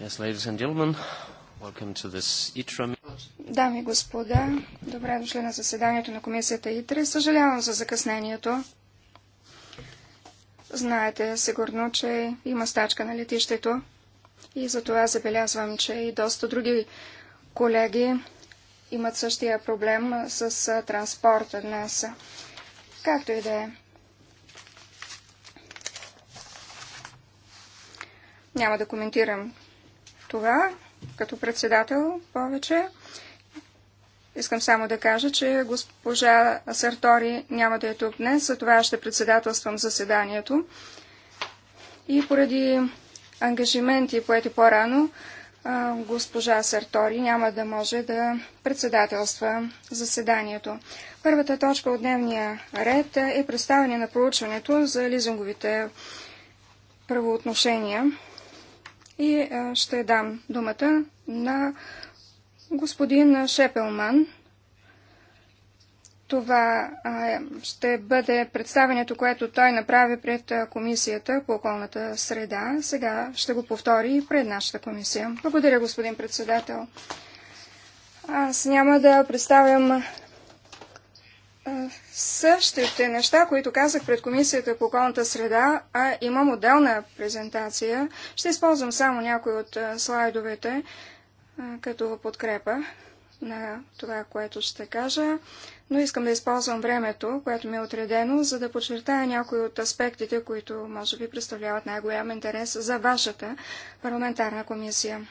Yes, ladies and gentlemen, welcome to this ITRA... Дами и господа, добре дошли на заседанието на комисията ИТРА. Съжалявам за закъснението. Знаете сигурно, че има стачка на летището и за това забелязвам, че и доста други колеги имат същия проблем с транспорта днес. Както и да е. Няма да коментирам това като председател повече. Искам само да кажа, че госпожа Сартори няма да е тук днес, за това ще председателствам заседанието. И поради ангажименти, поети по-рано, госпожа Сартори няма да може да председателства заседанието. Първата точка от дневния ред е представяне на проучването за лизинговите правоотношения. И ще дам думата на господин Шепелман. Това ще бъде представенето, което той направи пред Комисията по околната среда. Сега ще го повтори и пред нашата комисия. Благодаря, господин председател. Аз няма да представям същите неща, които казах пред Комисията по околната среда, а имам отделна презентация. Ще използвам само някои от слайдовете като подкрепа на това, което ще кажа, но искам да използвам времето, което ми е отредено, за да подчертая някои от аспектите, които може би представляват най-голям интерес за вашата парламентарна комисия.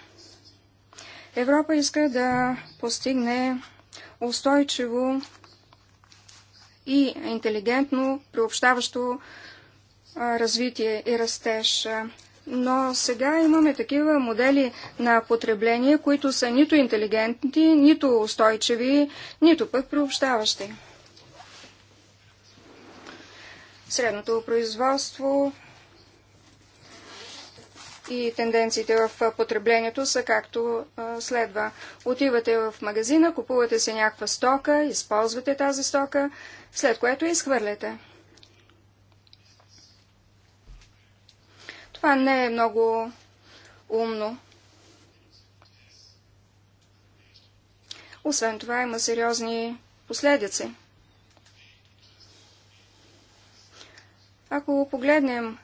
Европа иска да постигне устойчиво и интелигентно, приобщаващо развитие и растеж. Но сега имаме такива модели на потребление, които са нито интелигентни, нито устойчиви, нито пък приобщаващи. Средното производство и тенденциите в потреблението са както следва. Отивате в магазина, купувате се някаква стока, използвате тази стока, след което изхвърляте. Това не е много умно. Освен това има сериозни последици. Ако погледнем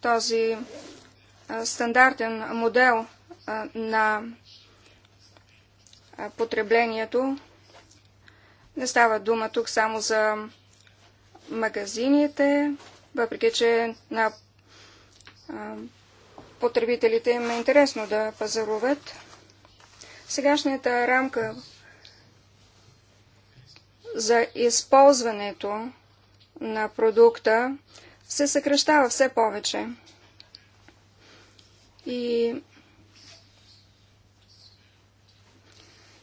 този стандартен модел на потреблението. Не става дума тук само за магазините, въпреки че на потребителите им е интересно да пазаруват. Сегашната рамка за използването на продукта се съкръщава все повече. И,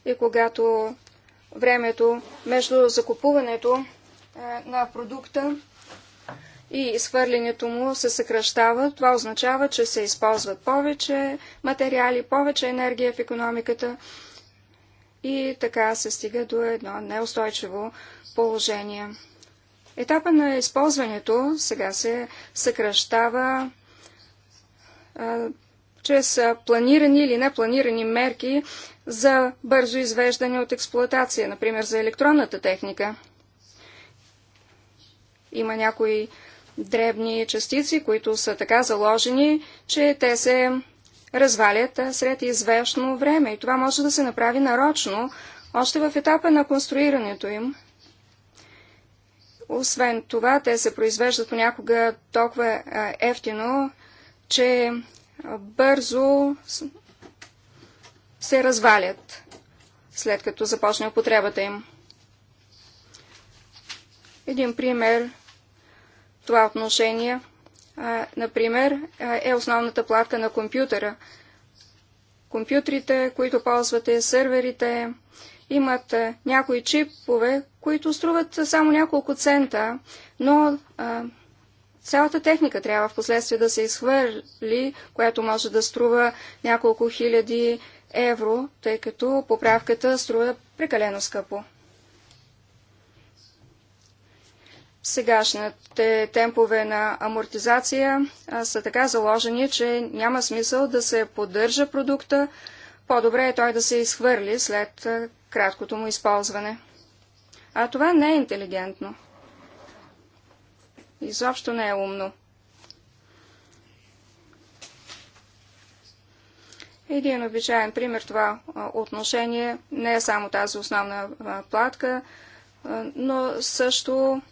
и когато времето между закупуването на продукта и изхвърлянето му се съкръщава. Това означава, че се използват повече материали, повече енергия в економиката и така се стига до едно неустойчиво положение. Етапа на използването сега се съкръщава чрез планирани или непланирани мерки за бързо извеждане от експлоатация, например за електронната техника. Има някои дребни частици, които са така заложени, че те се развалят сред известно време. И това може да се направи нарочно, още в етапа на конструирането им. Освен това, те се произвеждат понякога толкова ефтино, че бързо се развалят, след като започне употребата им. Един пример това отношение, а, например, е основната платка на компютъра. Компютрите, които ползвате, серверите, имат някои чипове, които струват само няколко цента, но а, Цялата техника трябва в последствие да се изхвърли, която може да струва няколко хиляди евро, тъй като поправката струва прекалено скъпо. Сегашните темпове на амортизация а, са така заложени, че няма смисъл да се поддържа продукта, по-добре е той да се изхвърли след а, краткото му използване. А това не е интелигентно изобщо не е умно. Един обичайен пример това отношение не е само тази основна платка, но също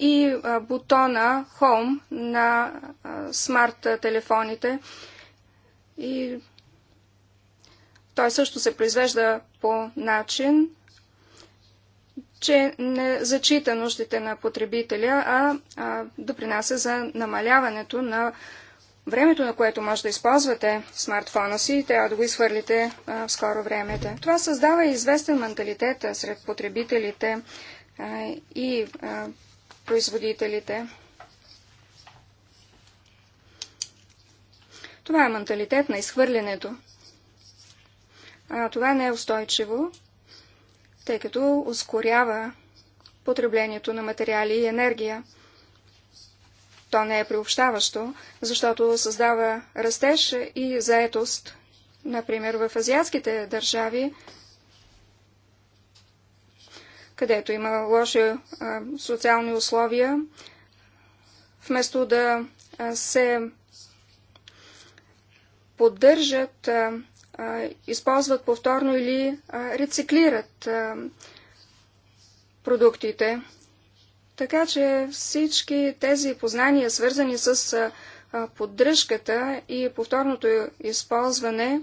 и бутона Home на смарт телефоните. И той също се произвежда по начин, че не зачита нуждите на потребителя, а, а допринася за намаляването на времето, на което може да използвате смартфона си и трябва да го изхвърлите в скоро времете. Това създава известен менталитет сред потребителите а, и а, производителите. Това е менталитет на изхвърлянето. А, това не е устойчиво тъй като ускорява потреблението на материали и енергия. То не е приобщаващо, защото създава растеж и заетост. Например, в азиатските държави, където има лоши а, социални условия, вместо да се поддържат а, използват повторно или рециклират продуктите. Така че всички тези познания, свързани с поддръжката и повторното използване,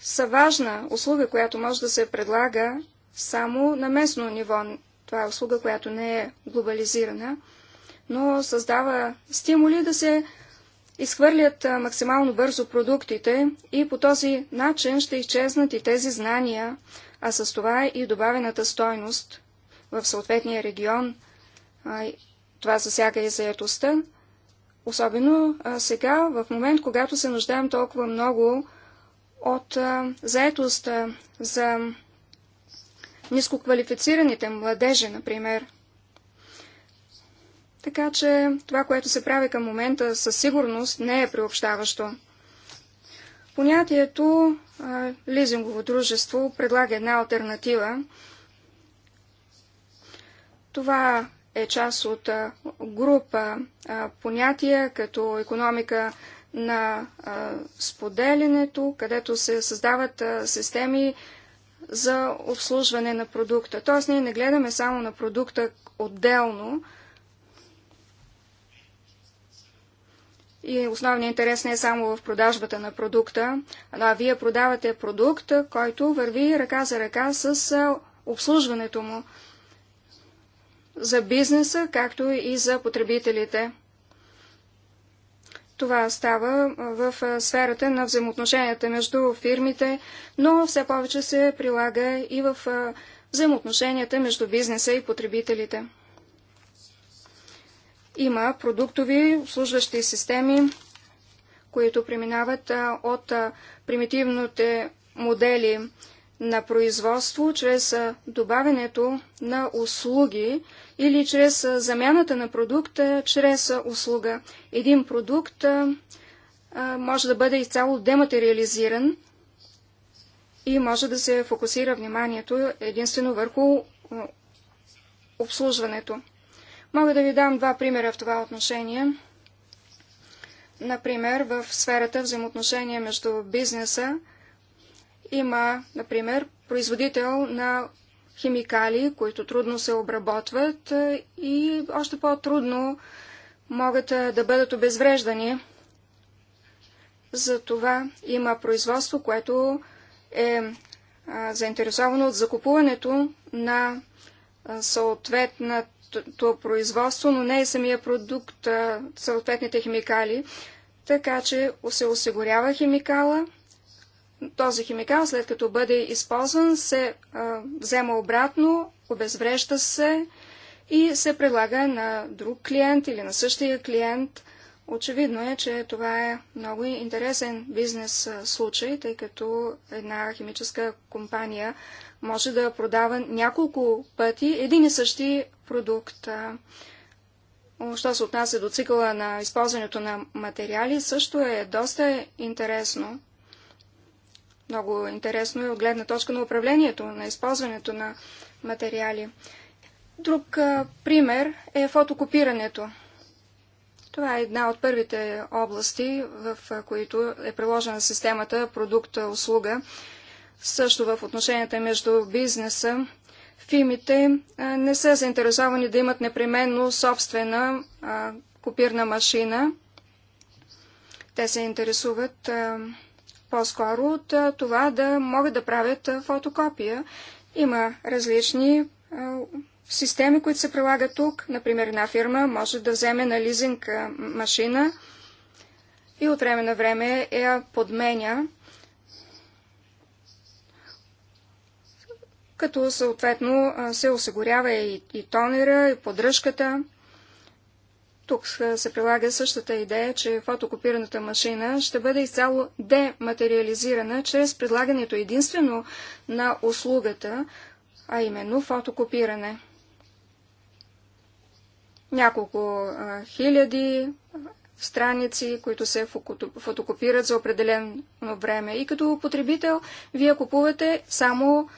са важна услуга, която може да се предлага само на местно ниво. Това е услуга, която не е глобализирана, но създава стимули да се изхвърлят максимално бързо продуктите и по този начин ще изчезнат и тези знания, а с това и добавената стойност в съответния регион. Това засяга и заедостта. Особено сега, в момент, когато се нуждаем толкова много от заетост за нискоквалифицираните младежи, например – така че това, което се прави към момента, със сигурност не е приобщаващо. Понятието лизингово дружество предлага една альтернатива. Това е част от група понятия като економика на споделянето, където се създават системи за обслужване на продукта. Тоест ние не гледаме само на продукта отделно, И основният интерес не е само в продажбата на продукта, а вие продавате продукт, който върви ръка за ръка с обслужването му за бизнеса, както и за потребителите. Това става в сферата на взаимоотношенията между фирмите, но все повече се прилага и в взаимоотношенията между бизнеса и потребителите. Има продуктови обслужващи системи, които преминават от примитивните модели на производство чрез добавянето на услуги или чрез замяната на продукта чрез услуга. Един продукт може да бъде изцяло дематериализиран и може да се фокусира вниманието единствено върху обслужването. Мога да ви дам два примера в това отношение. Например, в сферата взаимоотношения между бизнеса има, например, производител на химикали, които трудно се обработват е, и още по-трудно могат е, да бъдат обезвреждани. Затова има производство, което е, е заинтересовано от закупуването на съответната самото производство, но не и е самия продукт, съответните химикали. Така че се осигурява химикала. Този химикал, след като бъде използван, се а, взема обратно, обезврежда се и се прилага на друг клиент или на същия клиент. Очевидно е, че това е много интересен бизнес случай, тъй като една химическа компания може да продава няколко пъти един и същи продукт. Що се отнася до цикъла на използването на материали, също е доста интересно. Много интересно е от гледна точка на управлението, на използването на материали. Друг пример е фотокопирането. Това е една от първите области, в които е приложена системата продукт-услуга. Също в отношенията между бизнеса Фирмите не са заинтересовани да имат непременно собствена копирна машина. Те се интересуват по-скоро от това да могат да правят фотокопия. Има различни системи, които се прилагат тук. Например, една фирма може да вземе на лизинг машина и от време на време я подменя като съответно се осигурява и, и тонера, и поддръжката. Тук се прилага същата идея, че фотокопираната машина ще бъде изцяло дематериализирана чрез предлагането единствено на услугата, а именно фотокопиране. Няколко хиляди страници, които се фотокопират за определено време. И като потребител, вие купувате само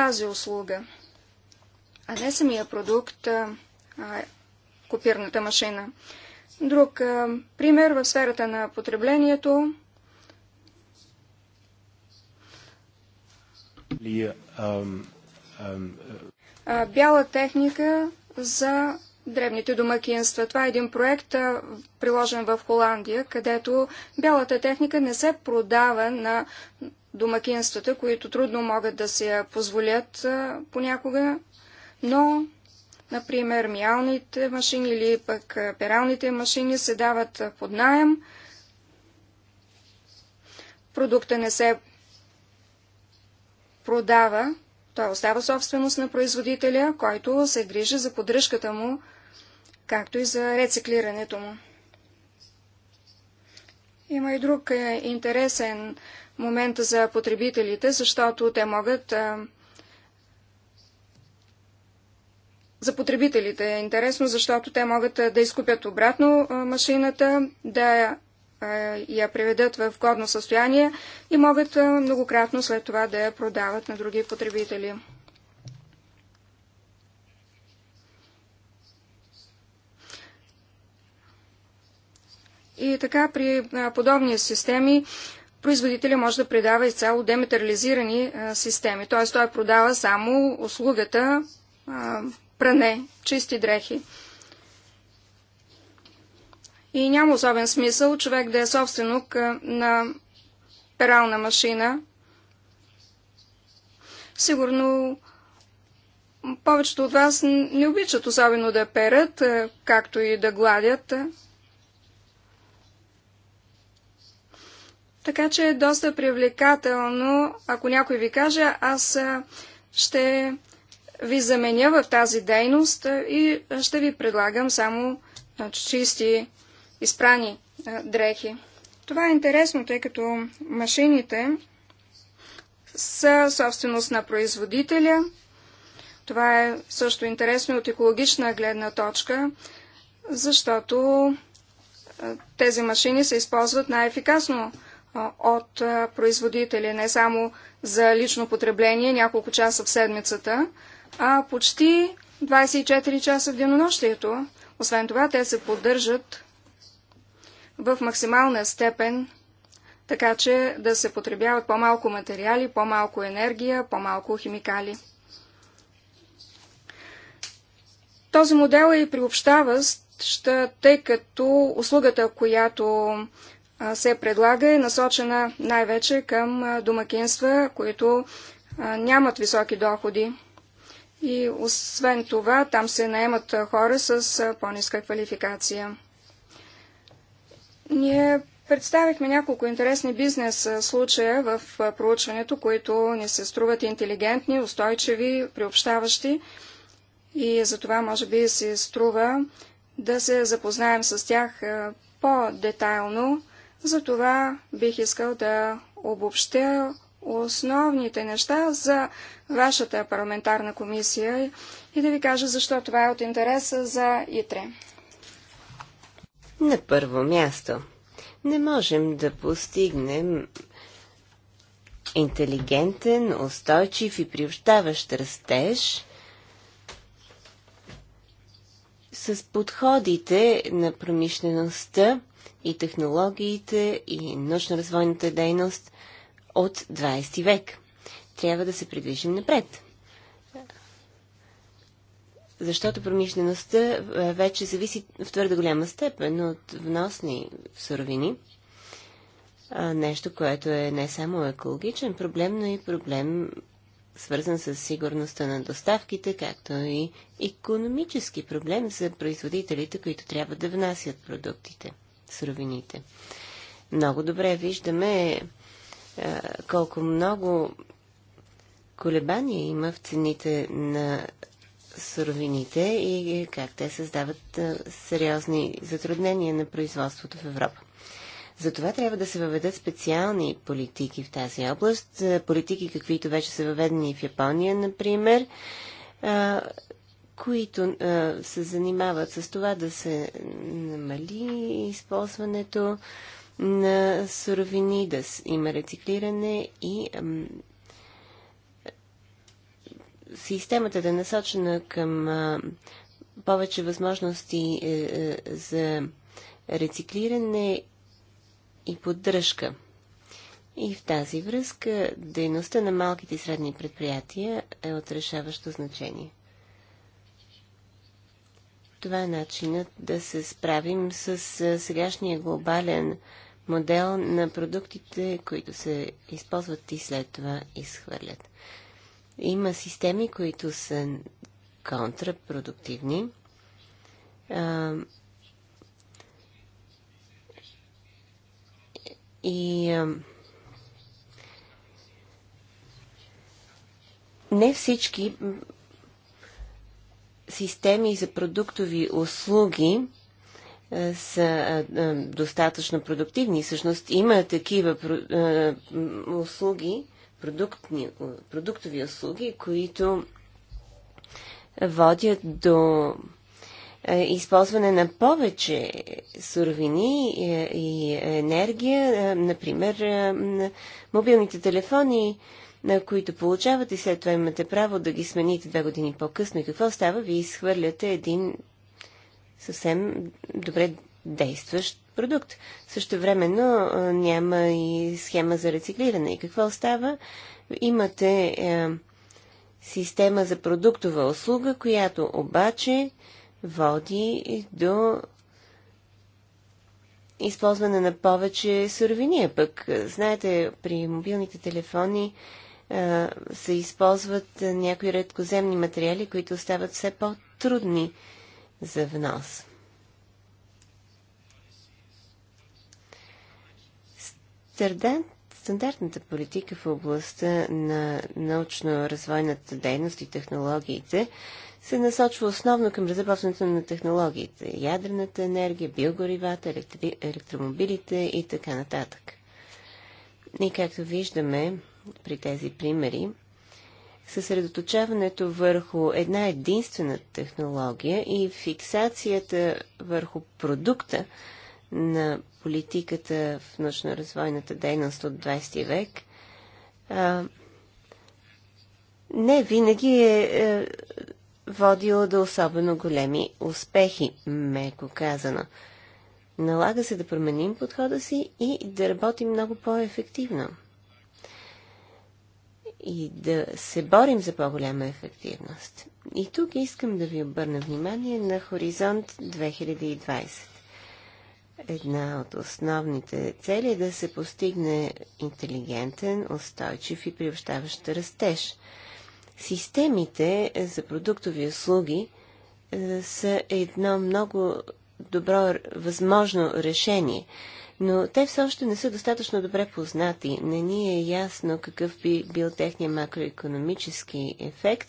тази услуга, а не самия продукт, а, копирната машина. Друг а, пример в сферата на потреблението. А, бяла техника за дребните домакинства. Това е един проект, а, приложен в Холандия, където бялата техника не се продава на домакинствата, които трудно могат да се позволят понякога, но, например, миалните машини или пък пералните машини се дават под найем. Продукта не се продава, той остава собственост на производителя, който се грижи за поддръжката му, както и за рециклирането му. Има и друг е, интересен момента за потребителите, защото те могат за потребителите е интересно, защото те могат да изкупят обратно машината, да я приведат в годно състояние и могат многократно след това да я продават на други потребители. И така при подобни системи производителя може да предава изцяло дематериализирани системи. Т.е. той продава само услугата пране, чисти дрехи. И няма особен смисъл човек да е собственик на перална машина. Сигурно повечето от вас не обичат особено да перат, както и да гладят. Така че е доста привлекателно, ако някой ви каже, аз ще ви заменя в тази дейност и ще ви предлагам само чисти изпрани дрехи. Това е интересно, тъй като машините са собственост на производителя. Това е също интересно от екологична гледна точка, защото тези машини се използват най-ефикасно от производители, не само за лично потребление няколко часа в седмицата, а почти 24 часа в денонощието. Освен това, те се поддържат в максимална степен, така че да се потребяват по-малко материали, по-малко енергия, по-малко химикали. Този модел е и приобщаващ, тъй като услугата, която се предлага е насочена най-вече към домакинства, които нямат високи доходи. И освен това, там се наемат хора с по-ниска квалификация. Ние представихме няколко интересни бизнес случая в проучването, които ни се струват интелигентни, устойчиви, приобщаващи. И за това може би се струва да се запознаем с тях по-детайлно затова бих искал да обобщя основните неща за вашата парламентарна комисия и да ви кажа защо това е от интереса за ИТРЕ. На първо място, не можем да постигнем интелигентен, устойчив и приобщаващ растеж с подходите на промишлеността и технологиите и научно-развойната дейност от 20 век. Трябва да се придвижим напред. Защото промишлеността вече зависи в твърде голяма степен от вносни суровини. Нещо, което е не само екологичен проблем, но и проблем свързан с сигурността на доставките, както и економически проблем за производителите, които трябва да внасят продуктите суровините. Много добре виждаме е, колко много колебания има в цените на суровините и как те създават е, сериозни затруднения на производството в Европа. Затова трябва да се въведат специални политики в тази област, е, политики каквито вече са въведени в Япония, например, които а, се занимават с това да се намали използването на суровини, да има рециклиране и ам, системата да е насочена към а, повече възможности е, е, за рециклиране и поддръжка. И в тази връзка дейността на малките и средни предприятия е от решаващо значение това е начинът да се справим с сегашния глобален модел на продуктите, които се използват и след това изхвърлят. Има системи, които са контрапродуктивни. и не всички системи за продуктови услуги са достатъчно продуктивни. Всъщност има такива услуги, продуктни, продуктови услуги, които водят до използване на повече суровини е, и енергия, например мобилните телефони на които получавате и след това имате право да ги смените две години по-късно. И какво става? Вие изхвърляте един съвсем добре действащ продукт. Също времено няма и схема за рециклиране. И какво става? Имате е, система за продуктова услуга, която обаче води до използване на повече суровини. пък, знаете, при мобилните телефони е, се използват е, някои редкоземни материали, които стават все по-трудни за внос. стандартната политика в областта на научно-развойната дейност и технологиите се насочва основно към разработването на технологиите – ядрената енергия, биогоривата, електри... електромобилите и така нататък. И както виждаме, при тези примери, съсредоточаването върху една единствена технология и фиксацията върху продукта на политиката в научно-развойната дейност от 20 век, а, не винаги е, е водила до особено големи успехи, меко казано. Налага се да променим подхода си и да работим много по-ефективно и да се борим за по-голяма ефективност. И тук искам да ви обърна внимание на Хоризонт 2020. Една от основните цели е да се постигне интелигентен, устойчив и приобщаващ растеж. Системите за продуктови услуги е, са едно много добро възможно решение – но те все още не са достатъчно добре познати. Не ни е ясно какъв би бил техния макроекономически ефект.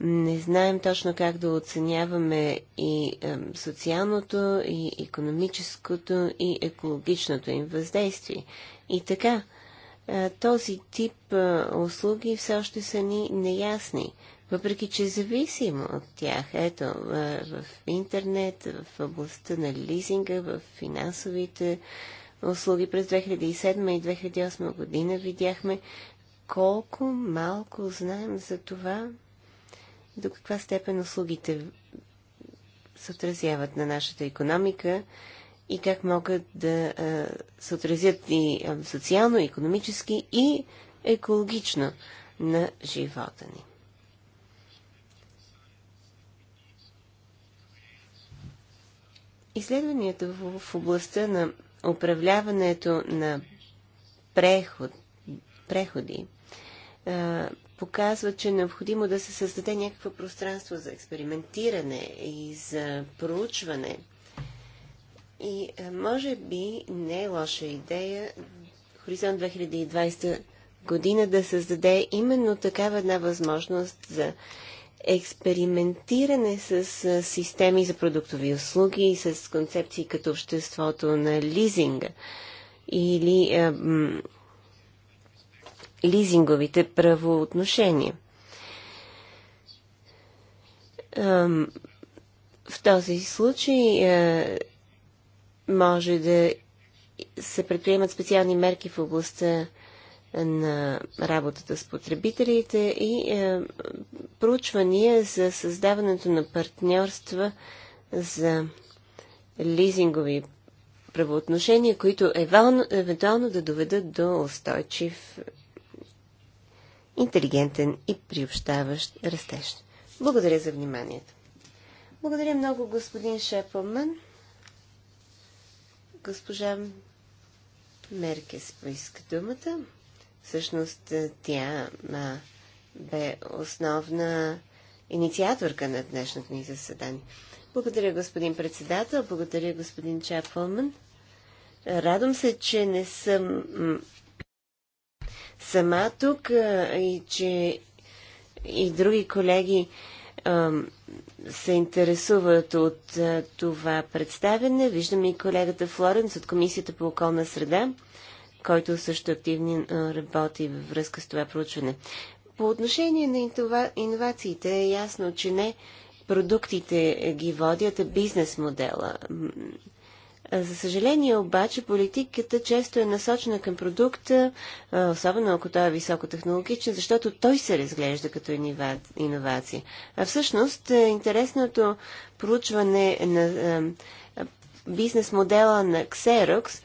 Не знаем точно как да оценяваме и е, социалното, и економическото, и екологичното им въздействие. И така, е, този тип е, услуги все още са ни неясни въпреки че зависим от тях. Ето, в интернет, в областта на лизинга, в финансовите услуги през 2007 и 2008 година видяхме колко малко знаем за това, до каква степен услугите се отразяват на нашата економика и как могат да се отразят и социално, и економически и екологично на живота ни. Изследванията в областта на управляването на преход, преходи а, показват, че е необходимо да се създаде някакво пространство за експериментиране и за проучване. И а, може би не е лоша идея Хоризонт 2020 година да създаде именно такава една възможност за експериментиране с системи за продуктови услуги и с концепции като обществото на лизинга или а, м, лизинговите правоотношения. А, в този случай а, може да се предприемат специални мерки в областта на работата с потребителите и е, проучвания за създаването на партньорства за лизингови правоотношения, които евентуално да доведат до устойчив, интелигентен и приобщаващ растеж. Благодаря за вниманието. Благодаря много, господин Шепълман. Госпожа Меркес поиска думата. Всъщност е, тя а, бе основна инициаторка на днешното ни заседание. Благодаря, господин председател. Благодаря, господин Чапълман. Радвам се, че не съм сама тук а, и че и други колеги а, се интересуват от а, това представене. Виждам и колегата Флоренс от Комисията по околна среда който също активно работи във връзка с това проучване. По отношение на иновациите е ясно, че не продуктите ги водят, а бизнес модела. За съжаление обаче политиката често е насочена към продукта, особено ако той е високотехнологичен, защото той се разглежда като иновация. А всъщност е, интересното проучване на бизнес модела на Xerox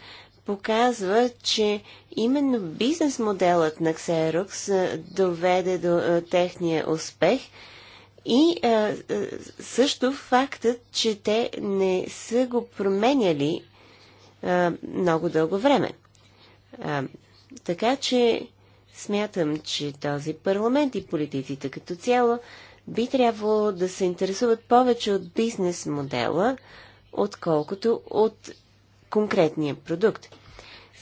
показва, че именно бизнес моделът на Xerox доведе до техния успех и също фактът, че те не са го променяли много дълго време. Така че смятам, че този парламент и политиците като цяло би трябвало да се интересуват повече от бизнес модела, отколкото от конкретния продукт.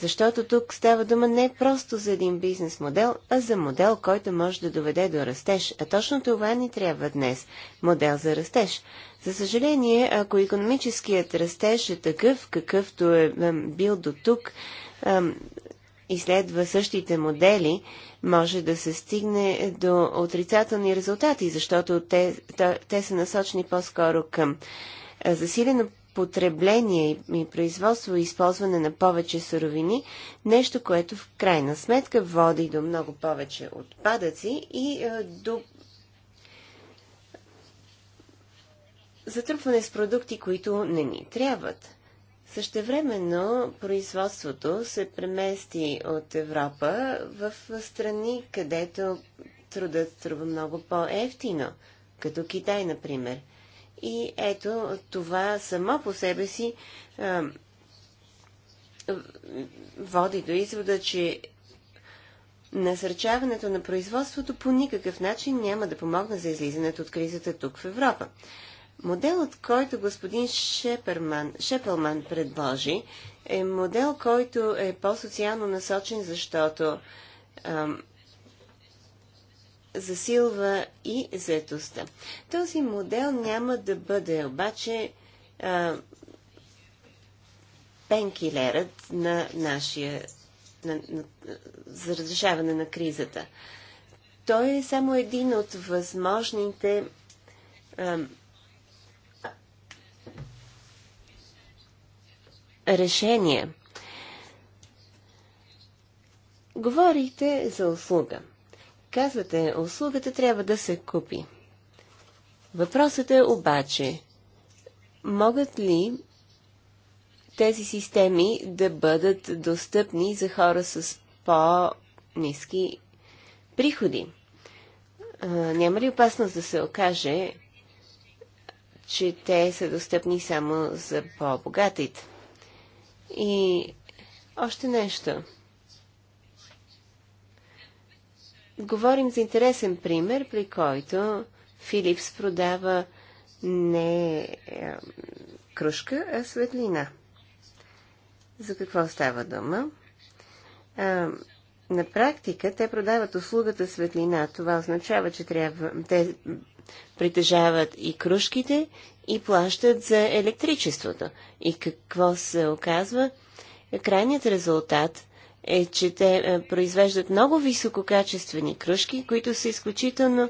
Защото тук става дума не просто за един бизнес модел, а за модел, който може да доведе до растеж. А точно това ни трябва днес – модел за растеж. За съжаление, ако економическият растеж е такъв, какъвто е, е бил до тук, е, и следва същите модели, може да се стигне до отрицателни резултати, защото те, те са насочени по-скоро към е, засилено потребление и производство и използване на повече суровини, нещо, което в крайна сметка води до много повече отпадъци и е, до затрупване с продукти, които не ни трябват. Същевременно производството се премести от Европа в страни, където трудът струва много по-ефтино, като Китай, например – и ето това само по себе си а, води до извода, че насърчаването на производството по никакъв начин няма да помогне за излизането от кризата тук в Европа. Моделът, който господин Шеперман, Шепелман предложи, е модел, който е по-социално насочен, защото ам, засилва и заетостта. Този модел няма да бъде обаче пенкилерът на нашия на, на, за разрешаване на кризата. Той е само един от възможните а, решения. Говорите за услуга – Казвате, услугата трябва да се купи. Въпросът е обаче, могат ли тези системи да бъдат достъпни за хора с по-низки приходи? А, няма ли опасност да се окаже, че те са достъпни само за по-богатите? И още нещо – Говорим за интересен пример, при който Филипс продава не е, кружка, а светлина. За какво става дума? А, на практика те продават услугата светлина. Това означава, че трябва, те притежават и кружките и плащат за електричеството. И какво се оказва? Крайният резултат е, че те е, произвеждат много висококачествени кружки, които са изключително е,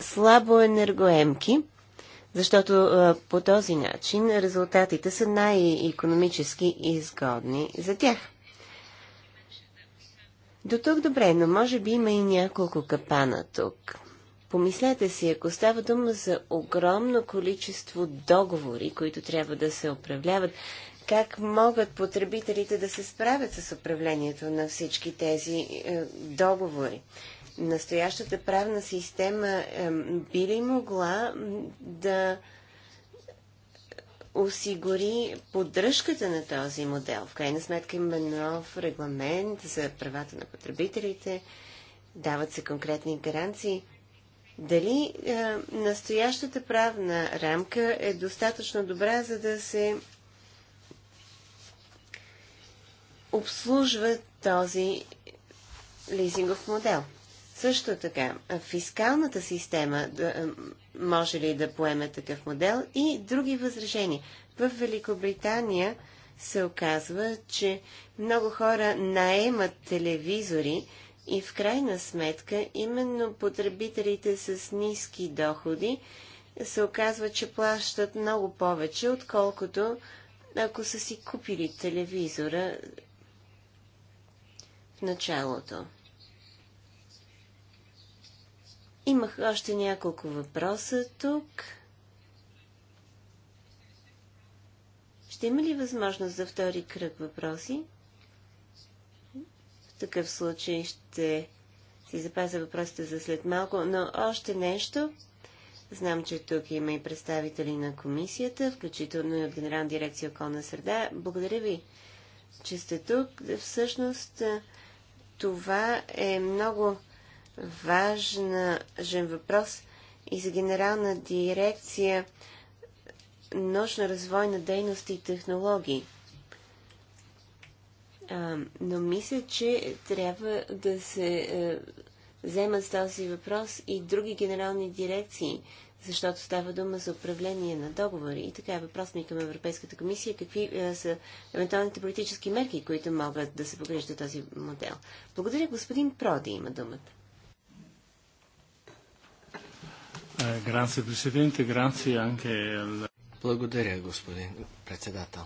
слабо енергоемки, защото е, по този начин резултатите са най-економически изгодни за тях. До тук добре, но може би има и няколко капана тук. Помислете си, ако става дума за огромно количество договори, които трябва да се управляват, как могат потребителите да се справят с управлението на всички тези е, договори. Настоящата правна система е, би ли могла да осигури поддръжката на този модел? В крайна сметка има нов регламент за правата на потребителите, дават се конкретни гаранции. Дали е, настоящата правна рамка е достатъчно добра, за да се обслужва този лизингов модел. Също така, фискалната система да, може ли да поеме такъв модел и други възражения. В Великобритания се оказва, че много хора наемат телевизори и в крайна сметка именно потребителите с ниски доходи се оказва, че плащат много повече, отколкото ако са си купили телевизора началото. Имах още няколко въпроса тук. Ще има ли възможност за втори кръг въпроси? В такъв случай ще си запазя въпросите за след малко, но още нещо. Знам, че тук има и представители на комисията, включително и от Генерална дирекция околна среда. Благодаря ви, че сте тук. Всъщност, това е много важен въпрос и за Генерална дирекция нощна развойна дейност и технологии. А, но мисля, че трябва да се е, вземат с този въпрос и други генерални дирекции, защото става дума за управление на договори. И така е въпрос ми към Европейската комисия. Какви е, са евентуалните политически мерки, които могат да се погрежда този модел? Благодаря. Господин Проди има думата. Е, е, Благодаря, господин председател.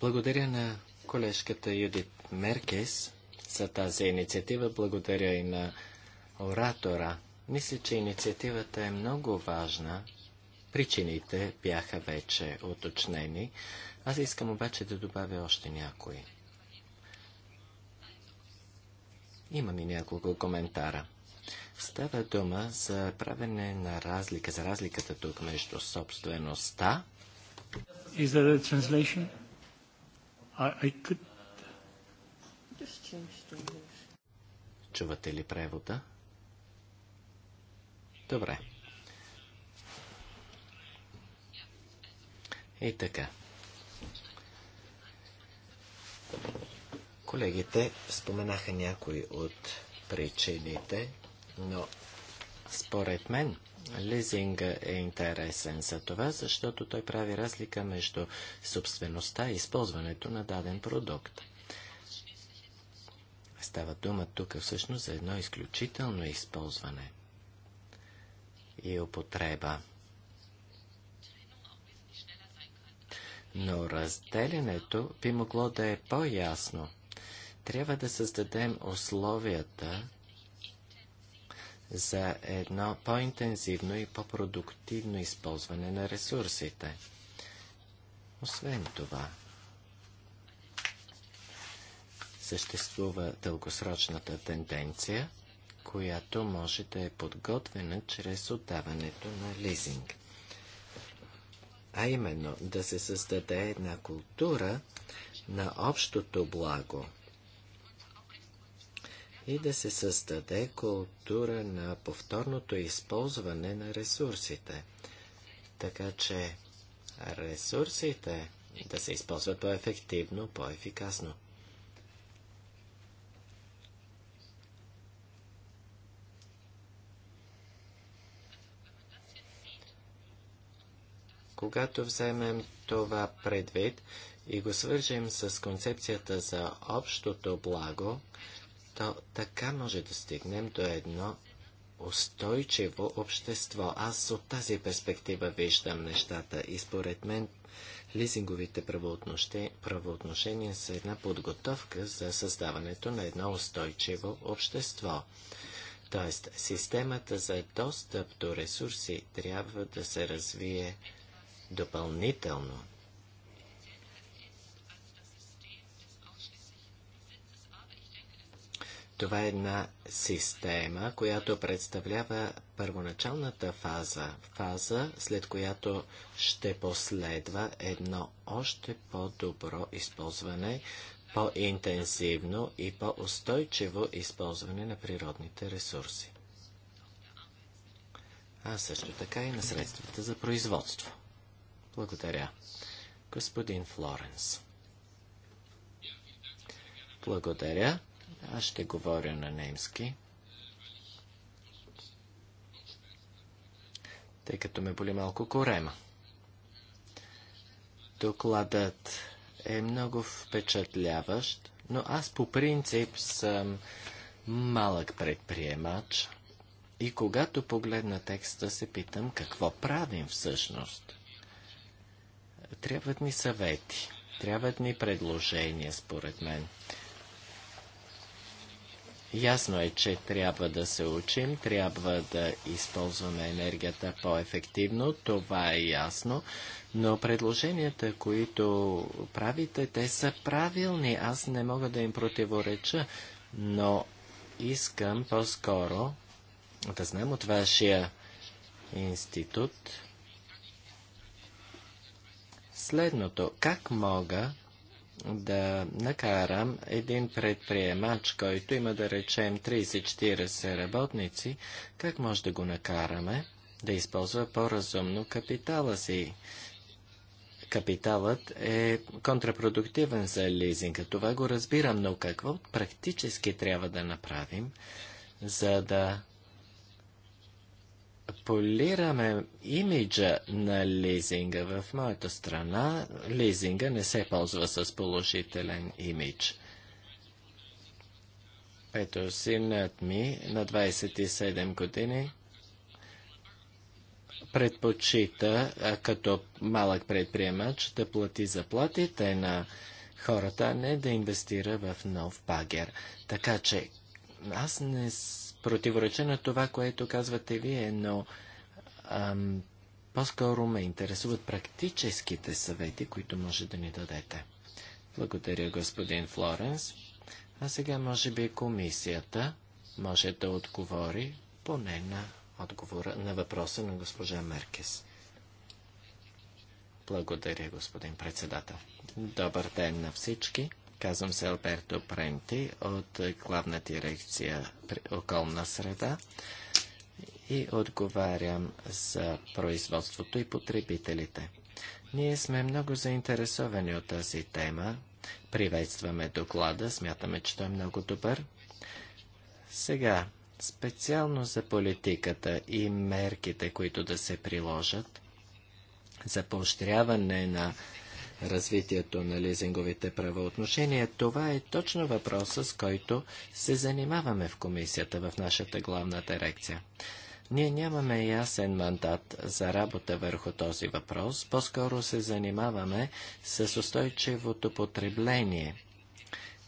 Благодаря на колежката Юдит Меркес за тази инициатива. Благодаря и на оратора. Мисля, че инициативата е много важна. Причините бяха вече уточнени. Аз искам обаче да добавя още някои. Имам и няколко коментара. Става дума за правене на разлика, за разликата тук между собствеността. Is there a translation? I, I could... Чувате ли превода? Добре. И така. Колегите споменаха някои от причините, но според мен лизинга е интересен за това, защото той прави разлика между собствеността и използването на даден продукт. Става дума тук всъщност за едно изключително използване – и употреба. Но разделянето би могло да е по-ясно. Трябва да създадем условията за едно по-интензивно и по-продуктивно използване на ресурсите. Освен това, съществува дългосрочната тенденция – която може да е подготвена чрез отдаването на лизинг. А именно да се създаде една култура на общото благо и да се създаде култура на повторното използване на ресурсите. Така че ресурсите да се използват по-ефективно, по-ефикасно. Когато вземем това предвид и го свържем с концепцията за общото благо, то така може да стигнем до едно устойчиво общество. Аз от тази перспектива виждам нещата и според мен лизинговите правоотношения са една подготовка за създаването на едно устойчиво общество. Тоест, системата за достъп до ресурси трябва да се развие допълнително. Това е една система, която представлява първоначалната фаза, фаза, след която ще последва едно още по-добро използване, по-интензивно и по-устойчиво използване на природните ресурси. А също така и на средствата за производство. Благодаря. Господин Флоренс. Благодаря. Аз ще говоря на немски. Тъй като ме боли малко корема. Докладът е много впечатляващ, но аз по принцип съм малък предприемач. И когато погледна текста, се питам какво правим всъщност. Трябват ни съвети, трябват ни предложения, според мен. Ясно е, че трябва да се учим, трябва да използваме енергията по-ефективно, това е ясно, но предложенията, които правите, те са правилни, аз не мога да им противореча, но искам по-скоро да знам от вашия институт следното. Как мога да накарам един предприемач, който има да речем 30-40 работници, как може да го накараме да използва по-разумно капитала си? Капиталът е контрапродуктивен за лизинга. Това го разбирам, но какво практически трябва да направим, за да полираме имиджа на лизинга в моята страна, лизинга не се ползва с положителен имидж. Ето, синът ми на 27 години предпочита като малък предприемач да плати заплатите на хората, не да инвестира в нов багер. Така че аз не противореча на това, което казвате вие, но ам, по-скоро ме интересуват практическите съвети, които може да ни дадете. Благодаря, господин Флоренс. А сега, може би, комисията може да отговори поне на отговора на въпроса на госпожа Меркес. Благодаря, господин председател. Добър ден на всички. Казвам се Алберто Пренти от главна дирекция околна среда и отговарям за производството и потребителите. Ние сме много заинтересовани от тази тема. Приветстваме доклада, смятаме, че той е много добър. Сега, специално за политиката и мерките, които да се приложат за поощряване на развитието на лизинговите правоотношения. Това е точно въпроса, с който се занимаваме в комисията, в нашата главна дирекция. Ние нямаме ясен мандат за работа върху този въпрос, по-скоро се занимаваме с устойчивото потребление.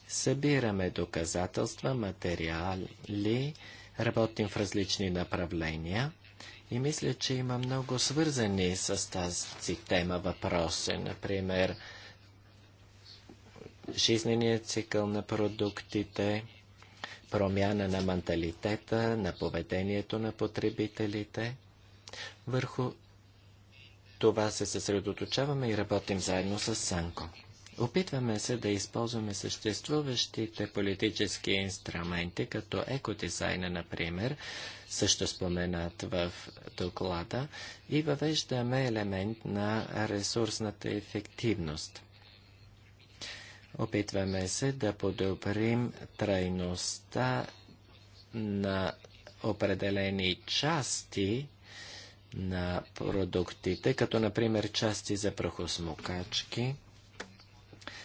Събираме доказателства, материали, работим в различни направления – и мисля, че има много свързани с тази тема въпроси. Например, жизненият цикъл на продуктите, промяна на менталитета, на поведението на потребителите. Върху това се съсредоточаваме и работим заедно с Санко. Опитваме се да използваме съществуващите политически инструменти, като екодизайна, например, също споменат в доклада, и въвеждаме елемент на ресурсната ефективност. Опитваме се да подобрим трайността на определени части на продуктите, като например части за прахосмокачки.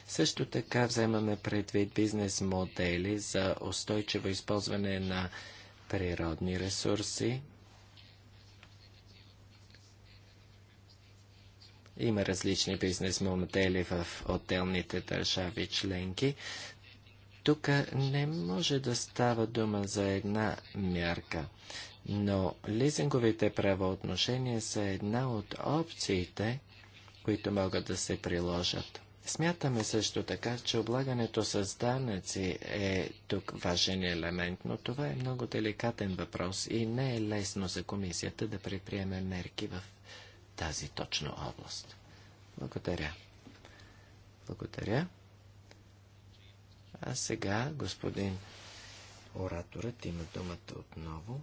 Също така вземаме предвид бизнес модели за устойчиво използване на природни ресурси. Има различни бизнес модели в отделните държави членки. Тук не може да става дума за една мярка, но лизинговите правоотношения са една от опциите, които могат да се приложат. Смятаме също така, че облагането с данъци е тук важен елемент, но това е много деликатен въпрос и не е лесно за комисията да предприеме мерки в тази точно област. Благодаря. Благодаря. А сега господин ораторът има думата отново.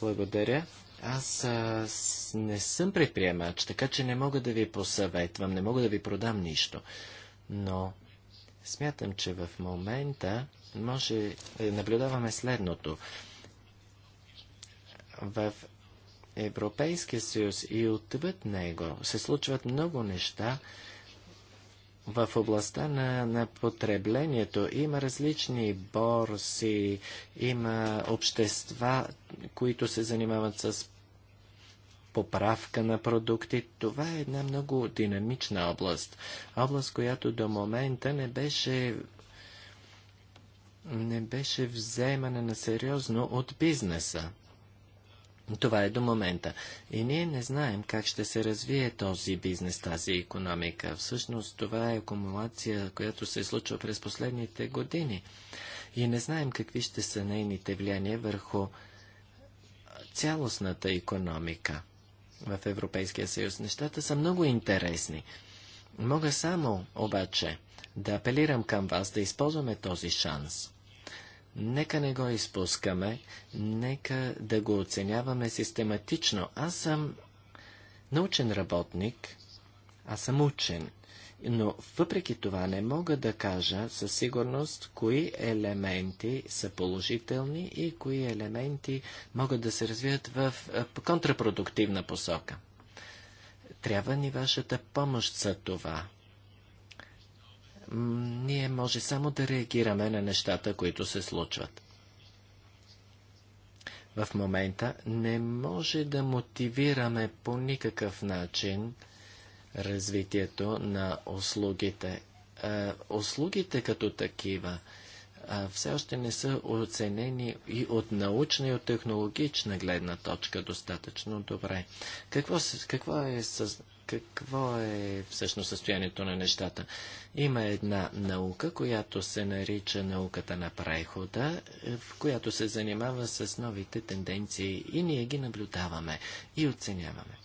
Благодаря. Аз а, не съм предприемач, така че не мога да ви посъветвам, не мога да ви продам нищо. Но смятам, че в момента може е, наблюдаваме следното. В Европейския съюз и отвъд него се случват много неща, в областта на, на потреблението има различни борси, има общества, които се занимават с поправка на продукти. Това е една много динамична област. Област, която до момента не беше не беше вземана на сериозно от бизнеса. Това е до момента. И ние не знаем как ще се развие този бизнес, тази економика. Всъщност това е акумулация, която се случва през последните години. И не знаем какви ще са нейните влияния върху цялостната економика в Европейския съюз. Нещата са много интересни. Мога само, обаче, да апелирам към вас да използваме този шанс. Нека не го изпускаме, нека да го оценяваме систематично. Аз съм научен работник, аз съм учен, но въпреки това не мога да кажа със сигурност кои елементи са положителни и кои елементи могат да се развият в контрапродуктивна посока. Трябва ни вашата помощ за това ние може само да реагираме на нещата, които се случват. В момента не може да мотивираме по никакъв начин развитието на услугите. А, е, услугите като такива а, е, все още не са оценени и от научна и от технологична гледна точка достатъчно добре. Какво, какво е с какво е всъщност състоянието на нещата. Има една наука, която се нарича науката на прехода, е, в която се занимава с новите тенденции и ние ги наблюдаваме и оценяваме.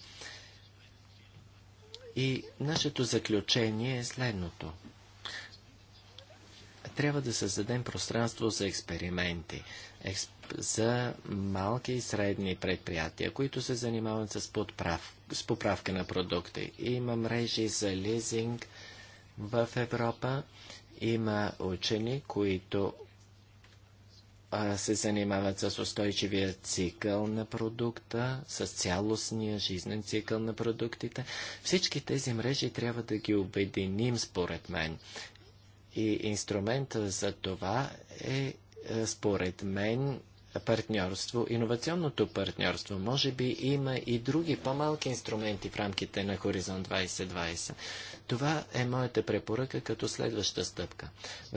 И нашето заключение е следното. Трябва да създадем пространство за експерименти, за малки и средни предприятия, които се занимават с подправ с поправка на продукти. Има мрежи за лизинг в Европа. Има учени, които а, се занимават с устойчивия цикъл на продукта, с цялостния жизнен цикъл на продуктите. Всички тези мрежи трябва да ги обединим, според мен. И инструмента за това е, е според мен, партньорство, иновационното партньорство. Може би има и други по-малки инструменти в рамките на Хоризонт 2020. Това е моята препоръка като следваща стъпка.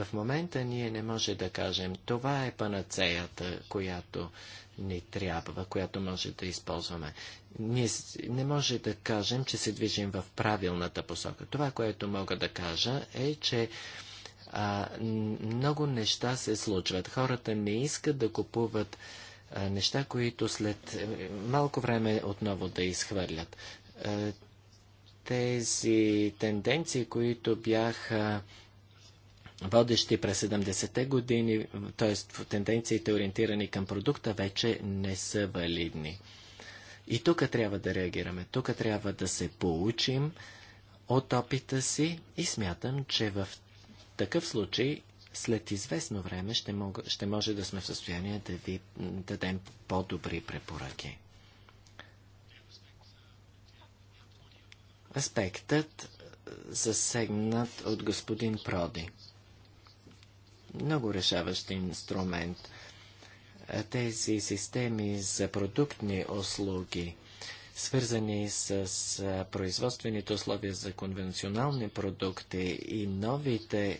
В момента ние не може да кажем, това е панацеята, която ни трябва, която може да използваме. Ние не може да кажем, че се движим в правилната посока. Това, което мога да кажа е, че а, много неща се случват. Хората не искат да купуват а, неща, които след е, малко време отново да изхвърлят. А, тези тенденции, които бяха водещи през 70-те години, т.е. тенденциите ориентирани към продукта, вече не са валидни. И тук трябва да реагираме, тук трябва да се получим от опита си и смятам, че в такъв случай, след известно време ще, мога, ще може да сме в състояние да ви дадем по-добри препоръки. Аспектът е, засегнат от господин Проди. Много решаващ инструмент. Е, тези системи за продуктни услуги – свързани с производствените условия за конвенционални продукти и новите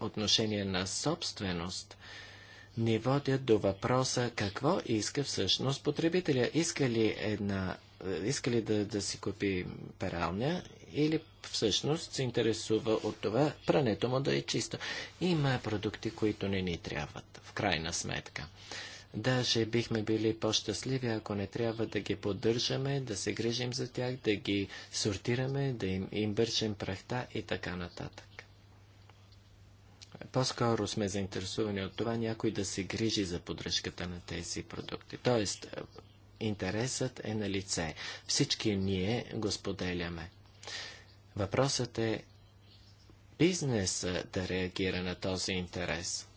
отношения на собственост, ни водят до въпроса какво иска всъщност потребителя. Иска ли, една, иска ли да, да си купи пералня или всъщност се интересува от това прането му да е чисто. Има продукти, които не ни трябват, в крайна сметка. Даже бихме били по-щастливи, ако не трябва да ги поддържаме, да се грижим за тях, да ги сортираме, да им, им бършем прахта и така нататък. По-скоро сме заинтересувани от това някой да се грижи за поддръжката на тези продукти. Тоест, е, интересът е на лице. Всички ние го споделяме. Въпросът е бизнеса да реагира на този интерес.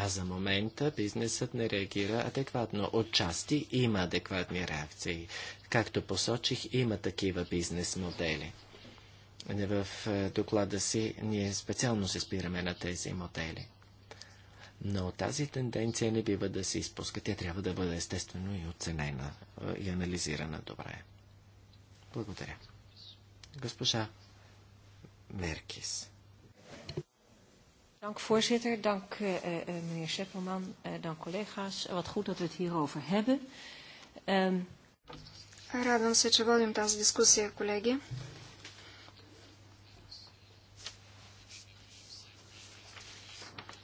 А за момента бизнесът не реагира адекватно. Отчасти има адекватни реакции. Както посочих, има такива бизнес модели. В е, доклада си ние специално се спираме на тези модели. Но тази тенденция не бива да се изпуска. Тя трябва да бъде естествено и оценена е, и анализирана добре. Благодаря. Госпожа Меркис. Dank voorzitter, dank uh, uh, meneer Seppelman, uh, dank collega's. Wat goed dat we het hierover hebben. Um... Радвам се, че водим тази дискусия, колеги.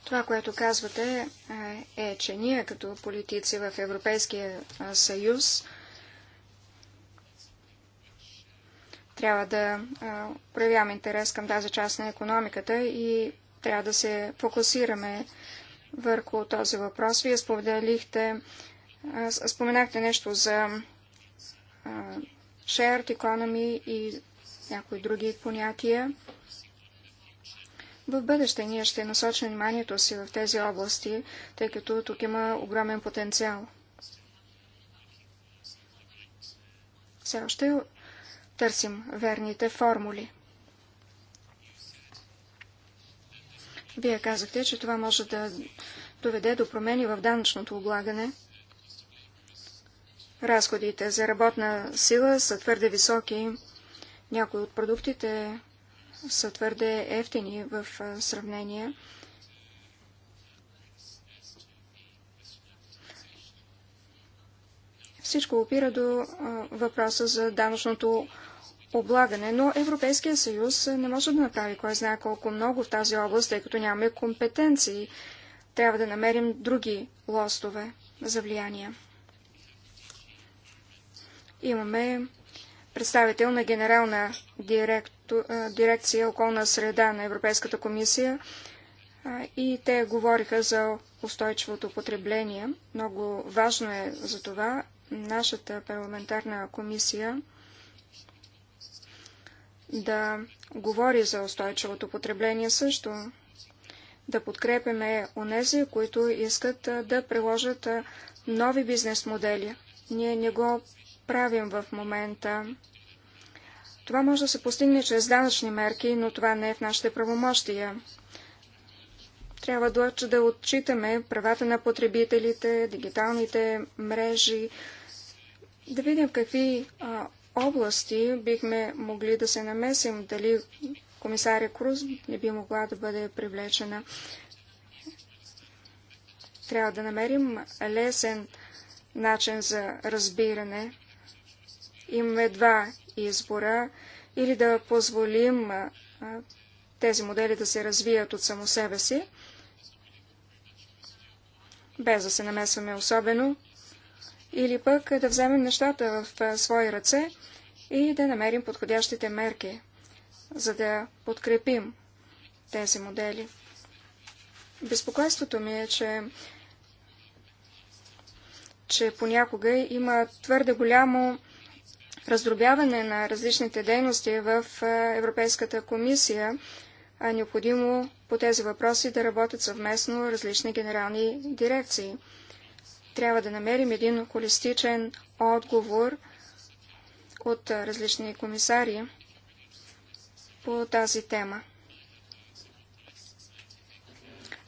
Това, което казвате, е, е че ние като политици в Европейския съюз трябва да проявяваме интерес към тази част на економиката и трябва да се фокусираме върху този въпрос. Вие споделихте, споменахте нещо за shared economy и някои други понятия. В бъдеще ние ще насочим вниманието си в тези области, тъй като тук има огромен потенциал. Все още търсим верните формули. Вие казахте, че това може да доведе до промени в данъчното облагане. Разходите за работна сила са твърде високи. Някои от продуктите са твърде ефтини в сравнение. Всичко опира до въпроса за данъчното облагане облагане, но Европейския съюз не може да направи кой знае колко много в тази област, тъй като нямаме компетенции. Трябва да намерим други лостове за влияние. Имаме представител на Генерална директу... дирекция околна среда на Европейската комисия и те говориха за устойчивото потребление. Много важно е за това нашата парламентарна комисия да говори за устойчивото потребление също, да подкрепяме онези, които искат да приложат нови бизнес модели. Ние не го правим в момента. Това може да се постигне чрез данъчни мерки, но това не е в нашите правомощия. Трябва да отчитаме правата на потребителите, дигиталните мрежи, да видим какви а, области бихме могли да се намесим, дали комисаря Круз не би могла да бъде привлечена. Трябва да намерим лесен начин за разбиране. Имаме два избора или да позволим тези модели да се развият от само себе си, без да се намесваме особено, или пък да вземем нещата в свои ръце и да намерим подходящите мерки, за да подкрепим тези модели. Безпокойството ми е, че, че понякога има твърде голямо раздробяване на различните дейности в Европейската комисия, а необходимо по тези въпроси да работят съвместно различни генерални дирекции. Трябва да намерим един холистичен отговор от различни комисари по тази тема.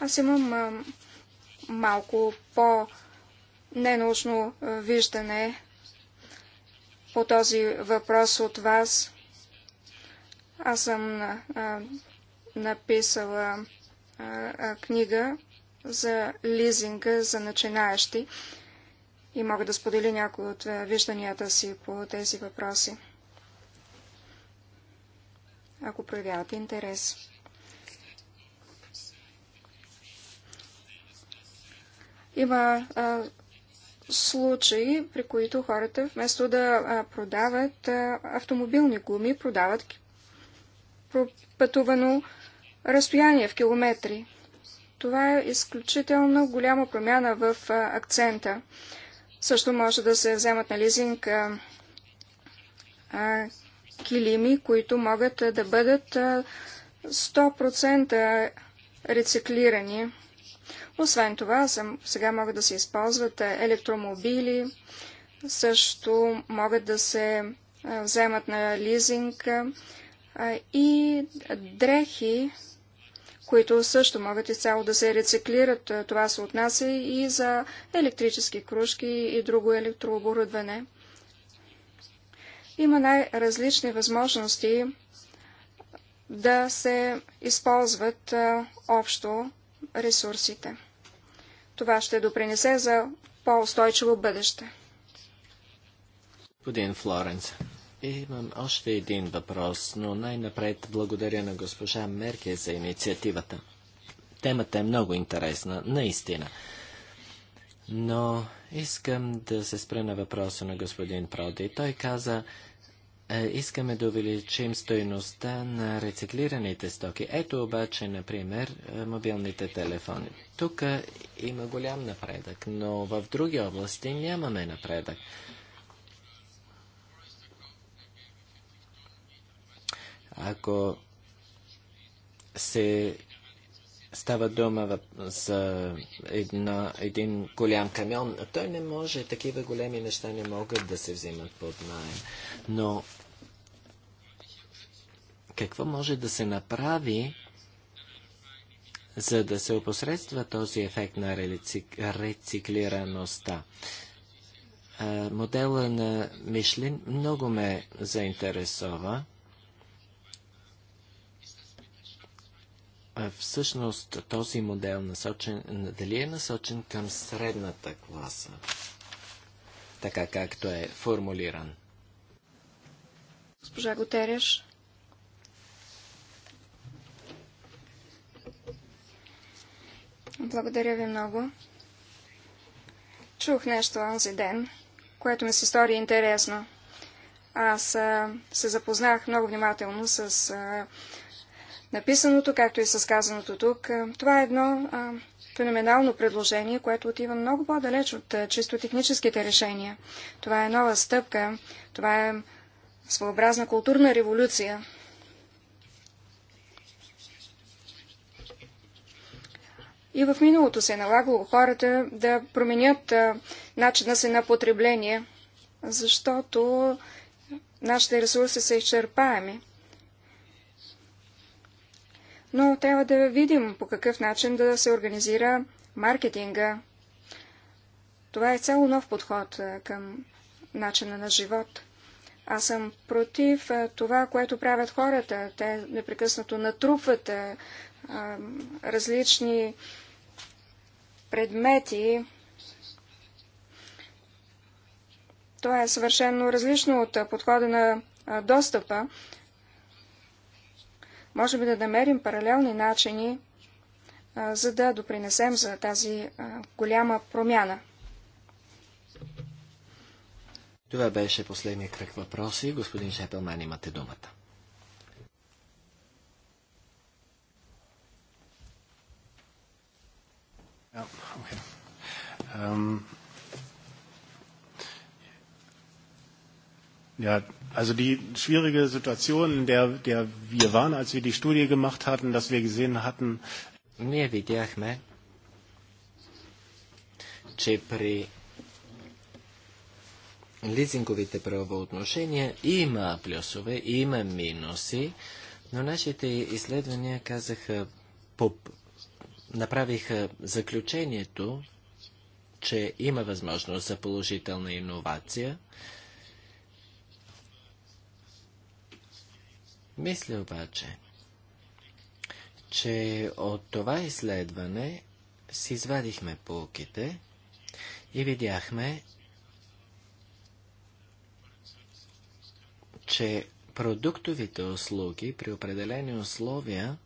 Аз имам малко по-ненаучно виждане по този въпрос от вас. Аз съм написала книга за лизинга за начинаещи и мога да споделя някои от е, вижданията си по тези въпроси, ако проявявате интерес. Има а, случаи, при които хората вместо да а, продават а, автомобилни гуми, продават пътувано разстояние в километри. Това е изключително голяма промяна в акцента. Също може да се вземат на лизинг килими, които могат да бъдат 100% рециклирани. Освен това, сега могат да се използват електромобили, също могат да се вземат на лизинг и дрехи, които също могат изцяло да се рециклират. Това се отнася и за електрически кружки и друго електрооборудване. Има най-различни възможности да се използват общо ресурсите. Това ще допринесе за по-устойчиво бъдеще. Господин Флоренс, Имам още един въпрос, но най-напред благодаря на госпожа Мерке за инициативата. Темата е много интересна, наистина. Но искам да се спра на въпроса на господин Проди. Той каза, е, искаме да увеличим стоеността на рециклираните стоки. Ето обаче, например, е, мобилните телефони. Тук има голям напредък, но в други области нямаме напредък. Ако се става дума за една, един голям камион, той не може, такива големи неща не могат да се взимат под найем. Но какво може да се направи, за да се опосредства този ефект на рециклираността? модела на Мишлин много ме заинтересова. всъщност този модел насочен, дали е насочен към средната класа, така както е формулиран? Госпожа Готереш. Благодаря ви много. Чух нещо онзи ден, което ми се стори интересно. Аз а, се запознах много внимателно с а, написаното, както и с казаното тук. Това е едно а, феноменално предложение, което отива много по-далеч от а, чисто техническите решения. Това е нова стъпка, това е своеобразна културна революция. И в миналото се е налагало хората да променят а, начина си на потребление, защото нашите ресурси са изчерпаеми но трябва да видим по какъв начин да се организира маркетинга. Това е цяло нов подход към начина на живот. Аз съм против това, което правят хората. Те непрекъснато натрупват различни предмети. Това е съвършено различно от подхода на достъпа можем да намерим паралелни начини, за да допринесем за тази голяма промяна. Това беше последния кръг въпроси. Господин Шепелман, имате думата. okay. um... Ja, also die schwierige Situation, in der, der wir waren, als wir die Studie gemacht hatten, dass wir gesehen hatten. Ние видяхме, че при лизинговите правоотношения има плюсове, има минуси, но нашите изследвания казаха, поп, направиха заключението, че има възможност за положителна иновация – Мисля обаче, че от това изследване си извадихме полките и видяхме, че продуктовите услуги при определени условия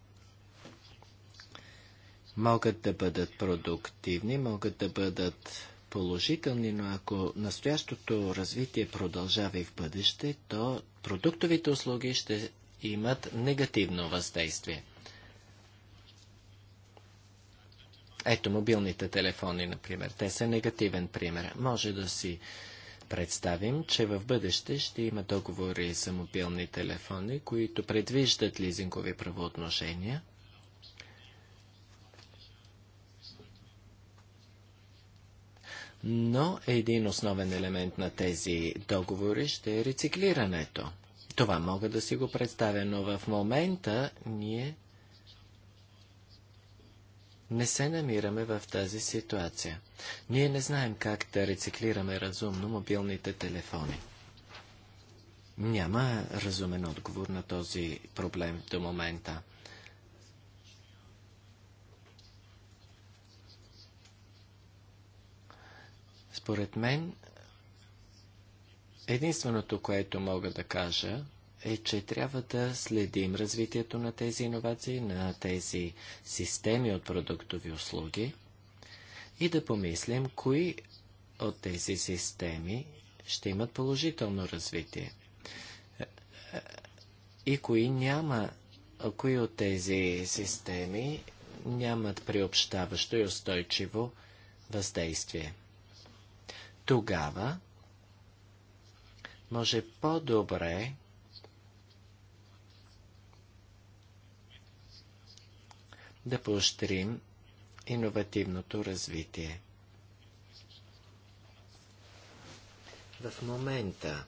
могат да бъдат продуктивни, могат да бъдат положителни, но ако настоящото развитие продължава и в бъдеще, то продуктовите услуги ще имат негативно въздействие. Ето мобилните телефони, например. Те са негативен пример. Може да си представим, че в бъдеще ще има договори за мобилни телефони, които предвиждат лизингови правоотношения. Но един основен елемент на тези договори ще е рециклирането. Това мога да си го представя, но в момента ние не се намираме в тази ситуация. Ние не знаем как да рециклираме разумно мобилните телефони. Няма разумен отговор на този проблем до момента. Според мен Единственото, което мога да кажа, е, че трябва да следим развитието на тези иновации, на тези системи от продуктови услуги и да помислим, кои от тези системи ще имат положително развитие и кои няма, кои от тези системи нямат приобщаващо и устойчиво въздействие. Тогава може по-добре да поощрим иновативното развитие. В момента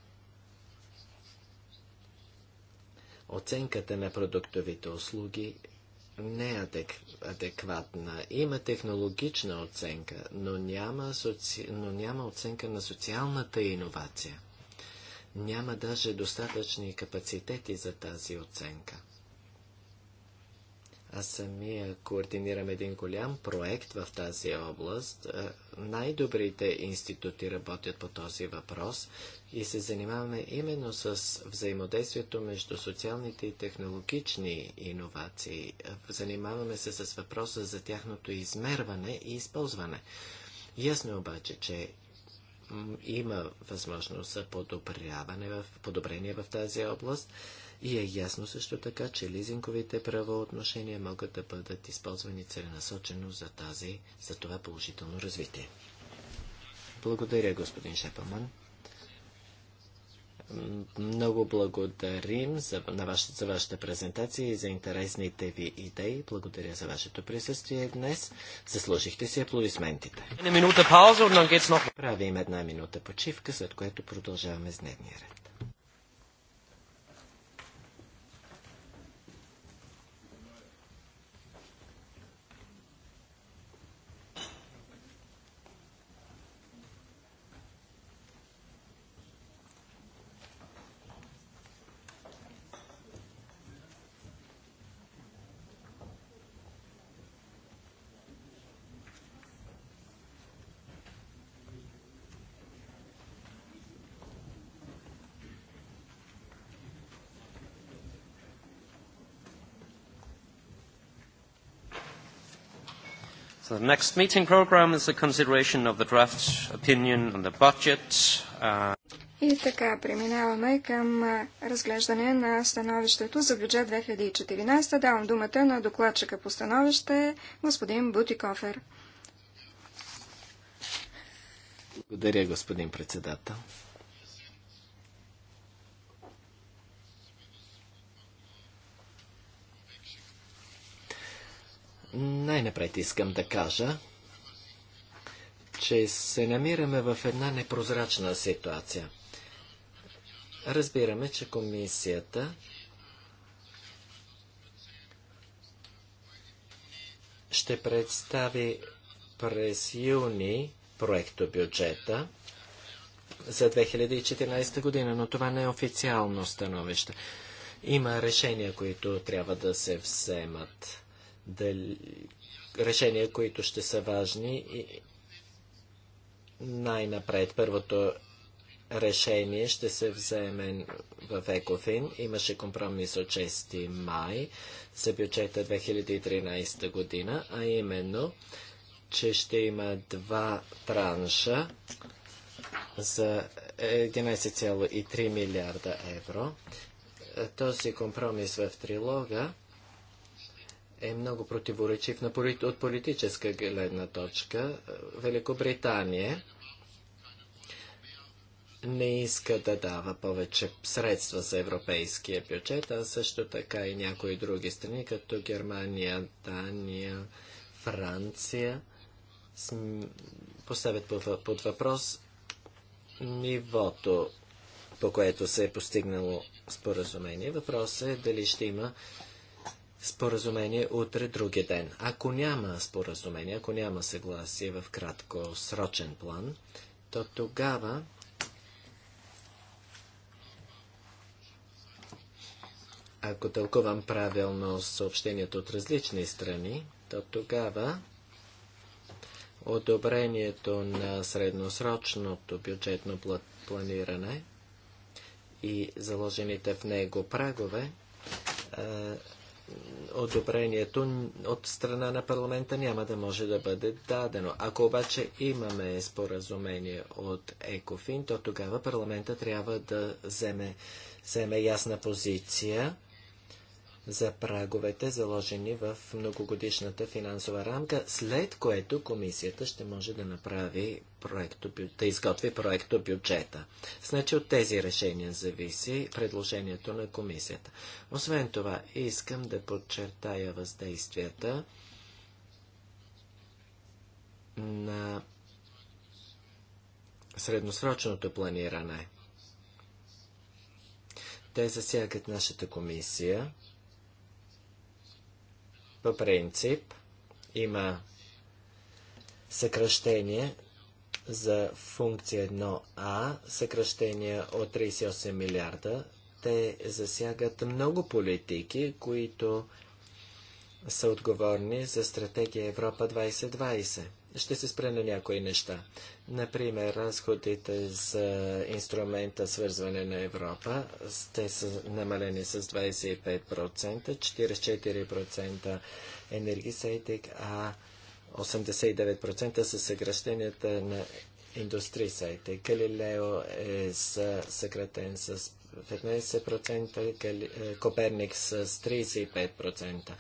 оценката на продуктовите услуги не е адек, адекватна. Има технологична оценка, но няма, соци... но няма оценка на социалната иновация няма даже достатъчни капацитети за тази оценка. Аз самия координирам един голям проект в тази област. Е, най-добрите институти работят по този въпрос и се занимаваме именно с взаимодействието между социалните и технологични иновации. Занимаваме се с въпроса за тяхното измерване и използване. Ясно е обаче, че има възможност за подобряване в, подобрение в тази област и е ясно също така, че лизинговите правоотношения могат да бъдат използвани целенасочено за, тази, за това положително развитие. Благодаря, господин Шепаман. Много благодарим за, на ваш, за вашата презентация и за интересните ви идеи. Благодаря за вашето присъствие днес. Заслужихте си аплодисментите. Правим една минута почивка, след което продължаваме с дневния ред. The next meeting program is the consideration of the draft opinion on the budget. Uh, и така преминаваме към разглеждане на становището за бюджет 2014. Давам думата на докладчика по становище, господин Бутикофер. Благодаря, господин председател. Най-напред искам да кажа, че се намираме в една непрозрачна ситуация. Разбираме, че комисията ще представи през юни проекто бюджета за 2014 година, но това не е официално становище. Има решения, които трябва да се вземат дали, решения, които ще са важни и най-напред. Първото решение ще се вземе в Екофин. Имаше компромис от 6 май за бюджета 2013 година, а именно, че ще има два транша за 11,3 милиарда евро. Този компромис в трилога е много противоречив от политическа гледна точка. Великобритания не иска да дава повече средства за европейския бюджет, а също така и някои други страни, като Германия, Дания, Франция, поставят под въпрос нивото, по което се е постигнало споразумение. Въпросът е дали ще има споразумение утре други ден. Ако няма споразумение, ако няма съгласие в краткосрочен план, то тогава ако тълкувам правилно съобщението от различни страни, то тогава одобрението на средносрочното бюджетно планиране и заложените в него прагове одобрението от страна на парламента няма да може да бъде дадено. Ако обаче имаме споразумение от ЕКОФИН, то тогава парламента трябва да вземе, вземе ясна позиция за праговете, заложени в многогодишната финансова рамка, след което комисията ще може да направи проекто, да изготви проекто бюджета. Значи от тези решения зависи предложението на комисията. Освен това, искам да подчертая въздействията на средносрочното планиране. Те засягат нашата комисия по принцип има съкръщение за функция 1А, съкръщение от 38 милиарда. Те засягат много политики, които са отговорни за стратегия Европа 2020. Ще се спра на някои неща. Например, разходите за инструмента свързване на Европа те са намалени с 25%, 44% енергисейтик, а 89% са съкръщенията на индустрии индустрисайте. Калилео е съкратен с 15%, е, Коперник с 35%.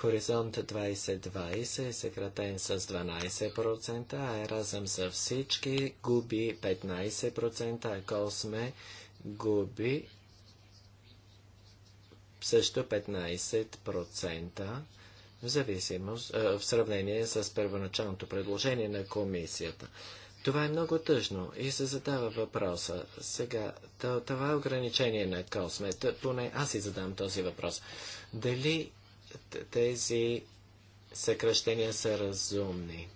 Хоризонт 2020 е съкратен с 12%, а разъм за всички губи 15%, а Косме губи също 15% в зависимост, в сравнение с първоначалното предложение на комисията. Това е много тъжно и се задава въпроса. Сега, това е ограничение на Косме, поне аз си задам този въпрос. Дали тези съкръщения са разумни.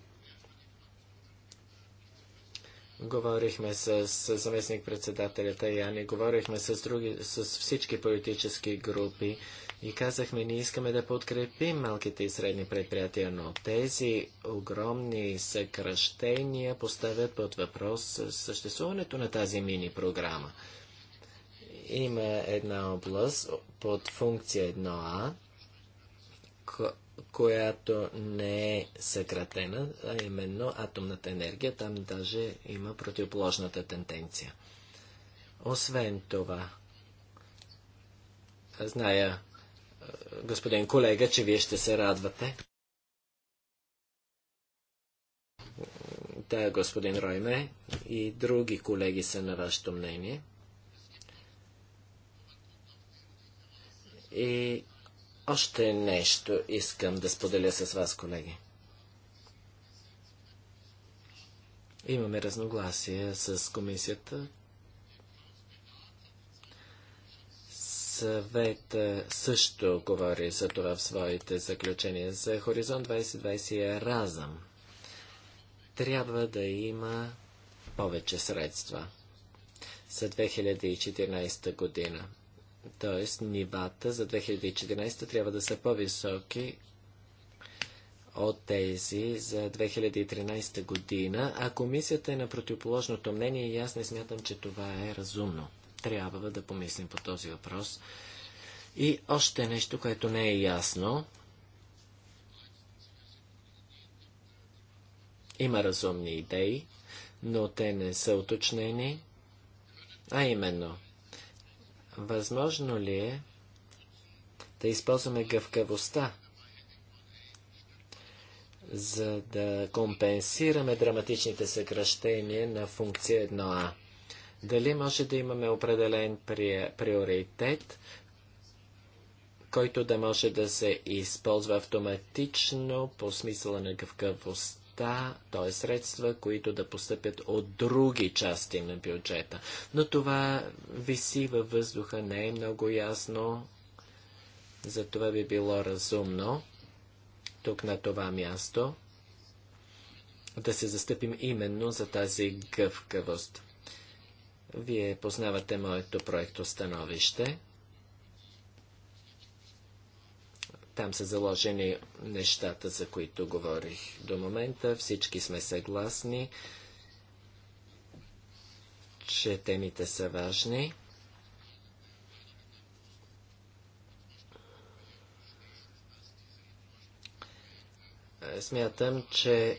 Говорихме с, заместник председателя Таяни, говорихме с, други, с всички политически групи и казахме, ние искаме да подкрепим малките и средни предприятия, но тези огромни съкръщения поставят под въпрос съществуването на тази мини-програма. Има една област под функция 1А, която не е съкратена, а именно атомната енергия. Там даже има противоположната тенденция. Освен това, зная, е, господин колега, че вие ще се радвате. Да, господин Ройме и други колеги са на вашето мнение. И още нещо искам да споделя с вас, колеги. Имаме разногласие с комисията. Съвет също говори за това в своите заключения. За Хоризонт 2020 е разъм. Трябва да има повече средства за 2014 година т.е. нивата за 2014 трябва да са по-високи от тези за 2013 година, а комисията е на противоположното мнение и аз не смятам, че това е разумно. Трябва да помислим по този въпрос. И още нещо, което не е ясно. Има разумни идеи, но те не са уточнени. А именно, Възможно ли е да използваме гъвкавостта, за да компенсираме драматичните съкръщения на функция 1А? Дали може да имаме определен приоритет, който да може да се използва автоматично по смисъла на гъвкавост, неща, т.е. средства, които да постъпят от други части на бюджета. Но това виси във въздуха, не е много ясно, за това би било разумно тук на това място да се застъпим именно за тази гъвкавост. Вие познавате моето проекто становище. Там са заложени нещата, за които говорих до момента. Всички сме съгласни, че темите са важни. Смятам, че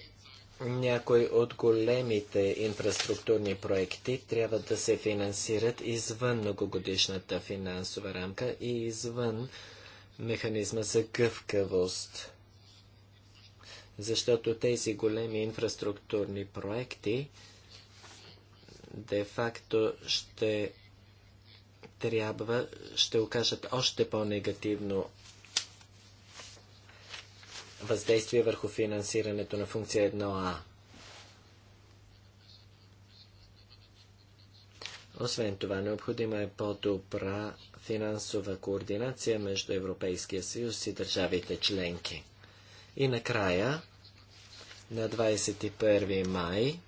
някои от големите инфраструктурни проекти трябва да се финансират извън многогодишната финансова рамка и извън механизма за гъвкавост. Защото тези големи инфраструктурни проекти де-факто ще трябва, ще окажат още по-негативно въздействие върху финансирането на функция 1А. Освен това, необходима е по-добра финансова координация между Европейския съюз и държавите членки. И накрая, на 21 май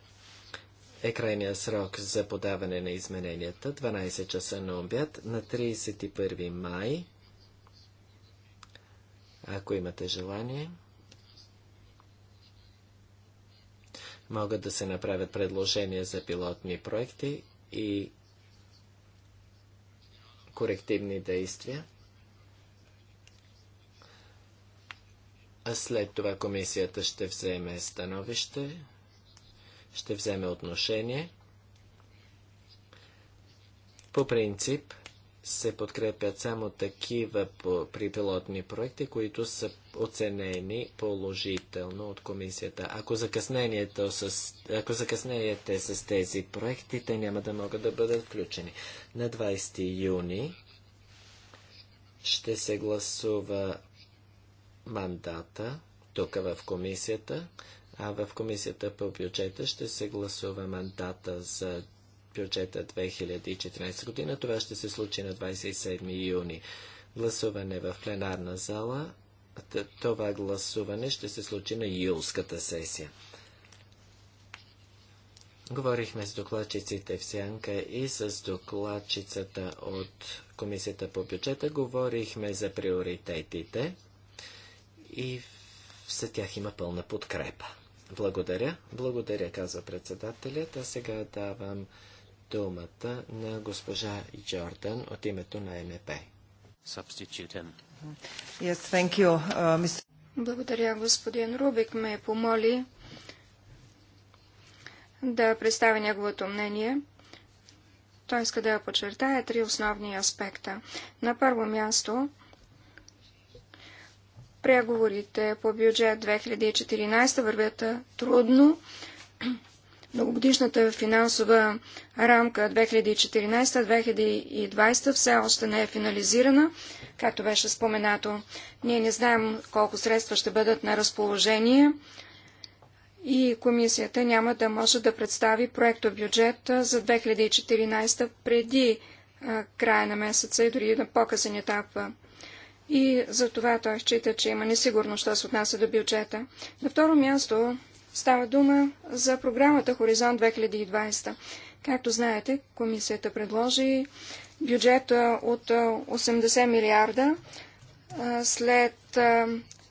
е крайния срок за подаване на измененията, 12 часа на обяд, на 31 май, ако имате желание, могат да се направят предложения за пилотни проекти и корективни действия. А след това комисията ще вземе становище, ще вземе отношение. По принцип, се подкрепят само такива припилотни проекти, които са оценени положително от комисията. Ако, закъснението с, ако закъснеете с тези проекти, те няма да могат да бъдат включени. На 20 юни ще се гласува мандата тук в комисията, а в комисията по бюджета ще се гласува мандата за бюджета 2014 година. Това ще се случи на 27 юни. Гласуване в пленарна зала. Това гласуване ще се случи на юлската сесия. Говорихме с докладчиците в Сянка и с докладчицата от Комисията по бюджета. Говорихме за приоритетите и за тях има пълна подкрепа. Благодаря. Благодаря, казва председателят. А сега давам думата на госпожа Джордан от името на МП. Yes, uh, Благодаря, господин Рубик ме помоли да представя неговото мнение. Той иска да подчертая три основни аспекта. На първо място, преговорите по бюджет 2014 вървят трудно. Многогодишната финансова рамка 2014-2020 все още не е финализирана, както беше споменато. Ние не знаем колко средства ще бъдат на разположение и комисията няма да може да представи проекто бюджет за 2014 преди края на месеца и дори на по-късен етап. И за това той счита, че има несигурност, що се отнася до бюджета. На второ място Става дума за програмата Хоризонт 2020. Както знаете, комисията предложи бюджета от 80 милиарда. След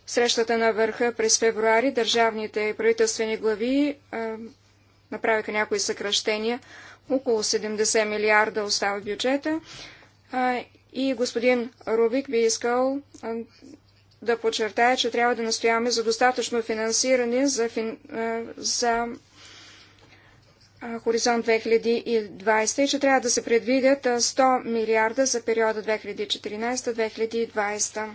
срещата на върха през февруари държавните и правителствени глави направиха някои съкръщения. Около 70 милиарда остава бюджета. И господин Рубик би искал да подчертая, че трябва да настояваме за достатъчно финансиране за, фин... за Хоризонт 2020 и че трябва да се предвидят 100 милиарда за периода 2014-2020.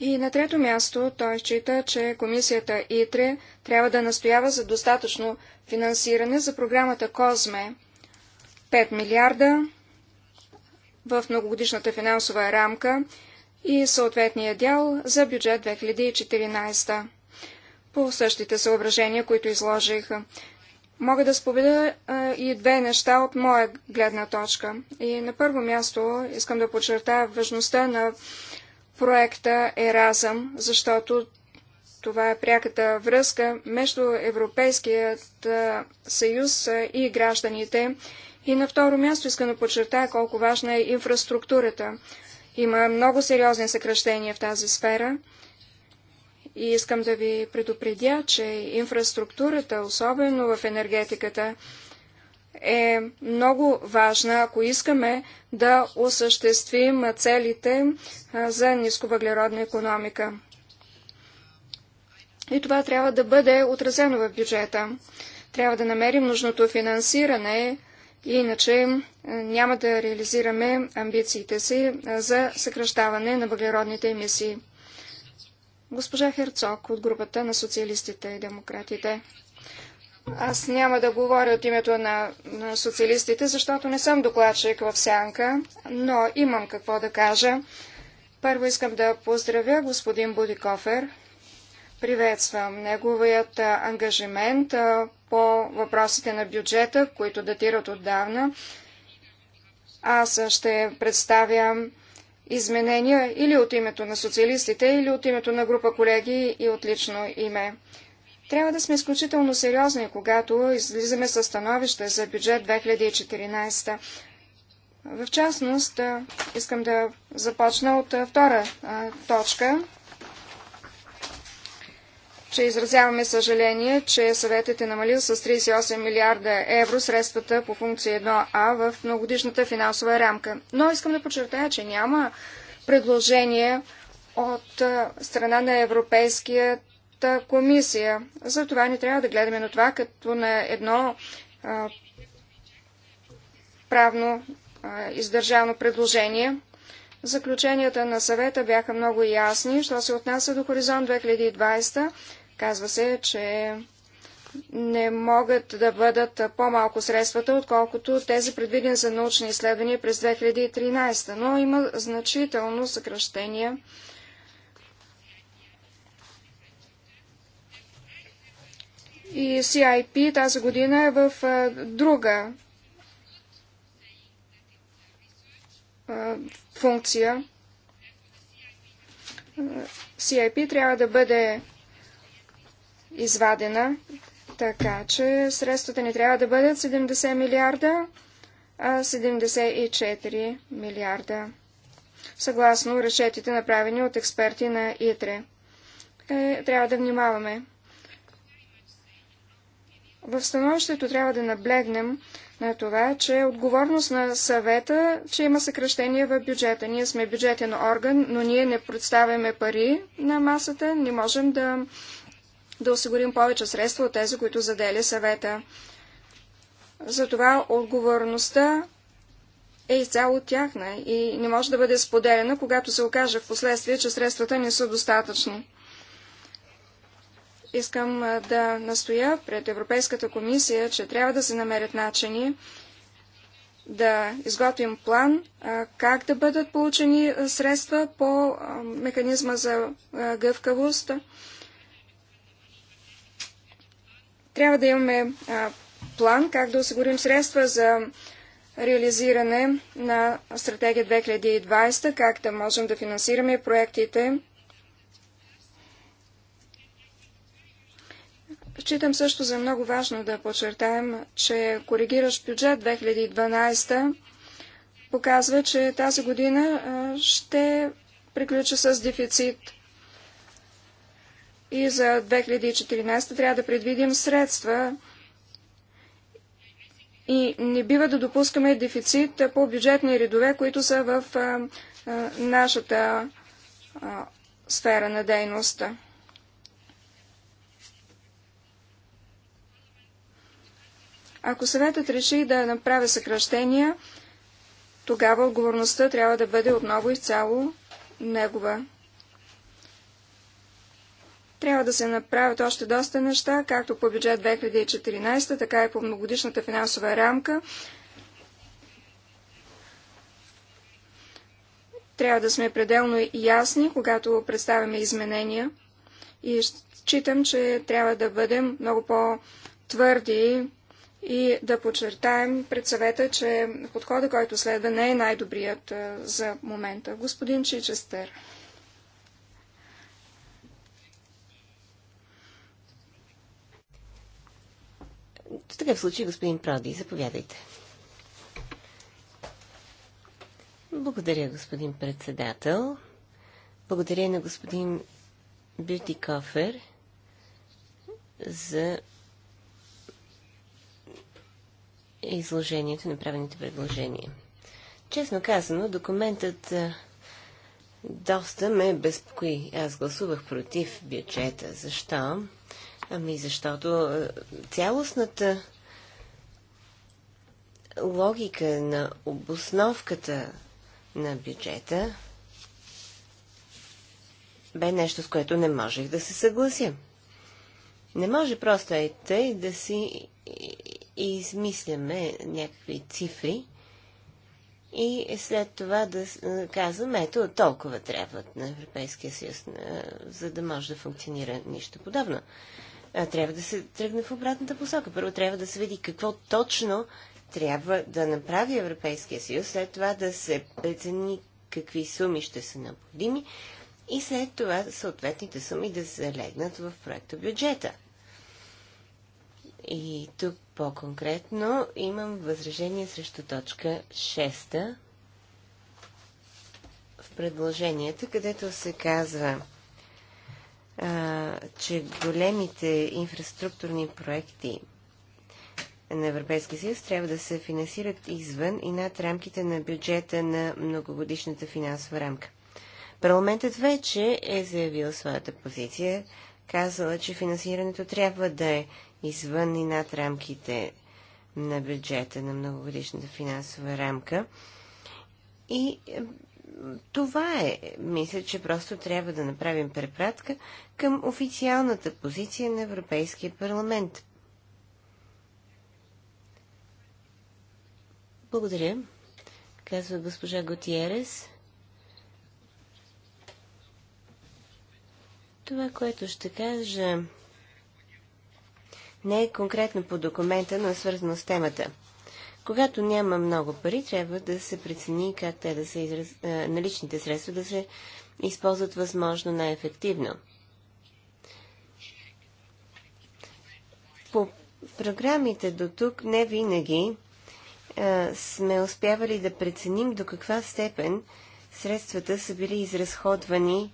И на трето място той счита, че комисията ИТРЕ трябва да настоява за достатъчно финансиране за програмата КОЗМЕ 5 милиарда в многогодишната финансова рамка и съответния дял за бюджет 2014. По същите съображения, които изложих, мога да споведа и две неща от моя гледна точка. И на първо място искам да подчертая важността на проекта Еразъм, защото това е пряката връзка между Европейският съюз и гражданите. И на второ място искам да подчертая колко важна е инфраструктурата. Има много сериозни съкръщения в тази сфера. И искам да ви предупредя, че инфраструктурата, особено в енергетиката, е много важна, ако искаме да осъществим целите за нисковъглеродна економика. И това трябва да бъде отразено в бюджета. Трябва да намерим нужното финансиране Иначе няма да реализираме амбициите си за съкръщаване на въглеродните емисии. Госпожа Херцог от групата на социалистите и демократите. Аз няма да говоря от името на, на социалистите, защото не съм докладчик в сянка, но имам какво да кажа. Първо искам да поздравя господин Будикофер. Приветствам неговият ангажимент по въпросите на бюджета, които датират отдавна. Аз ще представя изменения или от името на социалистите, или от името на група колеги и от лично име. Трябва да сме изключително сериозни, когато излизаме със становище за бюджет 2014. В частност, искам да започна от втора точка, че изразяваме съжаление, че съветът е намалил с 38 милиарда евро средствата по функция 1А в многодишната финансова рамка. Но искам да подчертая, че няма предложение от страна на Европейската комисия. Затова не трябва да гледаме на това като на едно а, правно а, издържано предложение. Заключенията на съвета бяха много ясни, що се отнася до Хоризонт 2020 Казва се, че не могат да бъдат по-малко средствата, отколкото тези предвидени за научни изследвания през 2013, но има значително съкръщение. И CIP тази година е в друга функция. CIP трябва да бъде извадена, така че средствата не трябва да бъдат 70 милиарда, а 74 милиарда, съгласно решетите, направени от експерти на ИТРЕ. Е, трябва да внимаваме. В становището трябва да наблегнем на това, че е отговорност на съвета, че има съкръщение в бюджета. Ние сме бюджетен орган, но ние не представяме пари на масата, не можем да да осигурим повече средства от тези, които заделя съвета. Затова отговорността е изцяло тяхна и не може да бъде споделена, когато се окаже в последствие, че средствата не са достатъчни. Искам да настоя пред Европейската комисия, че трябва да се намерят начини да изготвим план как да бъдат получени средства по механизма за гъвкавост. Трябва да имаме а, план как да осигурим средства за реализиране на стратегия 2020, как да можем да финансираме проектите. Считам също за много важно да подчертаем, че коригиращ бюджет 2012 показва, че тази година ще приключи с дефицит – и за 2014 трябва да предвидим средства и не бива да допускаме дефицит по бюджетни редове, които са в нашата сфера на дейността. Ако съветът реши да направи съкръщения, тогава отговорността трябва да бъде отново изцяло негова. Трябва да се направят още доста неща, както по бюджет 2014, така и по многогодишната финансова рамка. Трябва да сме пределно ясни, когато представяме изменения. И считам, че трябва да бъдем много по-твърди и да подчертаем пред съвета, че подхода, който следва, не е най-добрият за момента. Господин Чичестър, В такъв случай, господин Проди, заповядайте. Благодаря, господин председател. Благодаря на господин Бютикофер за изложението, направените предложения. Честно казано, документът доста ме безпокои. Аз гласувах против бюджета. Защо? Ами защото е, цялостната логика на обосновката на бюджета бе нещо, с което не можех да се съглася. Не може просто е тъй да си измисляме някакви цифри и след това да казваме, ето толкова трябват на Европейския съюз, е, за да може да функционира нищо подобно трябва да се тръгне в обратната посока. Първо трябва да се види какво точно трябва да направи Европейския съюз, след това да се прецени какви суми ще са необходими и след това съответните суми да се легнат в проекта бюджета. И тук по-конкретно имам възражение срещу точка 6 в предложенията, където се казва че големите инфраструктурни проекти на Европейския съюз трябва да се финансират извън и над рамките на бюджета на многогодишната финансова рамка. Парламентът вече е заявил своята позиция, казала, че финансирането трябва да е извън и над рамките на бюджета на многогодишната финансова рамка. И това е. Мисля, че просто трябва да направим препратка към официалната позиция на Европейския парламент. Благодаря, казва госпожа Готиерес. Това, което ще кажа, не е конкретно по документа, но е свързано с темата. Когато няма много пари, трябва да се прецени как те да се израз... наличните средства да се използват възможно най-ефективно. По програмите до тук не винаги а, сме успявали да преценим до каква степен средствата са били изразходвани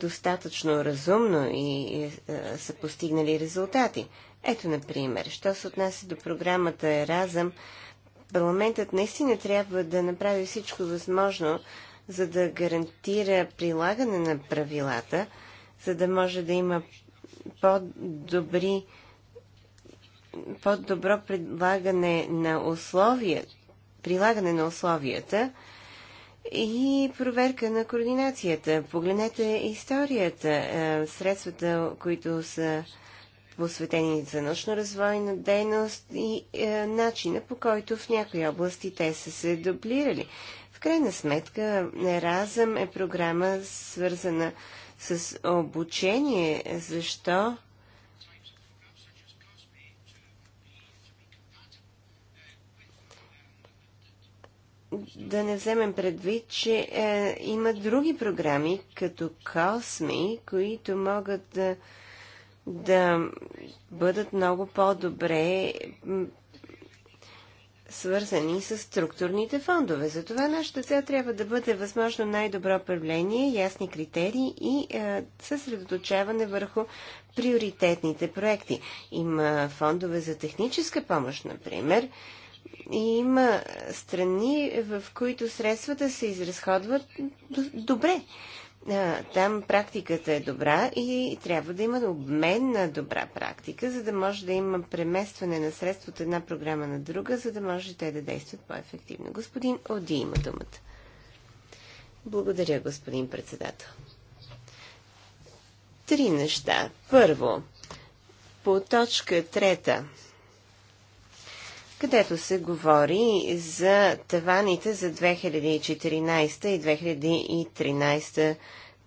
достатъчно разумно и а, са постигнали резултати. Ето, например, що се отнася до програмата Еразъм, парламентът наистина трябва да направи всичко възможно, за да гарантира прилагане на правилата, за да може да има по-добри по-добро предлагане на условия, прилагане на условията и проверка на координацията. Погледнете историята, е, средствата, които са посветени за научно-развойна дейност и е, начина по който в някои области те са се дублирали. В крайна сметка, Еразъм е програма свързана с обучение. Защо? да не вземем предвид, че е, има други програми, като Косми, които могат да да бъдат много по-добре свързани с структурните фондове. Затова нашата цел трябва да бъде възможно най-добро правление, ясни критерии и е, съсредоточаване върху приоритетните проекти. Има фондове за техническа помощ, например, и има страни, в които средствата се изразходват добре там практиката е добра и трябва да има обмен на добра практика, за да може да има преместване на средства от една програма на друга, за да може те да действат по-ефективно. Господин Оди има думата. Благодаря, господин председател. Три неща. Първо, по точка трета – където се говори за таваните за 2014 и 2013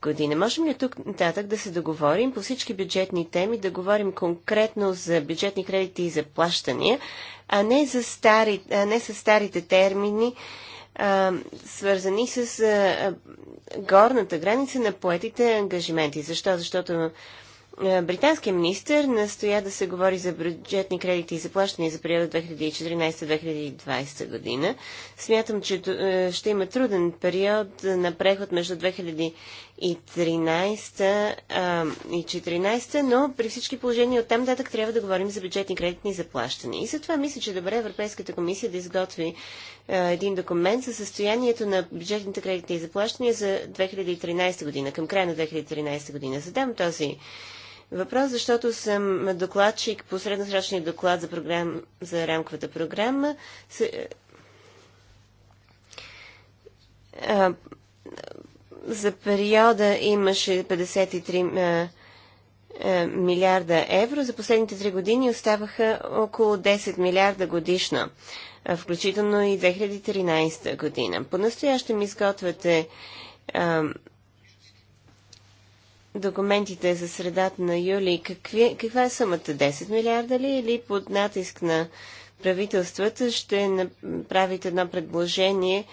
година. Можем ли тук нататък да се договорим по всички бюджетни теми, да говорим конкретно за бюджетни кредити и за плащания, а не, за стари, а не с старите термини, а, свързани с а, горната граница на поетите ангажименти. Защо? Защото е, британският министр настоя да се говори за бюджетни кредити и заплащания за периода 2014-2020 година. Смятам, че е, ще има труден период на преход между 2013 и 2014, но при всички положения оттам датък трябва да говорим за бюджетни кредитни заплащания. И затова мисля, че е добре Европейската комисия да изготви един документ за състоянието на бюджетните кредити и заплащания за 2013 година, към края на 2013 година. Задам този въпрос, защото съм докладчик по средносрочния доклад за, програм, за рамковата програма. С, е, а, за периода имаше 53 а, а, милиарда евро. За последните три години оставаха около 10 милиарда годишно, включително и 2013 година. По-настоящем изготвяте документите за средата на юли, какви, каква е сумата? 10 милиарда ли или под натиск на правителствата ще направите едно предложение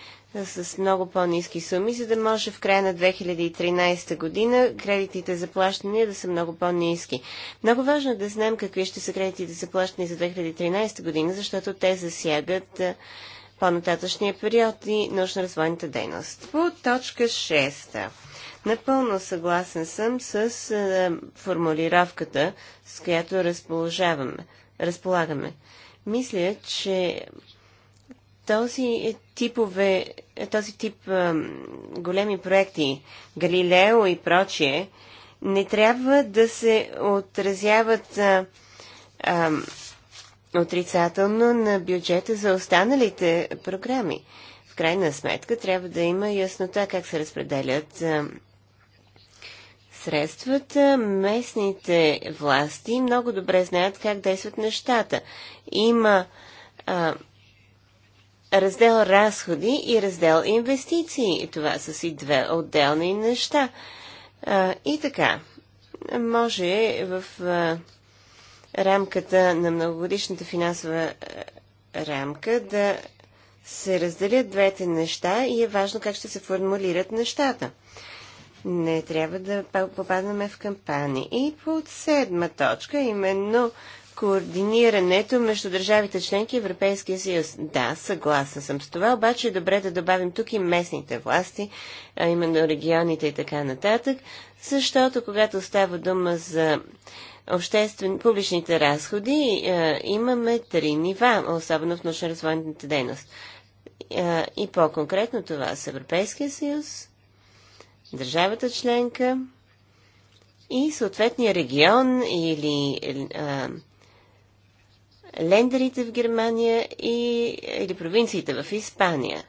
с много по-низки суми, за да може в края на 2013 година кредитите за плащания да са много по-низки. Много важно е да знаем какви ще са кредитите за плащания за 2013 година, защото те засягат по-нататъчния период и научно-развойната дейност. По точка 6. Напълно съгласен съм с е, формулировката, с която разполагаме. разполагаме. Мисля, че този, типове, този тип е, големи проекти, Галилео и прочие, не трябва да се отразяват а, е, а, отрицателно на бюджета за останалите програми. В крайна сметка трябва да има яснота как се разпределят а, средствата, местните власти много добре знаят как действат нещата. Има а, раздел разходи и раздел инвестиции. Това са си две отделни неща. А, и така, може в а, рамката на многогодишната финансова а, рамка да се разделят двете неща и е важно как ще се формулират нещата. Не трябва да попаднаме в кампани. И под седма точка, именно координирането между държавите членки и Европейския съюз. Да, съгласна съм с това, обаче е добре да добавим тук и местните власти, а именно регионите и така нататък, защото когато става дума за обществен, публичните разходи, е, имаме три нива, особено в научно-развойната дейност. Е, и по-конкретно това с Европейския съюз, държавата членка и съответния регион или а, лендерите в Германия и, или провинциите в Испания.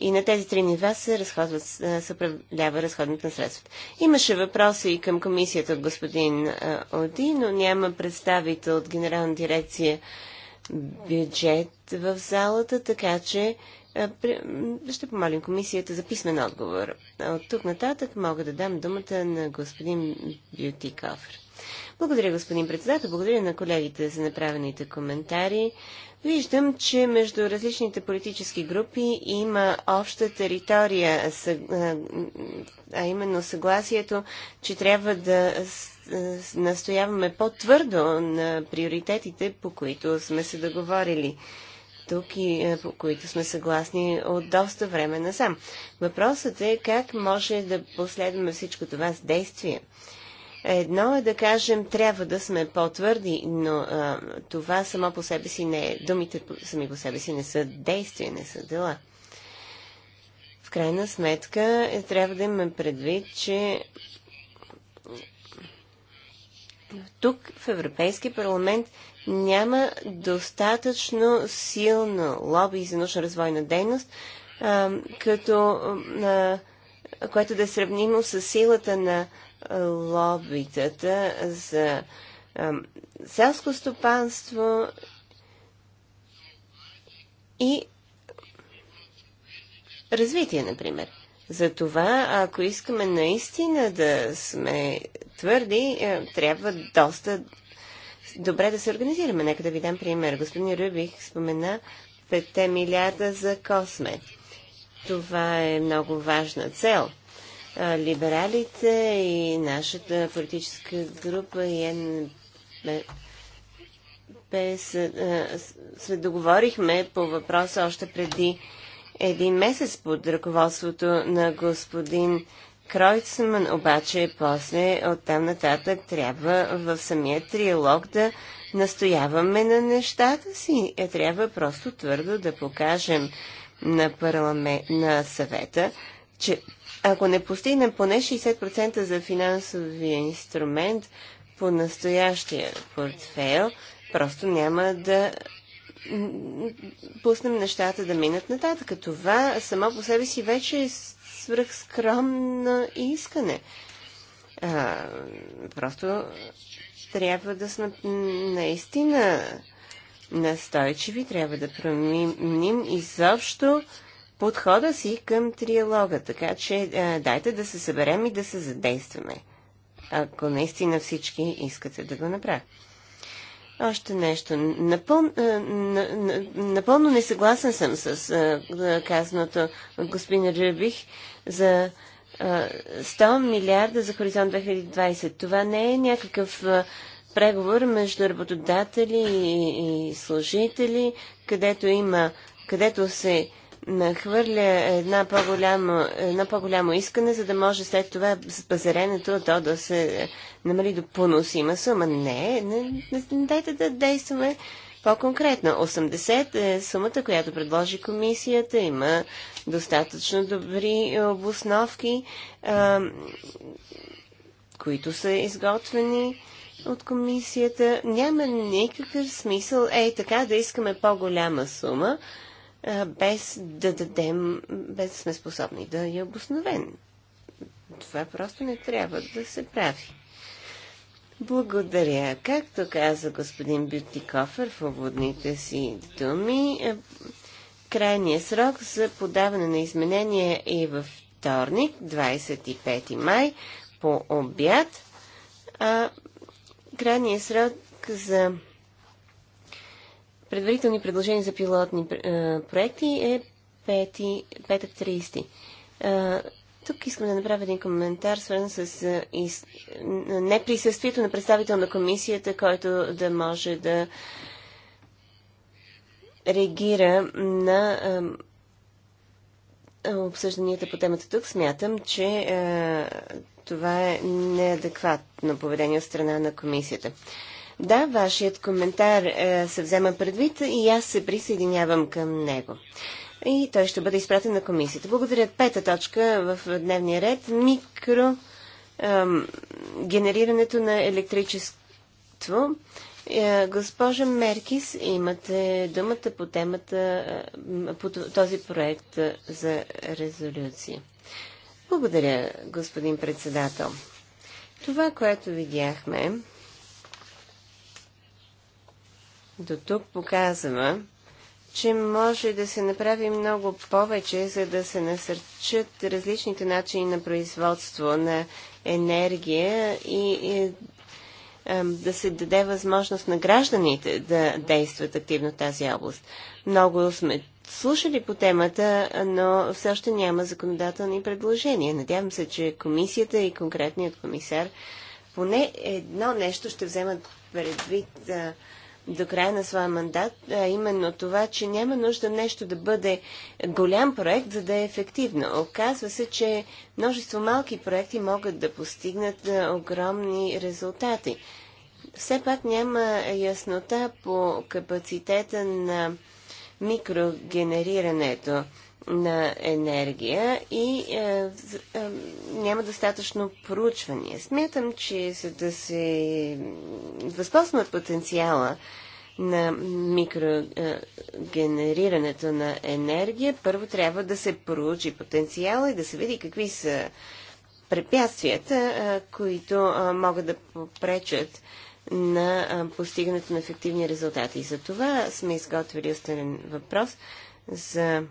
И на тези три нива се, разходват, се управлява разходната средствата. Имаше въпроси и към комисията от господин Оди, но няма представител от Генерална дирекция бюджет в залата, така че е, ще помолим комисията за писмен отговор. От тук нататък мога да дам думата на господин Бютикофер. Благодаря, господин председател. Благодаря на колегите за направените коментари. Виждам, че между различните политически групи има обща територия, а именно съгласието, че трябва да настояваме по-твърдо на приоритетите, по които сме се договорили тук и е, по които сме съгласни от доста време насам. Въпросът е как може да последваме всичко това с действие. Едно е да кажем, трябва да сме по-твърди, но а, е, това само по себе си не е. Думите сами по себе си не са действия, не са дела. В крайна сметка е, трябва да имаме предвид, че тук в Европейски парламент няма достатъчно силно лоби за научно развойна дейност, като, което да е сравнимо с силата на лобитата за селско стопанство и развитие, например. Затова, ако искаме наистина да сме твърди, трябва доста добре да се организираме. Нека да ви дам пример. Господин Рюбих спомена 5 милиарда за Косме. Това е много важна цел. Либералите и нашата политическа група и НБ се договорихме по въпроса още преди един месец под ръководството на господин Кройцман, обаче после оттам нататък трябва в самия триалог да настояваме на нещата си. Е, трябва просто твърдо да покажем на, парламент, на съвета, че ако не постигнем поне 60% за финансовия инструмент по настоящия портфейл, просто няма да пуснем нещата да минат нататък. Това само по себе си вече е свръхскромно искане. А, просто трябва да сме наистина настойчиви, трябва да променим изобщо подхода си към триалога. Така че а, дайте да се съберем и да се задействаме, ако наистина всички искате да го направим. Още нещо. Напъл... Е, напълно несъгласен съм с е, е, казаното от господин Рюбих за 100 милиарда за хоризонт 2020. Това не е някакъв преговор между работодатели и служители, където има където се нахвърля една по-голямо, едно по-голямо искане, за да може след това с пазаренето то да се намали до поносима сума. Не, не, не дайте да действаме по-конкретно. 80 е сумата, която предложи комисията, има достатъчно добри обосновки, а, които са изготвени от комисията. Няма никакъв смисъл, ей така, да искаме по-голяма сума, без да дадем, без да сме способни да я е обосновем. Това просто не трябва да се прави. Благодаря. Както каза господин Бютикофер в обводните си думи, крайният срок за подаване на изменения е във вторник, 25 май, по обяд. А крайният срок за предварителни предложения за пилотни е, проекти е 5.30. Е, тук искам да направя един коментар, свързан с е, из... неприсъствието на представител на комисията, който да може да реагира на обсъжданията по темата тук. Смятам, че това е неадекватно поведение от страна на комисията. Да, вашият коментар е, се взема предвид и аз се присъединявам към него. И той ще бъде изпратен на комисията. Благодаря. Пета точка в дневния ред. Микро ем, генерирането на електричество. Е, госпожа Меркис, имате думата по темата, е, по този проект за резолюция. Благодаря, господин председател. Това, което видяхме, до тук показва, че може да се направи много повече, за да се насърчат различните начини на производство на енергия и, и да се даде възможност на гражданите да действат активно в тази област. Много сме слушали по темата, но все още няма законодателни предложения. Надявам се, че комисията и конкретният комисар поне едно нещо ще вземат предвид. А, до края на своя мандат, а именно това, че няма нужда нещо да бъде голям проект, за да е ефективно. Оказва се, че множество малки проекти могат да постигнат огромни резултати. Все пак няма яснота по капацитета на микрогенерирането на енергия и е, е, няма достатъчно проучвания. Смятам, че за да се възползваме потенциала на микрогенерирането е, на енергия, първо трябва да се проучи потенциала и да се види какви са препятствията, е, които е, могат да попречат на е, постигането на ефективни резултати. И за това сме изготвили останен въпрос за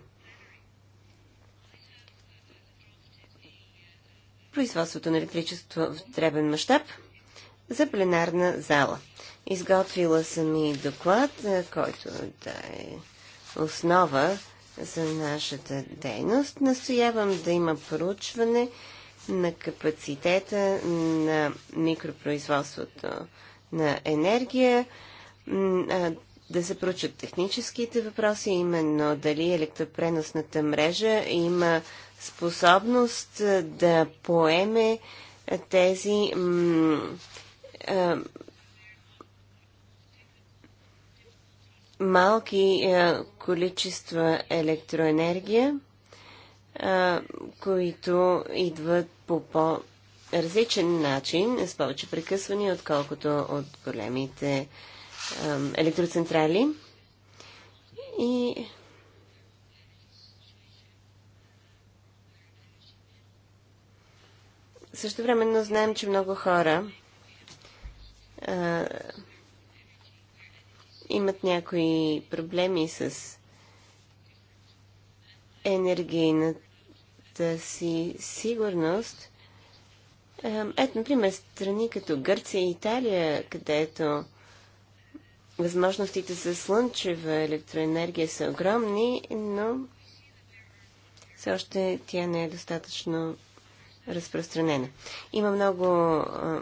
производството на електричество в дребен мащаб за пленарна зала. Изготвила съм и доклад, е, който да е основа за нашата дейност. Настоявам да има проучване на капацитета на микропроизводството на енергия, да се проучат техническите въпроси, именно дали електропреносната мрежа има способност да поеме тези малки количества електроенергия, които идват по по-различен начин, с повече прекъсвания, отколкото от големите електроцентрали. И също времено знаем, че много хора а, имат някои проблеми с енергийната си сигурност. Ето, например, страни като Гърция и Италия, където Възможностите за слънчева електроенергия са огромни, но все още тя не е достатъчно разпространена. Има много а,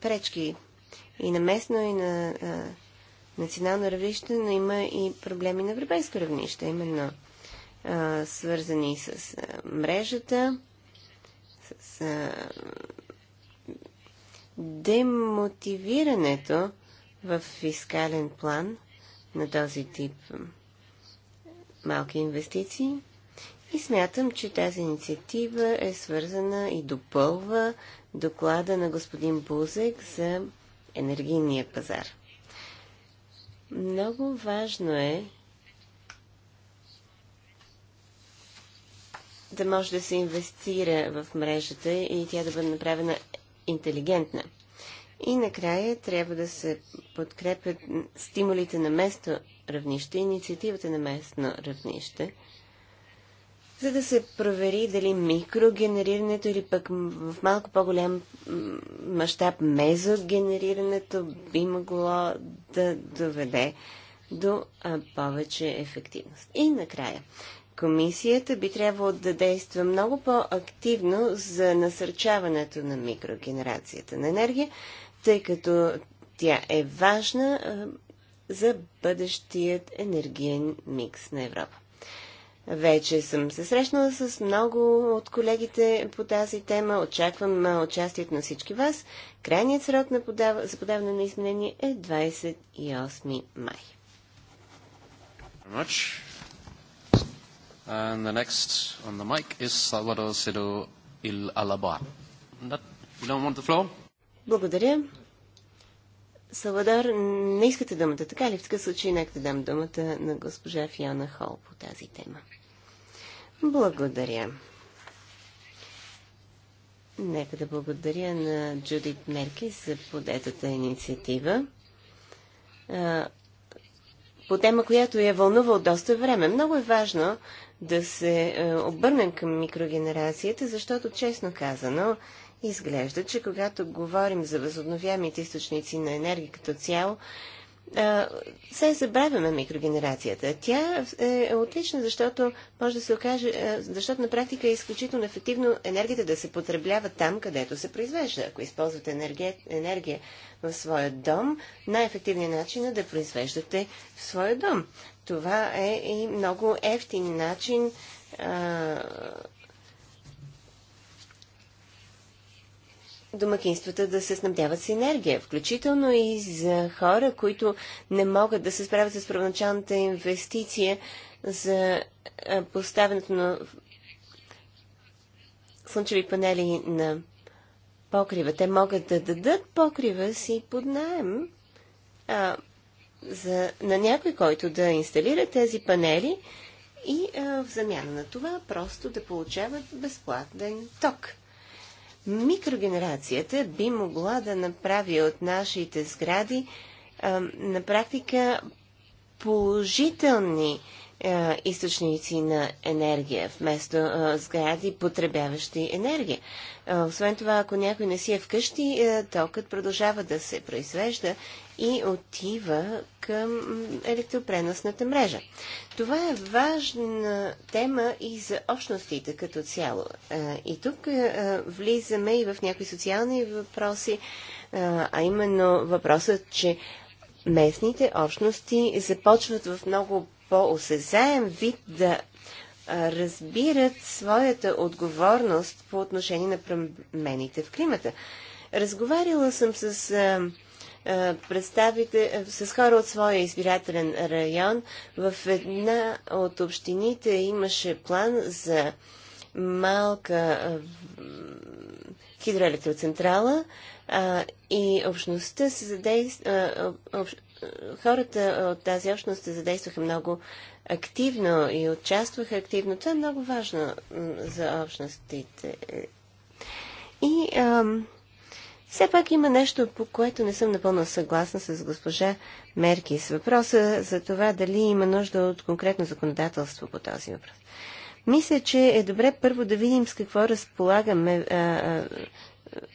пречки и на местно, и на а, национално равнище, но има и проблеми на европейско равнище, именно а, свързани с а, мрежата, с а, демотивирането в фискален план на този тип малки инвестиции. И смятам, че тази инициатива е свързана и допълва доклада на господин Бузек за енергийния пазар. Много важно е да може да се инвестира в мрежата и тя да бъде направена интелигентна. И накрая трябва да се подкрепят стимулите на местно равнище, инициативата на местно равнище, за да се провери дали микрогенерирането или пък в малко по-голям мащаб мезогенерирането би могло да доведе до а, повече ефективност. И накрая, комисията би трябвало да действа много по-активно за насърчаването на микрогенерацията на енергия, тъй като тя е важна за бъдещият енергиен микс на Европа. Вече съм се срещнала с много от колегите по тази тема. Очаквам участието на всички вас. Крайният срок на подав... за подаване на изменение е 28 май. And the next on the mic is Salvador Cedo Il you don't want the floor? Благодаря. Савадар, не искате думата, така ли? В такъв случай нека да дам думата на госпожа Фиона Хол по тази тема. Благодаря. Нека да благодаря на Джудит Мерки за подетата инициатива. По тема, която я вълнува от доста време. Много е важно да се е, обърнем към микрогенерацията, защото, честно казано, Изглежда, че когато говорим за възобновяемите източници на енергия като цяло, се забравяме микрогенерацията. Тя е отлична, защото може да се окаже, защото на практика е изключително ефективно енергията да се потреблява там, където се произвежда. Ако използвате енергия, енергия в своя дом, най-ефективният начин е да произвеждате в своя дом. Това е и много ефтин начин а, домакинствата да се снабдяват с енергия, включително и за хора, които не могат да се справят с първоначалната инвестиция за поставянето на слънчеви панели на покрива. Те могат да дадат покрива си под найем а, за, на някой, който да инсталира тези панели и а, в замяна на това просто да получават безплатен ток. Микрогенерацията би могла да направи от нашите сгради а, на практика положителни е, източници на енергия, вместо е, сгради, потребяващи енергия. Е, освен това, ако някой не си е вкъщи, токът продължава да се произвежда и отива към електропреносната мрежа. Това е важна тема и за общностите като цяло. И тук влизаме и в някои социални въпроси, а именно въпросът, че местните общности започват в много по-осезаем вид да разбират своята отговорност по отношение на промените в климата. Разговаряла съм с а, с хора от своя избирателен район. В една от общините имаше план за малка хидроелектроцентрала а, и общността се задейства, хората от тази общност се задействаха много активно и участваха активно. Това е много важно за общностите. И ам, все пак има нещо, по което не съм напълно съгласна с госпожа Меркис. Въпроса за това дали има нужда от конкретно законодателство по този въпрос. Мисля, че е добре първо да видим с какво разполагаме, а, а,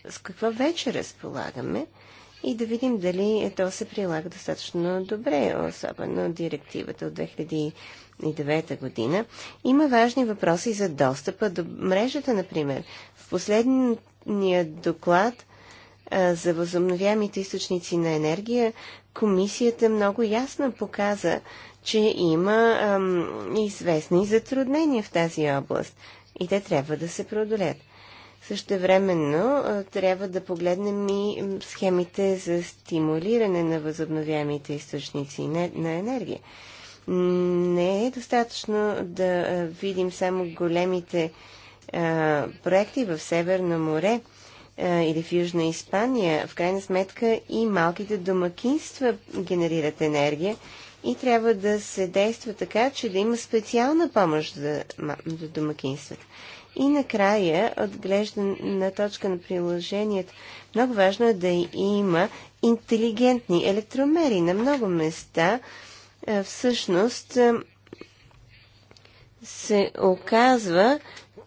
с какво вече разполагаме. А, и да видим дали то се прилага достатъчно добре, особено директивата от 2009 година. Има важни въпроси за достъпа до мрежата, например. В последния доклад за възобновяемите източници на енергия комисията много ясно показа, че има ам, известни затруднения в тази област и те трябва да се преодолят. Същевременно трябва да погледнем и схемите за стимулиране на възобновяемите източници на енергия. Не е достатъчно да видим само големите проекти в Северно море или в Южна Испания. В крайна сметка и малките домакинства генерират енергия и трябва да се действа така, че да има специална помощ за домакинствата. И накрая, от на точка на приложението, много важно е да има интелигентни електромери. На много места е, всъщност е, се оказва,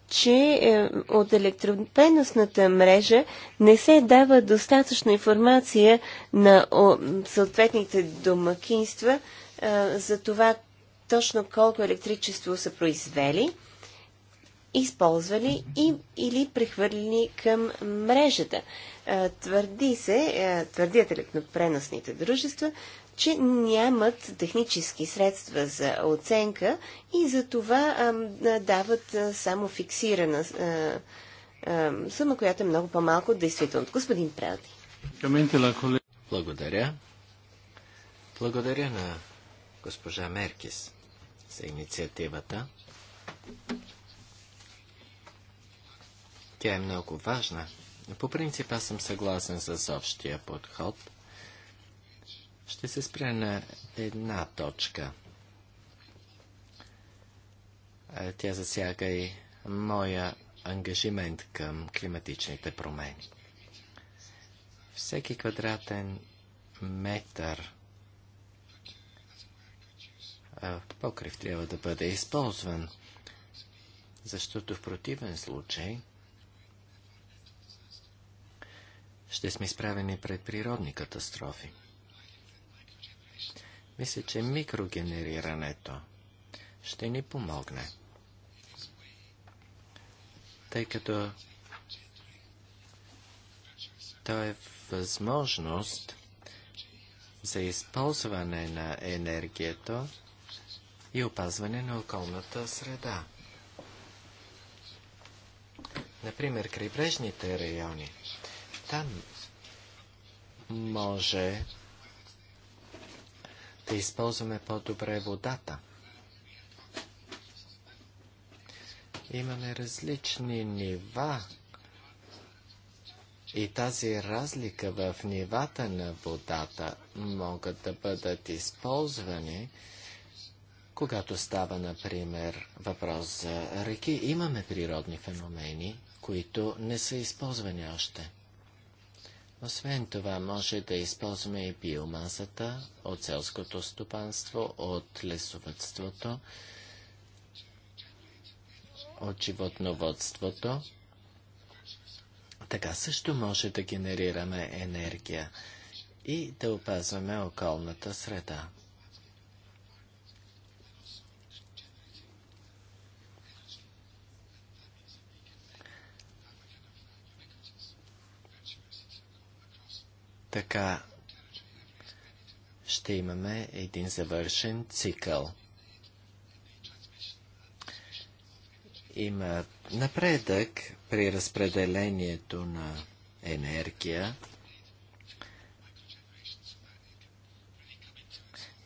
че е, от електропеносната мрежа не се дава достатъчно информация на съответните домакинства за това точно колко електричество са произвели – използвали и, или прехвърлени към мрежата. Твърди се, твърдият електропреносните дружества, че нямат технически средства за оценка и за това дават само фиксирана сума, която е много по-малко от действително. Господин Прелди. Благодаря. Благодаря на госпожа Меркис за инициативата. Тя е много важна. По принцип аз съм съгласен с общия подход. Ще се спря на една точка. Тя засяга и моя ангажимент към климатичните промени. Всеки квадратен метър покрив трябва да бъде използван, защото в противен случай – ще сме изправени пред природни катастрофи. Мисля, че микрогенерирането ще ни помогне, тъй като то е възможност за използване на енергията и опазване на околната среда. Например, крайбрежните райони – там може да използваме по-добре водата. Имаме различни нива и тази разлика в нивата на водата могат да бъдат използвани, когато става, например, въпрос за реки. Имаме природни феномени, които не са използвани още. Освен това, може да използваме и биомасата от селското стопанство, от лесовътството, от животноводството. Така също може да генерираме енергия и да опазваме околната среда. Така ще имаме един завършен цикъл. Има напредък при разпределението на енергия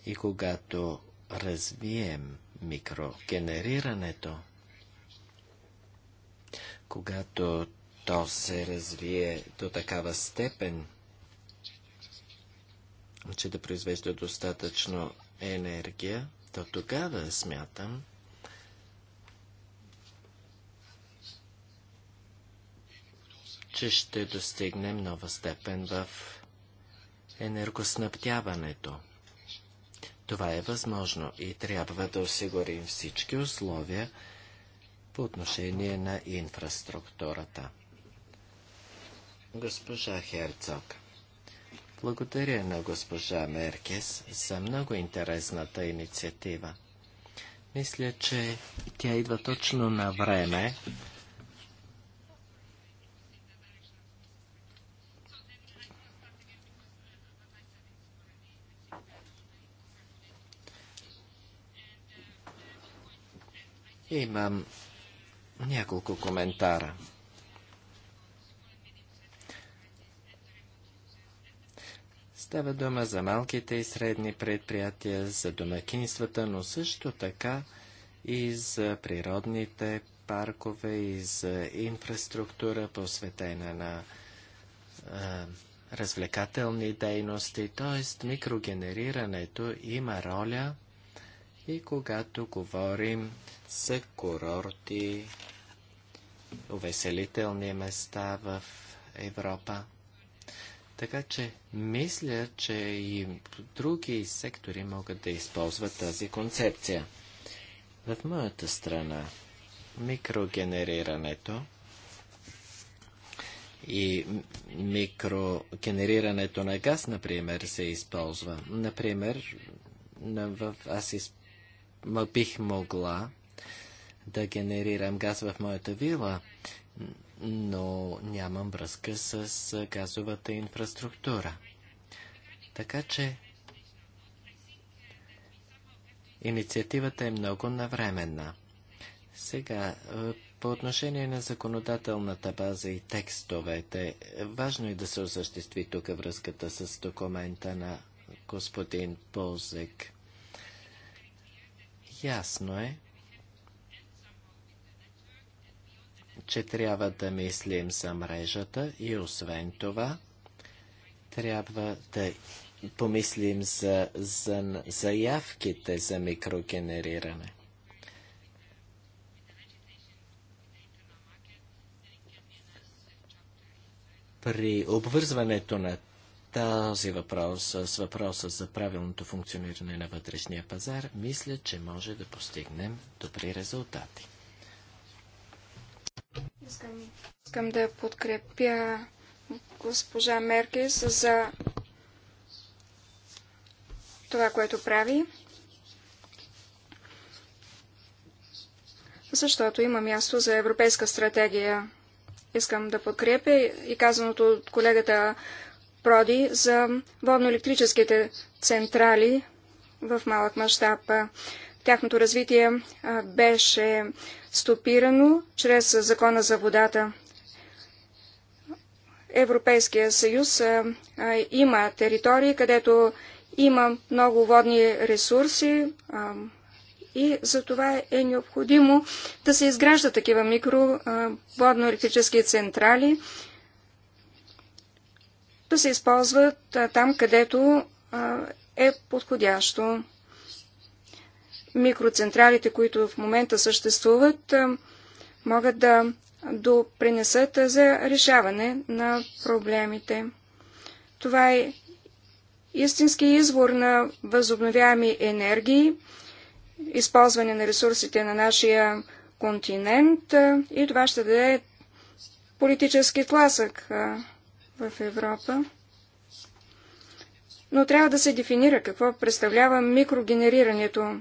и когато развием микрогенерирането, когато то се развие до такава степен, че да произвежда достатъчно енергия, то тогава смятам, че ще достигнем нова степен в енергоснабдяването. Това е възможно и трябва да осигурим всички условия по отношение на инфраструктурата. Госпожа Херцог благодаря на госпожа Меркес за много интересната инициатива. Мисля, че тя идва точно на време. Имам няколко коментара. Става дума за малките и средни предприятия, за домакинствата, но също така и за природните паркове и за инфраструктура, посветена на а, развлекателни дейности. Т.е. микрогенерирането има роля и когато говорим за курорти, увеселителни места в Европа. Така че мисля, че и други сектори могат да използват тази концепция. В моята страна микрогенерирането и микрогенерирането на газ, например, се използва. Например, в, аз из, бих могла да генерирам газ в моята вила, но нямам връзка с газовата инфраструктура. Така че инициативата е много навременна. Сега, по отношение на законодателната база и текстовете, важно е да се осъществи тук връзката с документа на господин Ползек. Ясно е, че трябва да мислим за мрежата и освен това трябва да помислим за, за заявките за микрогенериране. При обвързването на този въпрос с въпроса за правилното функциониране на вътрешния пазар, мисля, че може да постигнем добри резултати. Искам, искам да подкрепя госпожа Меркес за това, което прави. Защото има място за европейска стратегия. Искам да подкрепя и казаното от колегата Проди за водноелектрическите централи в малък мащаб. Тяхното развитие беше стопирано чрез закона за водата. Европейския съюз има територии, където има много водни ресурси и за това е необходимо да се изграждат такива микроводно-електрически централи, да се използват там, където е подходящо микроцентралите, които в момента съществуват, е, могат да допринесат за решаване на проблемите. Това е истински извор на възобновяеми енергии, използване на ресурсите на нашия континент е, и това ще даде политически тласък е, в Европа. Но трябва да се дефинира какво представлява микрогенерирането.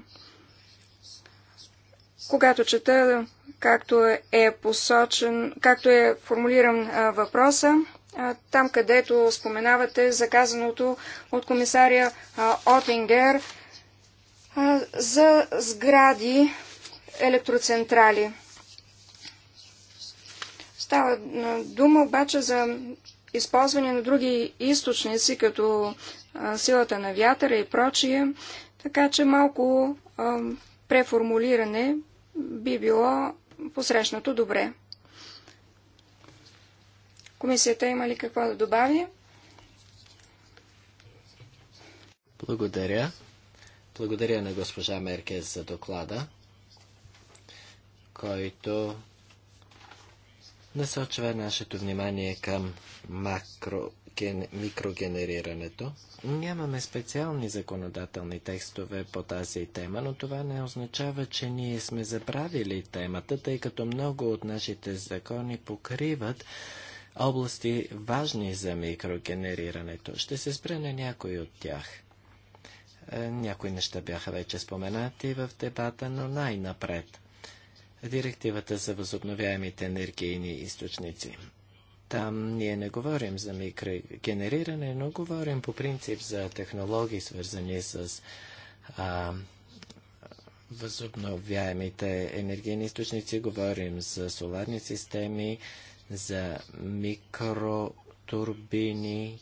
Когато чета, както е посочен, както е формулиран а, въпроса, а, там където споменавате заказаното от комисаря а, Отингер за сгради електроцентрали. Става дума обаче за използване на други източници, като силата на вятъра и прочие, така че малко преформулиране би било посрещнато добре. Комисията има ли какво да добави? Благодаря. Благодаря на госпожа Меркес за доклада, който насочва нашето внимание към макро ген... микрогенерирането. Нямаме специални законодателни текстове по тази тема, но това не означава, че ние сме забравили темата, тъй като много от нашите закони покриват области важни за микрогенерирането. Ще се спре на някои от тях. Е, някои неща бяха вече споменати в дебата, но най-напред. Директивата за възобновяемите енергийни източници. Там ние не говорим за микрогенериране, но говорим по принцип за технологии, свързани с а, възобновяемите енергийни източници. Говорим за соларни системи, за микротурбини,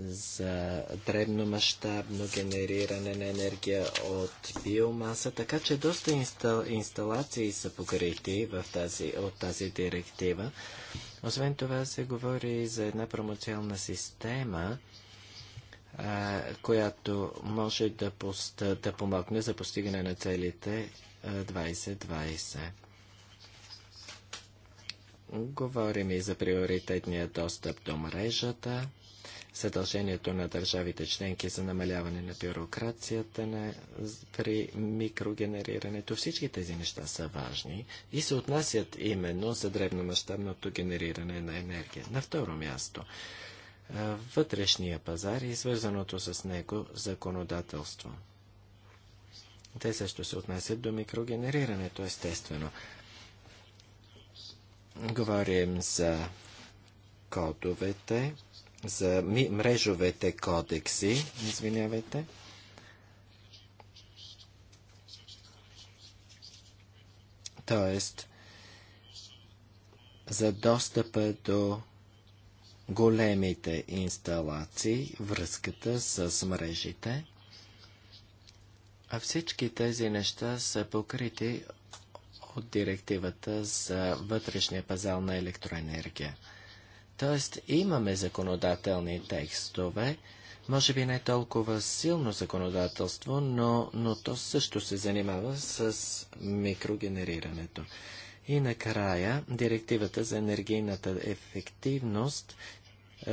за дребномащабно генериране на енергия от биомаса, така че доста инстал, инсталации са покрити в тази, от тази директива. Освен това се говори за една промоционна система, а, която може да, пост, да помогне за постигане на целите 2020. Говорим и за приоритетния достъп до мрежата задължението на държавите членки за намаляване на бюрокрацията на, при микрогенерирането. Всички тези неща са важни и се отнасят именно за древномасштабното генериране на енергия. На второ място, вътрешния пазар и свързаното с него законодателство. Те също се отнасят до микрогенерирането, естествено. Говорим за кодовете, за мрежовете кодекси, извинявайте. Тоест, за достъпа до големите инсталации, връзката с мрежите, а всички тези неща са покрити от директивата за вътрешния пазар на електроенергия. Тоест имаме законодателни текстове, може би не толкова силно законодателство, но, но то също се занимава с микрогенерирането. И накрая, директивата за енергийната ефективност,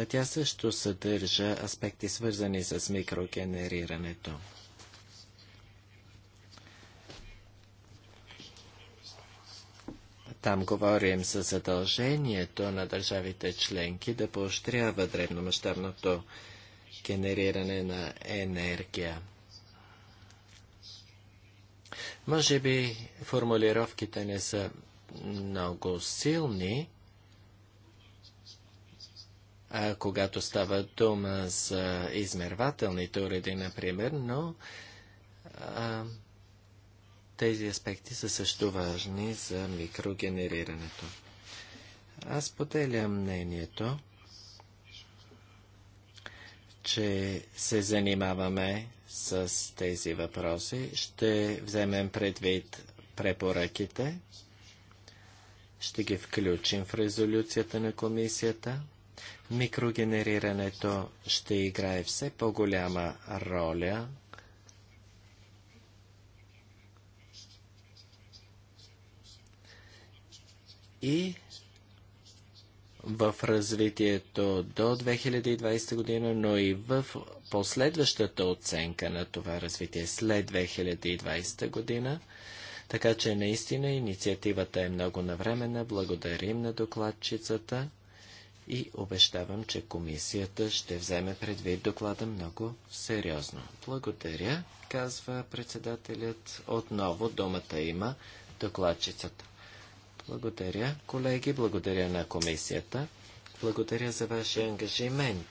тя също съдържа аспекти свързани с микрогенерирането. Там говорим за задължението на държавите членки да поощрява древномащабното генериране на енергия. Може би формулировките не са много силни, а когато става дума за измервателните уреди, например, но а, тези аспекти са също важни за микрогенерирането. Аз поделям мнението, че се занимаваме с тези въпроси. Ще вземем предвид препоръките. Ще ги включим в резолюцията на комисията. Микрогенерирането ще играе все по-голяма роля и в развитието до 2020 година, но и в последващата оценка на това развитие след 2020 година. Така че наистина инициативата е много навременна. Благодарим на докладчицата и обещавам, че комисията ще вземе предвид доклада много сериозно. Благодаря, казва председателят. Отново думата има докладчицата. Благодаря, колеги, благодаря на комисията. Благодаря за вашия ангажимент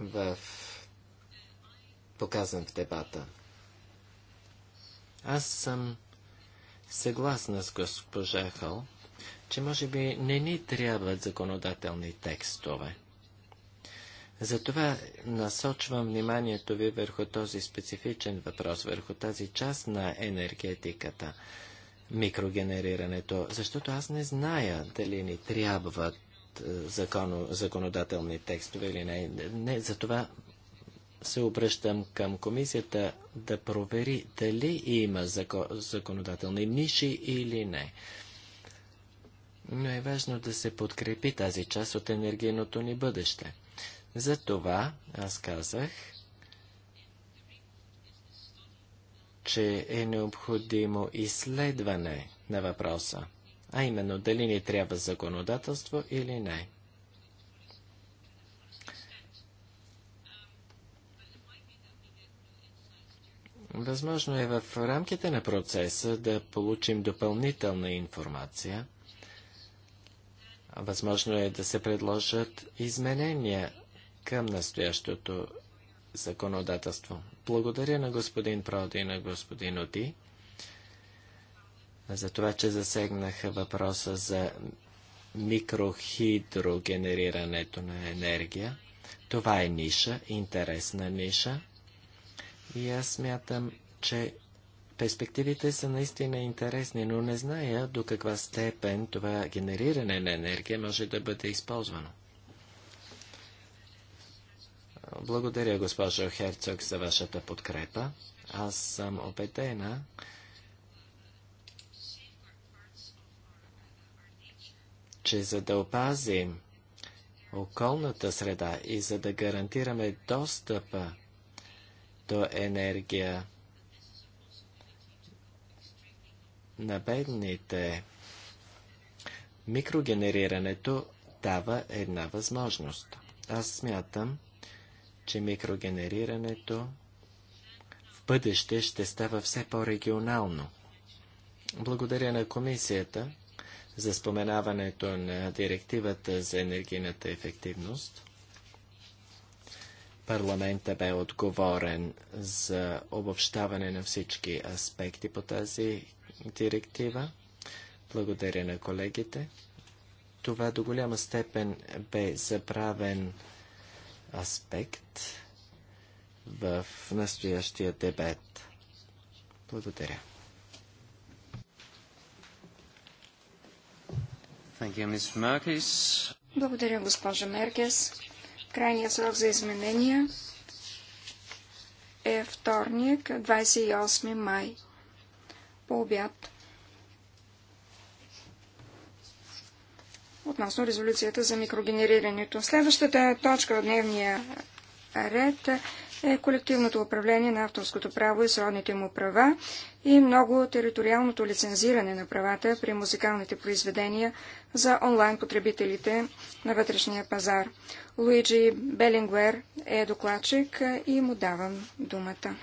в показан в дебата. Аз съм съгласна с госпожа Хъл, че може би не ни трябват законодателни текстове. Затова насочвам вниманието ви върху този специфичен въпрос, върху тази част на енергетиката – микрогенерирането, защото аз не зная дали ни трябват е, закон, законодателни текстове или не. не затова се обръщам към комисията да провери дали има законодателни ниши или не. Но е важно да се подкрепи тази част от енергийното ни бъдеще. Затова аз казах, че е необходимо изследване на въпроса, а именно дали ни трябва законодателство или не. Възможно е в рамките на процеса да получим допълнителна информация. Възможно е да се предложат изменения към настоящото законодателство. Благодаря на господин Проди и на господин Оди за това, че засегнаха въпроса за микрохидрогенерирането на енергия. Това е ниша, интересна ниша. И аз смятам, че перспективите са наистина интересни, но не зная до каква степен това генериране на енергия може да бъде използвано. Благодаря, госпожо Херцог, за вашата подкрепа. Аз съм убедена, че за да опазим околната среда и за да гарантираме достъпа до енергия на бедните, микрогенерирането дава една възможност. Аз смятам, че микрогенерирането в бъдеще ще става все по-регионално. Благодаря на комисията за споменаването на директивата за енергийната ефективност. Парламента бе отговорен за обобщаване на всички аспекти по тази директива. Благодаря на колегите. Това до голяма степен бе забравен аспект в настоящия дебет. Благодаря. Благодаря, госпожа Меркес. Крайният срок за изменения е вторник, 28 май, по обяд. относно резолюцията за микрогенерирането. Следващата точка от дневния ред е колективното управление на авторското право и сродните му права и много териториалното лицензиране на правата при музикалните произведения за онлайн потребителите на вътрешния пазар. Луиджи Белингуер е докладчик и му давам думата.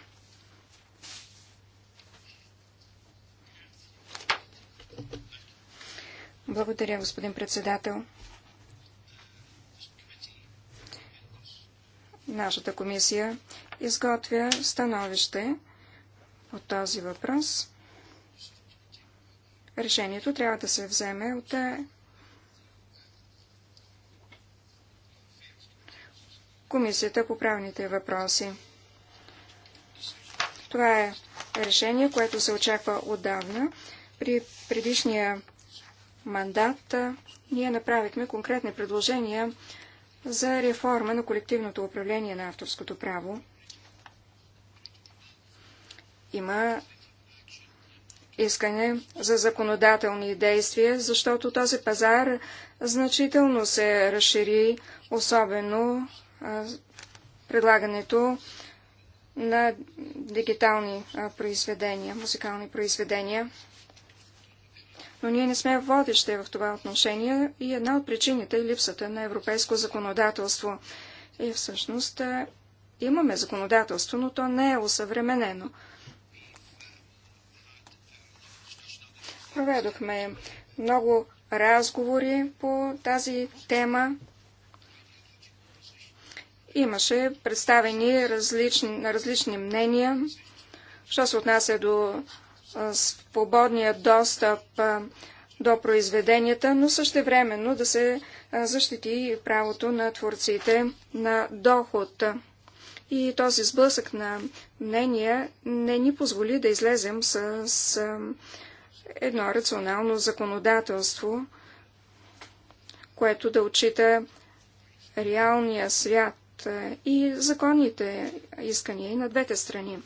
Благодаря, господин председател. Нашата комисия изготвя становище от този въпрос. Решението трябва да се вземе от е, Комисията по правните въпроси. Това е решение, което се очаква отдавна. При предишния мандат ние направихме конкретни предложения за реформа на колективното управление на авторското право. Има искане за законодателни действия, защото този пазар значително се разшири, особено предлагането на дигитални произведения, музикални произведения но ние не сме водещи в това отношение и една от причините е липсата на европейско законодателство. И всъщност е, имаме законодателство, но то не е усъвременено. Проведохме много разговори по тази тема. Имаше представени различни, различни мнения. Що се отнася до свободния достъп до произведенията, но същевременно да се защити правото на творците на доход. И този сблъсък на мнения не ни позволи да излезем с, с едно рационално законодателство, което да отчита реалния свят и законните искания и на двете страни.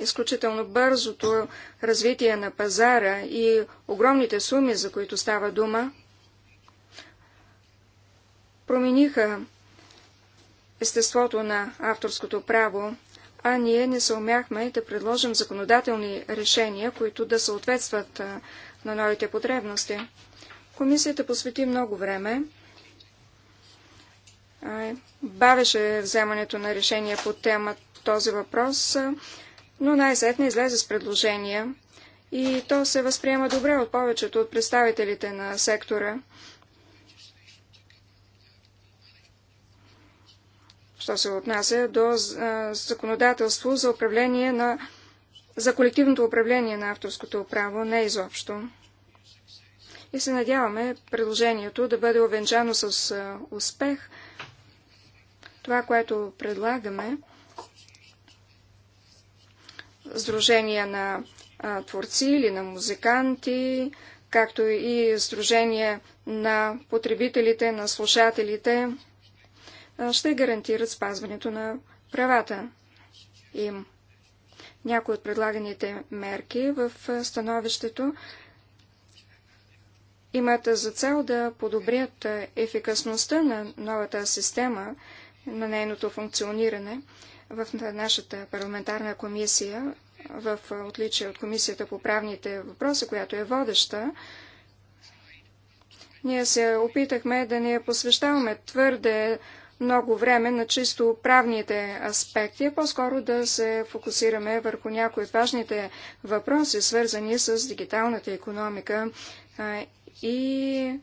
изключително бързото развитие на пазара и огромните суми, за които става дума, промениха естеството на авторското право, а ние не съумяхме да предложим законодателни решения, които да съответстват на новите потребности. Комисията посвети много време, бавеше вземането на решение по тема този въпрос, но най-сетне излезе с предложения и то се възприема добре от повечето от представителите на сектора. Що се отнася до законодателство за управление на за колективното управление на авторското право, не изобщо. И се надяваме предложението да бъде овенчано с успех. Това, което предлагаме, сдружения на а, творци или на музиканти, както и сдружения на потребителите, на слушателите, а, ще гарантират спазването на правата им. Някои от предлаганите мерки в становището имат за цел да подобрят ефикасността на новата система, на нейното функциониране в нашата парламентарна комисия, в отличие от комисията по правните въпроси, която е водеща, ние се опитахме да не посвещаваме твърде много време на чисто правните аспекти, а по-скоро да се фокусираме върху някои от важните въпроси, свързани с дигиталната економика и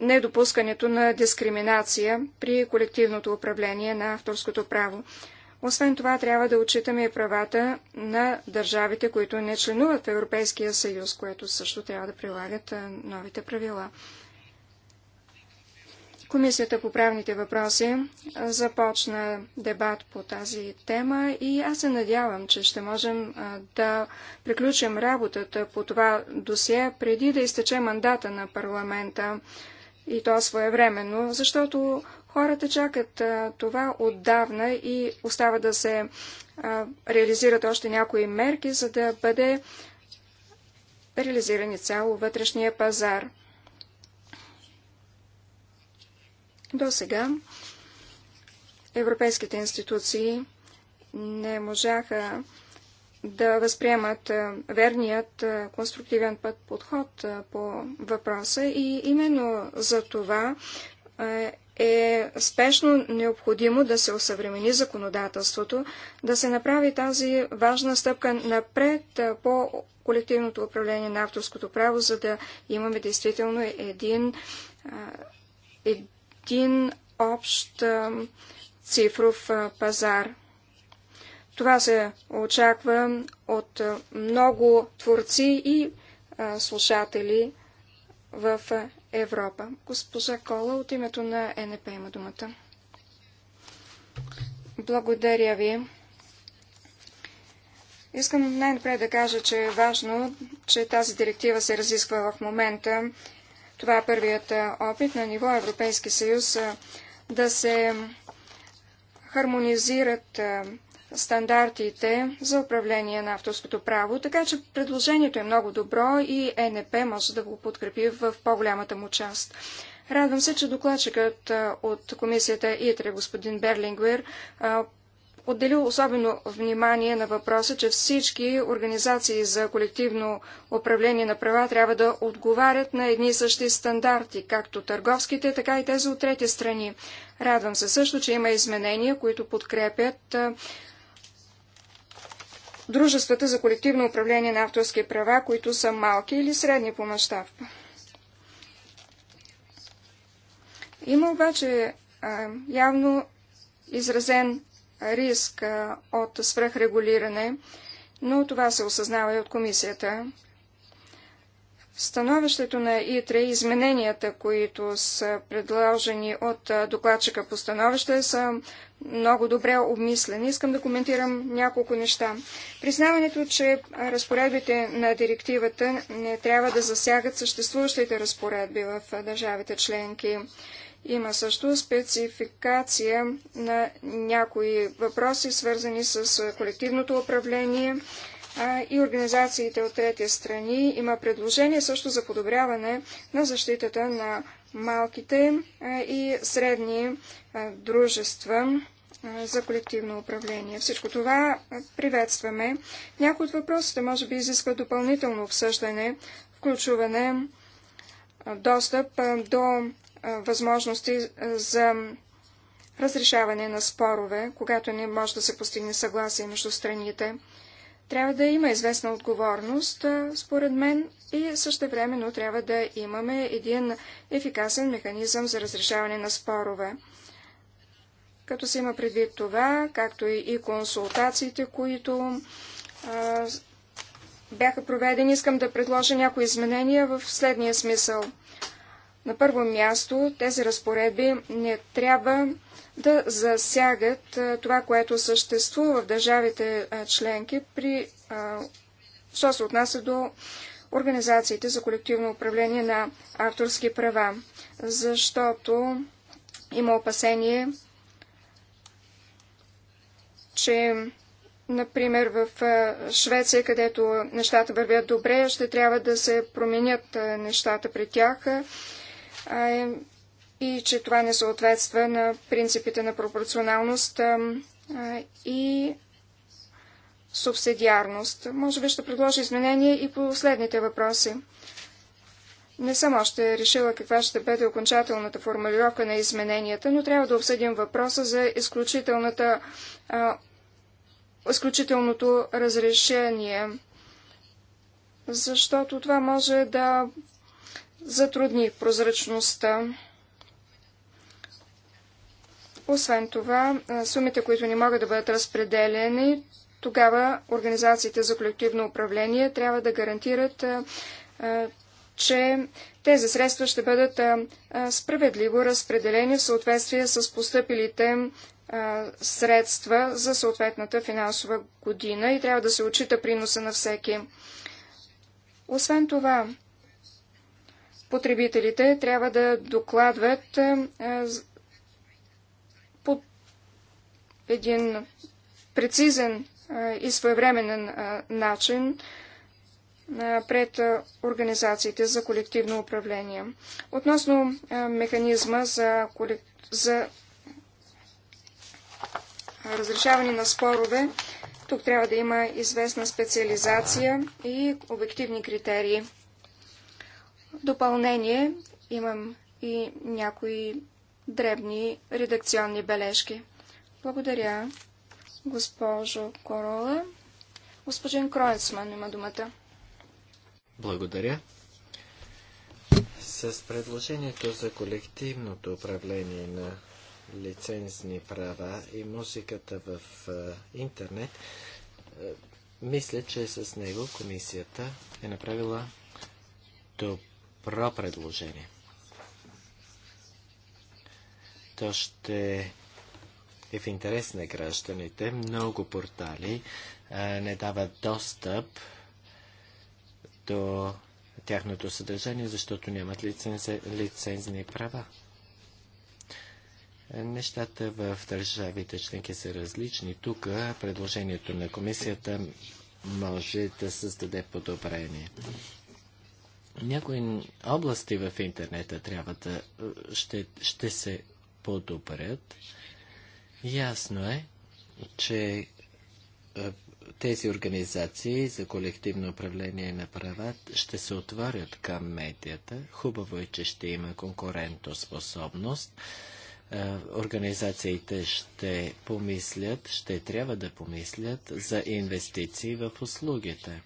недопускането на дискриминация при колективното управление на авторското право. Освен това, трябва да отчитаме и правата на държавите, които не членуват в Европейския съюз, което също трябва да прилагат новите правила. Комисията по правните въпроси започна дебат по тази тема и аз се надявам, че ще можем да приключим работата по това досие преди да изтече мандата на парламента и то своевременно, защото хората чакат това отдавна и остава да се реализират още някои мерки, за да бъде реализиран и цяло вътрешния пазар. До сега европейските институции не можаха да възприемат верният конструктивен път подход по въпроса и именно за това е спешно необходимо да се осъвремени законодателството, да се направи тази важна стъпка напред по колективното управление на авторското право, за да имаме действително един, един един общ цифров пазар. Това се очаква от много творци и слушатели в Европа. Госпожа Кола от името на НП има думата. Благодаря ви. Искам най-напред да кажа, че е важно, че тази директива се разисква в момента това е първият опит на ниво Европейски съюз да се хармонизират стандартите за управление на авторското право, така че предложението е много добро и ЕНП може да го подкрепи в по-голямата му част. Радвам се, че докладчикът от комисията ИТРЕ, господин Берлингвер, отделил особено внимание на въпроса, че всички организации за колективно управление на права трябва да отговарят на едни и същи стандарти, както търговските, така и тези от трети страни. Радвам се също, че има изменения, които подкрепят дружествата за колективно управление на авторски права, които са малки или средни по мащаб. Има обаче явно изразен риск от свръхрегулиране, но това се осъзнава и от комисията. Становището на ИТРА и измененията, които са предложени от докладчика по становище, са много добре обмислени. Искам да коментирам няколко неща. Признаването, че разпоредбите на директивата не трябва да засягат съществуващите разпоредби в държавите членки. Има също спецификация на някои въпроси, свързани с колективното управление и организациите от трети страни. Има предложение също за подобряване на защитата на малките и средни дружества за колективно управление. Всичко това приветстваме. Някои от въпросите може би изискват допълнително обсъждане, включване достъп до възможности за разрешаване на спорове, когато не може да се постигне съгласие между страните. Трябва да има известна отговорност, според мен, и също времено трябва да имаме един ефикасен механизъм за разрешаване на спорове. Като се има предвид това, както и консултациите, които а, бяха проведени, искам да предложа някои изменения в следния смисъл – на първо място, тези разпоредби не трябва да засягат това, което съществува в държавите членки при що се отнася до организациите за колективно управление на авторски права, защото има опасение, че например в Швеция, където нещата вървят добре, ще трябва да се променят нещата при тях и че това не съответства на принципите на пропорционалност и субсидиарност. Може би ще предложа изменения и по следните въпроси. Не съм още решила каква ще бъде окончателната формулировка на измененията, но трябва да обсъдим въпроса за изключителната, изключителното разрешение, защото това може да затрудни прозрачността. Освен това, сумите, които не могат да бъдат разпределени, тогава организациите за колективно управление трябва да гарантират, че тези средства ще бъдат справедливо разпределени в съответствие с поступилите средства за съответната финансова година и трябва да се отчита приноса на всеки. Освен това, потребителите трябва да докладват по един прецизен и своевременен начин пред организациите за колективно управление. Относно механизма за, колек... за разрешаване на спорове, тук трябва да има известна специализация и обективни критерии допълнение имам и някои дребни редакционни бележки. Благодаря, госпожо Корола. Господин Кройцман има думата. Благодаря. С предложението за колективното управление на лицензни права и музиката в интернет, мисля, че с него комисията е направила добър Про предложение. То ще е в интерес на гражданите. Много портали не дават достъп до тяхното съдържание, защото нямат лицензи, лицензни права. Нещата в държавите членки са различни. Тук предложението на комисията може да създаде подобрение. Някои области в интернета трябва да е, ще, ще се подобрят. Ясно е, че е, тези организации за колективно управление на права ще се отворят към медията. Хубаво е, че ще има конкурентоспособност. Е, организациите ще помислят, ще трябва да помислят за инвестиции в услугите.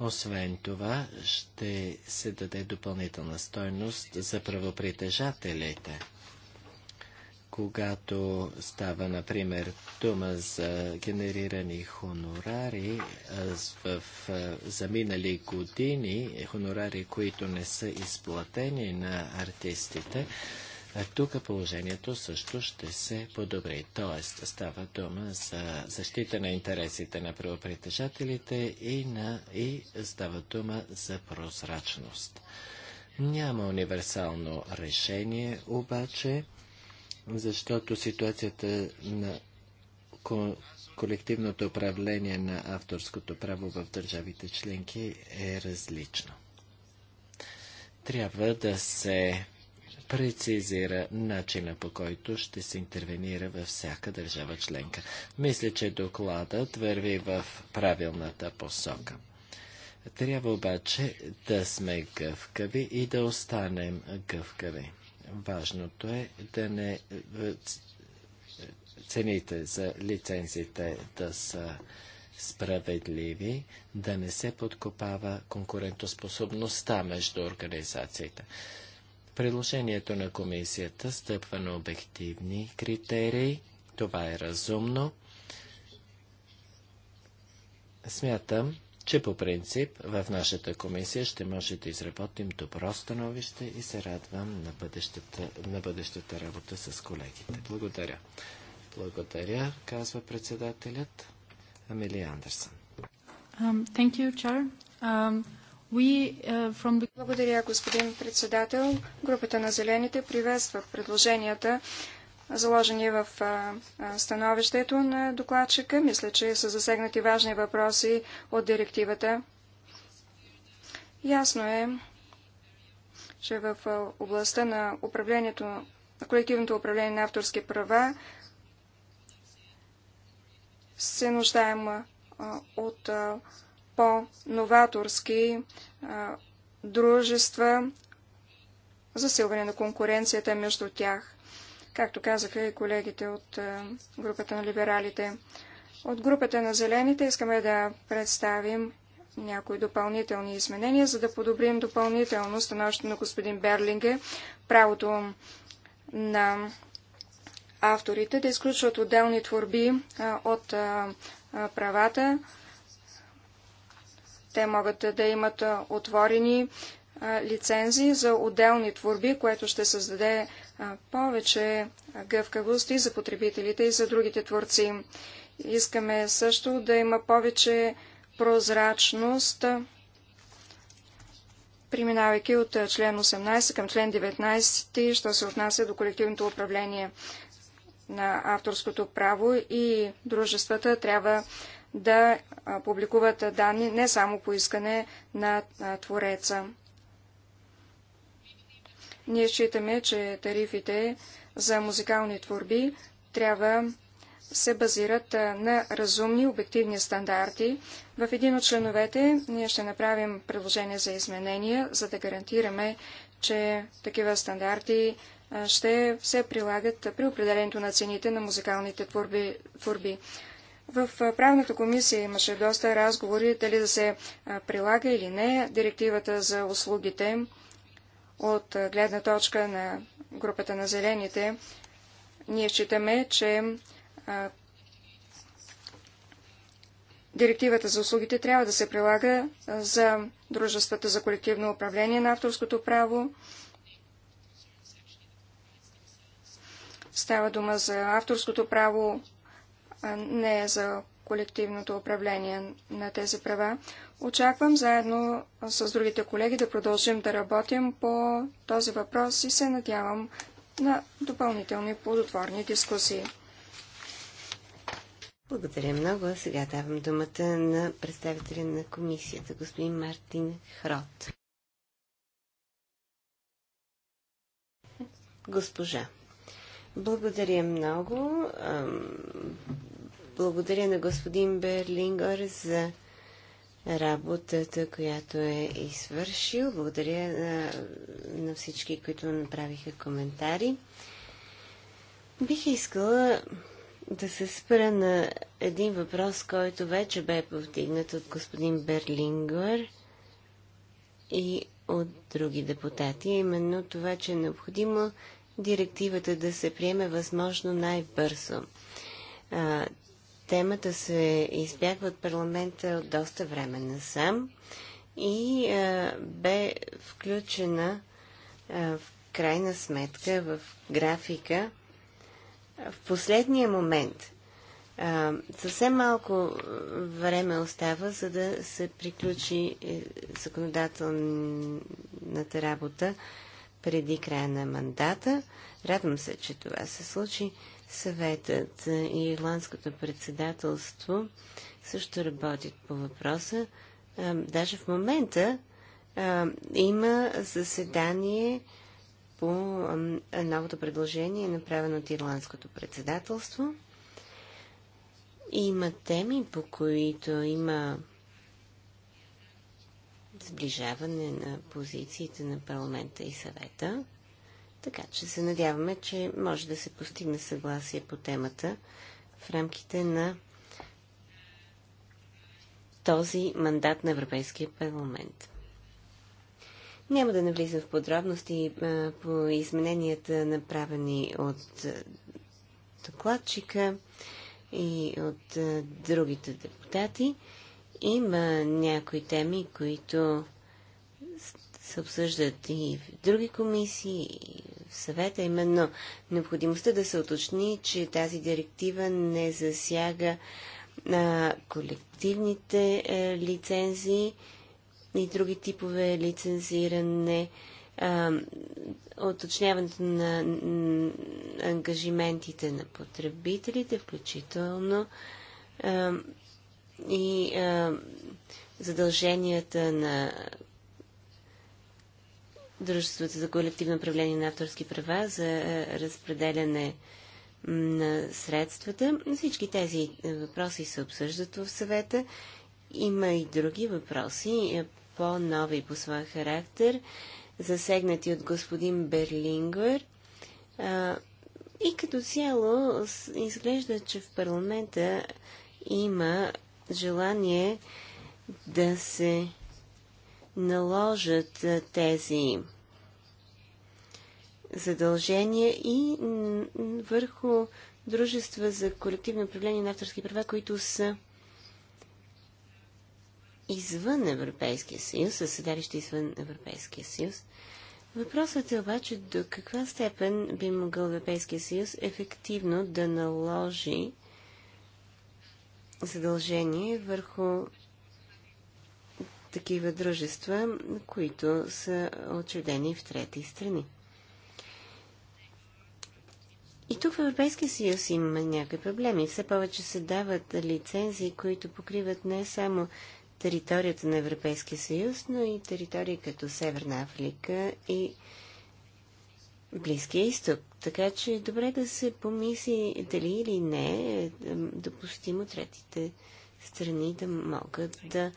Освен това, ще се даде допълнителна стойност за правопритежателите. Когато става, например, дума за генерирани хонорари в, заминали години, е, хонорари, които не са изплатени на артистите, тук положението също ще се подобри. Тоест, става дума за защита на интересите на правопритежателите и, на, и става дума за прозрачност. Няма универсално решение, обаче, защото ситуацията на колективното управление на авторското право в държавите членки е различно. Трябва да се прецизира начина по който ще се интервенира във всяка държава членка. Мисля, че докладът върви в правилната посока. Трябва обаче да сме гъвкави и да останем гъвкави. Важното е да не е, цените за лицензите да са справедливи, да не се подкопава конкурентоспособността между организациите. Предложението на комисията стъпва на обективни критерии. Това е разумно. Смятам, че по принцип в нашата комисия ще може да изработим добро становище и се радвам на бъдещата, на бъдещата работа с колегите. Благодаря. Благодаря, казва председателят Амели Андерсън. Um, thank you, Chair. Um... Uh, Благодаря, господин председател. Групата на зелените приветства предложенията, заложени в становището на докладчика. Мисля, че са засегнати важни въпроси от директивата. Ясно е, че в областта на управлението, на колективното управление на авторски права се нуждаем от по-новаторски дружества, засилване на конкуренцията между тях, както казаха и колегите от групата на либералите. От групата на зелените искаме да представим някои допълнителни изменения, за да подобрим допълнително становището на господин Берлинге, правото на авторите да изключват отделни творби от правата те могат да имат отворени лицензии за отделни творби, което ще създаде повече гъвкавост и за потребителите, и за другите творци. Искаме също да има повече прозрачност, преминавайки от член 18 към член 19, що се отнася до колективното управление на авторското право и дружествата трябва да публикуват данни не само по искане на Твореца. Ние считаме, че тарифите за музикални творби трябва се базират на разумни, обективни стандарти. В един от членовете ние ще направим предложение за изменения, за да гарантираме, че такива стандарти ще се прилагат при определението на цените на музикалните творби. В правната комисия имаше доста разговори дали да се прилага или не директивата за услугите от гледна точка на групата на зелените. Ние считаме, че директивата за услугите трябва да се прилага за дружествата за колективно управление на авторското право. Става дума за авторското право, не е за колективното управление на тези права. Очаквам заедно с другите колеги да продължим да работим по този въпрос и се надявам на допълнителни плодотворни дискусии. Благодаря много. А сега давам думата на представителя на комисията, господин Мартин Хрот. Госпожа. Благодаря много. Благодаря на господин Берлингър за работата, която е извършил. Благодаря на, на всички, които направиха коментари. Бих искала да се спра на един въпрос, който вече бе повдигнат от господин Берлингър и от други депутати, именно това, че е необходимо директивата да се приеме възможно най-бързо. Темата се избягва от парламента от доста време насам и бе включена в крайна сметка в графика в последния момент. съвсем малко време остава, за да се приключи е, законодателната работа преди края на мандата. Радвам се, че това се случи. Съветът и Ирландското председателство също работят по въпроса. даже в момента има заседание по новото предложение, направено от Ирландското председателство. Има теми, по които има сближаване на позициите на парламента и съвета. Така че се надяваме, че може да се постигне съгласие по темата в рамките на този мандат на Европейския парламент. Няма да навлизам в подробности по измененията, направени от докладчика и от другите депутати. Има някои теми, които се обсъждат и в други комисии, и в съвета, именно необходимостта да се уточни, че тази директива не засяга а, колективните а, е, лицензии и други типове лицензиране, а, уточняването на ангажиментите на потребителите, включително а, и а, задълженията на Дружеството за колективно управление на авторски права за разпределяне на средствата. Всички тези въпроси се обсъждат в съвета. Има и други въпроси, по-нови по своя характер, засегнати от господин Берлингър. И като цяло изглежда, че в парламента има желание да се наложат тези задължения и върху дружества за колективно управление на авторски права, които са извън Европейския съюз, със седалище извън Европейския съюз. Въпросът е обаче до каква степен би могъл Европейския съюз ефективно да наложи задължение върху такива дружества, които са отчудени в трети страни. И тук в Европейския съюз има някакви проблеми. Все повече се дават лицензии, които покриват не само територията на Европейския съюз, но и територии като Северна Африка и Близкия изток. Така че е добре да се помисли дали или не е допустимо третите страни да могат да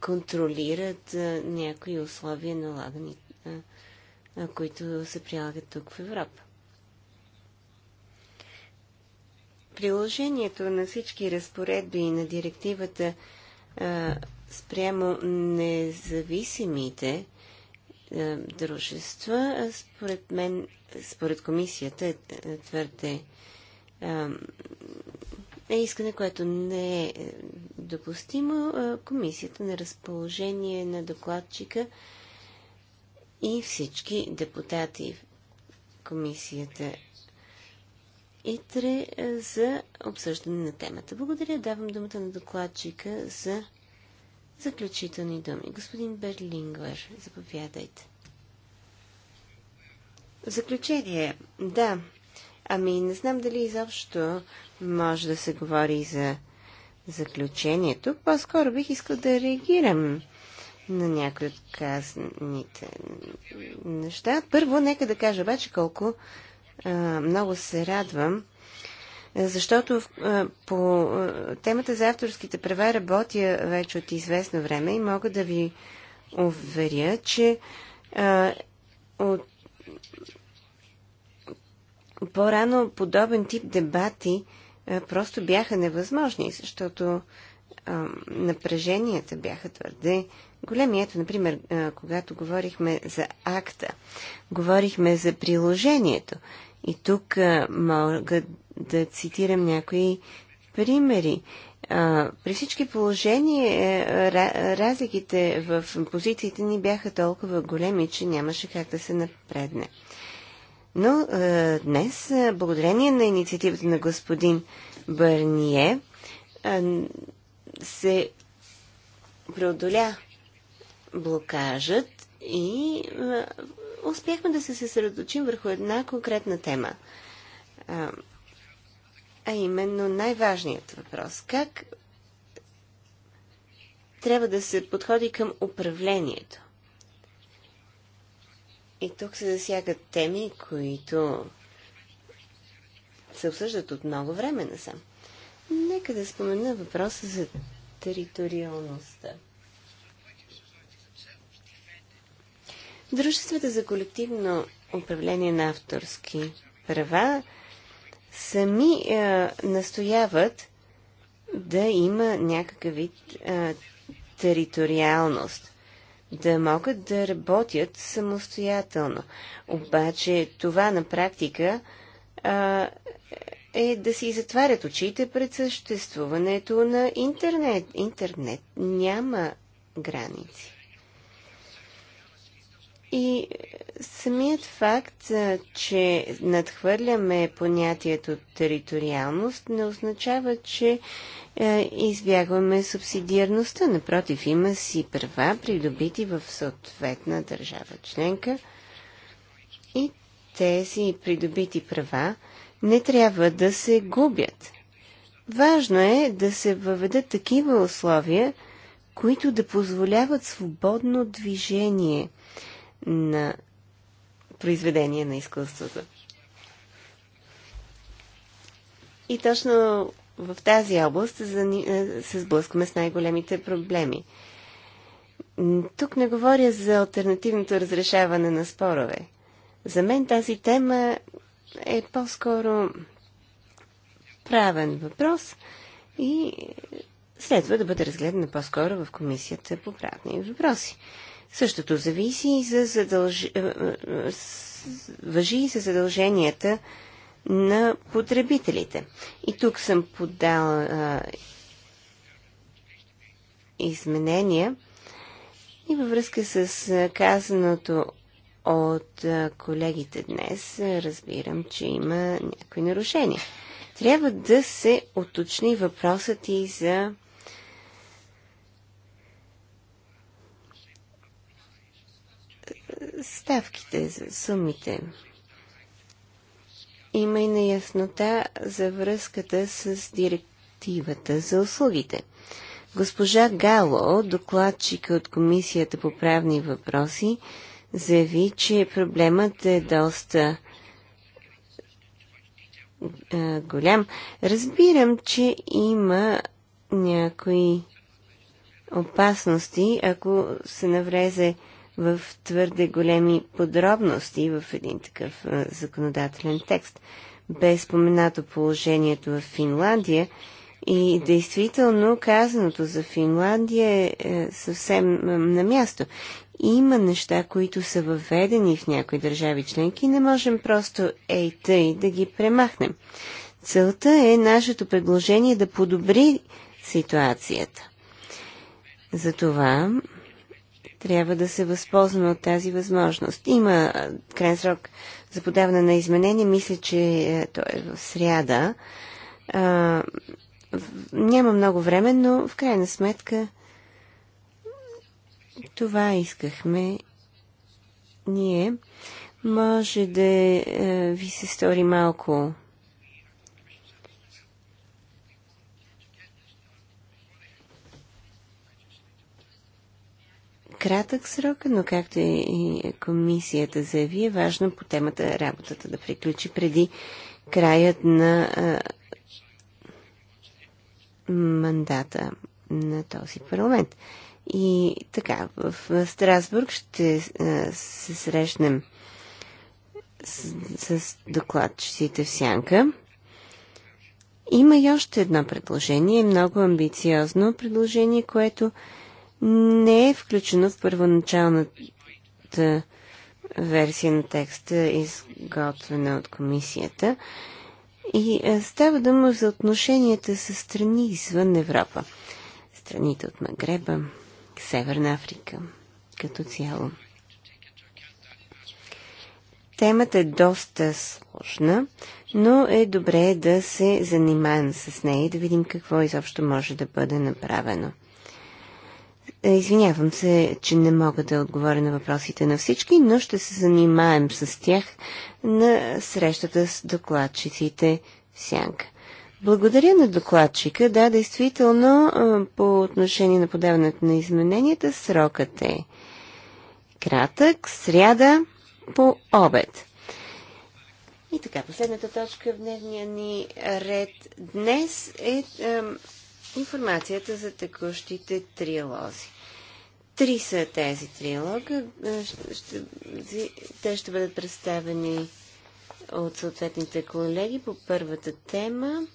контролират някои условия налагани, които се прилагат тук в Европа. Приложението на всички разпоредби на директивата спрямо независимите е, дружества, според мен, според комисията е, е твърде е, е искане, което не е допустимо. Комисията на разположение на докладчика и всички депутати в комисията ИТРЕ за обсъждане на темата. Благодаря. Давам думата на докладчика за Заключителни думи. Господин Берлингвер, заповядайте. Заключение. Да. Ами, не знам дали изобщо може да се говори за заключението. По-скоро бих искал да реагирам на някои от казаните неща. Първо, нека да кажа обаче колко а, много се радвам, защото по темата за авторските права работя вече от известно време и мога да ви уверя, че от по-рано подобен тип дебати просто бяха невъзможни, защото напреженията бяха твърде големи. Ето, например, когато говорихме за акта, говорихме за приложението. И тук могат да цитирам някои примери. А, при всички положения е, разликите в позициите ни бяха толкова големи, че нямаше как да се напредне. Но а, днес, благодарение на инициативата на господин Бърние, а, се преодоля блокажът и а, успяхме да се съсредоточим върху една конкретна тема. А, а именно най-важният въпрос. Как трябва да се подходи към управлението? И тук се засягат теми, които се обсъждат от много време насам. Нека да спомена въпроса за териториалността. Дружествата за колективно управление на авторски права сами а, настояват да има някакъв вид а, териториалност, да могат да работят самостоятелно. Обаче това на практика а, е да си затварят очите пред съществуването на интернет. Интернет няма граници. И самият факт, че надхвърляме понятието териториалност, не означава, че е, избягваме субсидиарността. Напротив, има си права, придобити в съответна държава членка. И тези придобити права не трябва да се губят. Важно е да се въведат такива условия, които да позволяват свободно движение – на произведения на изкуството. И точно в тази област е, се сблъскваме с най-големите проблеми. Тук не говоря за альтернативното разрешаване на спорове. За мен тази тема е по-скоро правен въпрос и следва да бъде разгледана по-скоро в Комисията по правни въпроси. Същото зависи и за задълж... Е, е, въжи и за задълженията на потребителите. И тук съм подал а, изменения и във връзка с казаното от колегите днес, разбирам, че има някои нарушения. Трябва да се уточни въпросът и за ставките, за сумите. Има и неяснота за връзката с директивата за услугите. Госпожа Гало, докладчика от Комисията по правни въпроси, заяви, че проблемът е доста голям. Разбирам, че има някои опасности, ако се наврезе в твърде големи подробности в един такъв законодателен текст. Бе споменато положението в Финландия и действително казаното за Финландия е, е съвсем на място. Има неща, които са въведени в някои държави членки и не можем просто ей тъй да ги премахнем. Целта е нашето предложение да подобри ситуацията. Затова трябва да се възползваме от тази възможност. Има крайен срок за подаване на изменения. Мисля, че е, той е в сряда. А, няма много време, но в крайна сметка това искахме ние. Може да е, ви се стори малко кратък срок, но както и комисията заяви, е важно по темата работата да приключи преди краят на а, мандата на този парламент. И така, в Страсбург ще а, се срещнем с, с докладчиците в Сянка. Има и още едно предложение, много амбициозно предложение, което а, не е включено в първоначалната версия на текста, изготвена от комисията. И е, става дума за отношенията с страни извън Европа. Страните от Магреба, Северна Африка, като цяло. Темата е доста сложна, но е добре да се занимаем с нея и да видим какво изобщо може да бъде направено. Е, извинявам се, че не мога да отговоря на въпросите на всички, но ще се занимаем с тях на срещата с докладчиците в Сянка. Благодаря на докладчика. Да, действително, е, по отношение на подаването на измененията, срокът е кратък, сряда по обед. И така, последната точка в дневния ни ред днес е, е информацията за текущите триалози. Три са тези триалога. Е, те ще бъдат представени от съответните колеги по първата тема.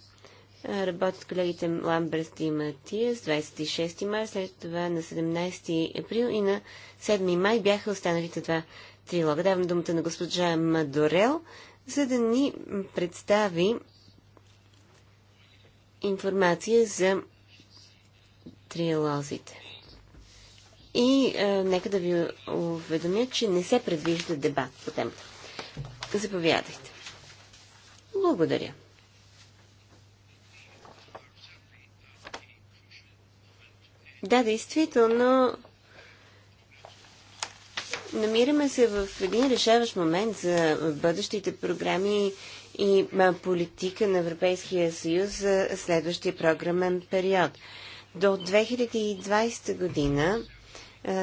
Е, работят колегите Ламберст и Матиас 26 май, след това на 17 април и на 7 май бяха останалите два трилога. Давам думата на госпожа Мадорел, за да ни представи информация за трилозите. И а, е, нека да ви уведомя, че не се предвижда дебат по темата. Заповядайте. Благодаря. Да, действително, намираме се в един решаващ момент за бъдещите програми и политика на Европейския съюз за следващия програмен период. До 2020 година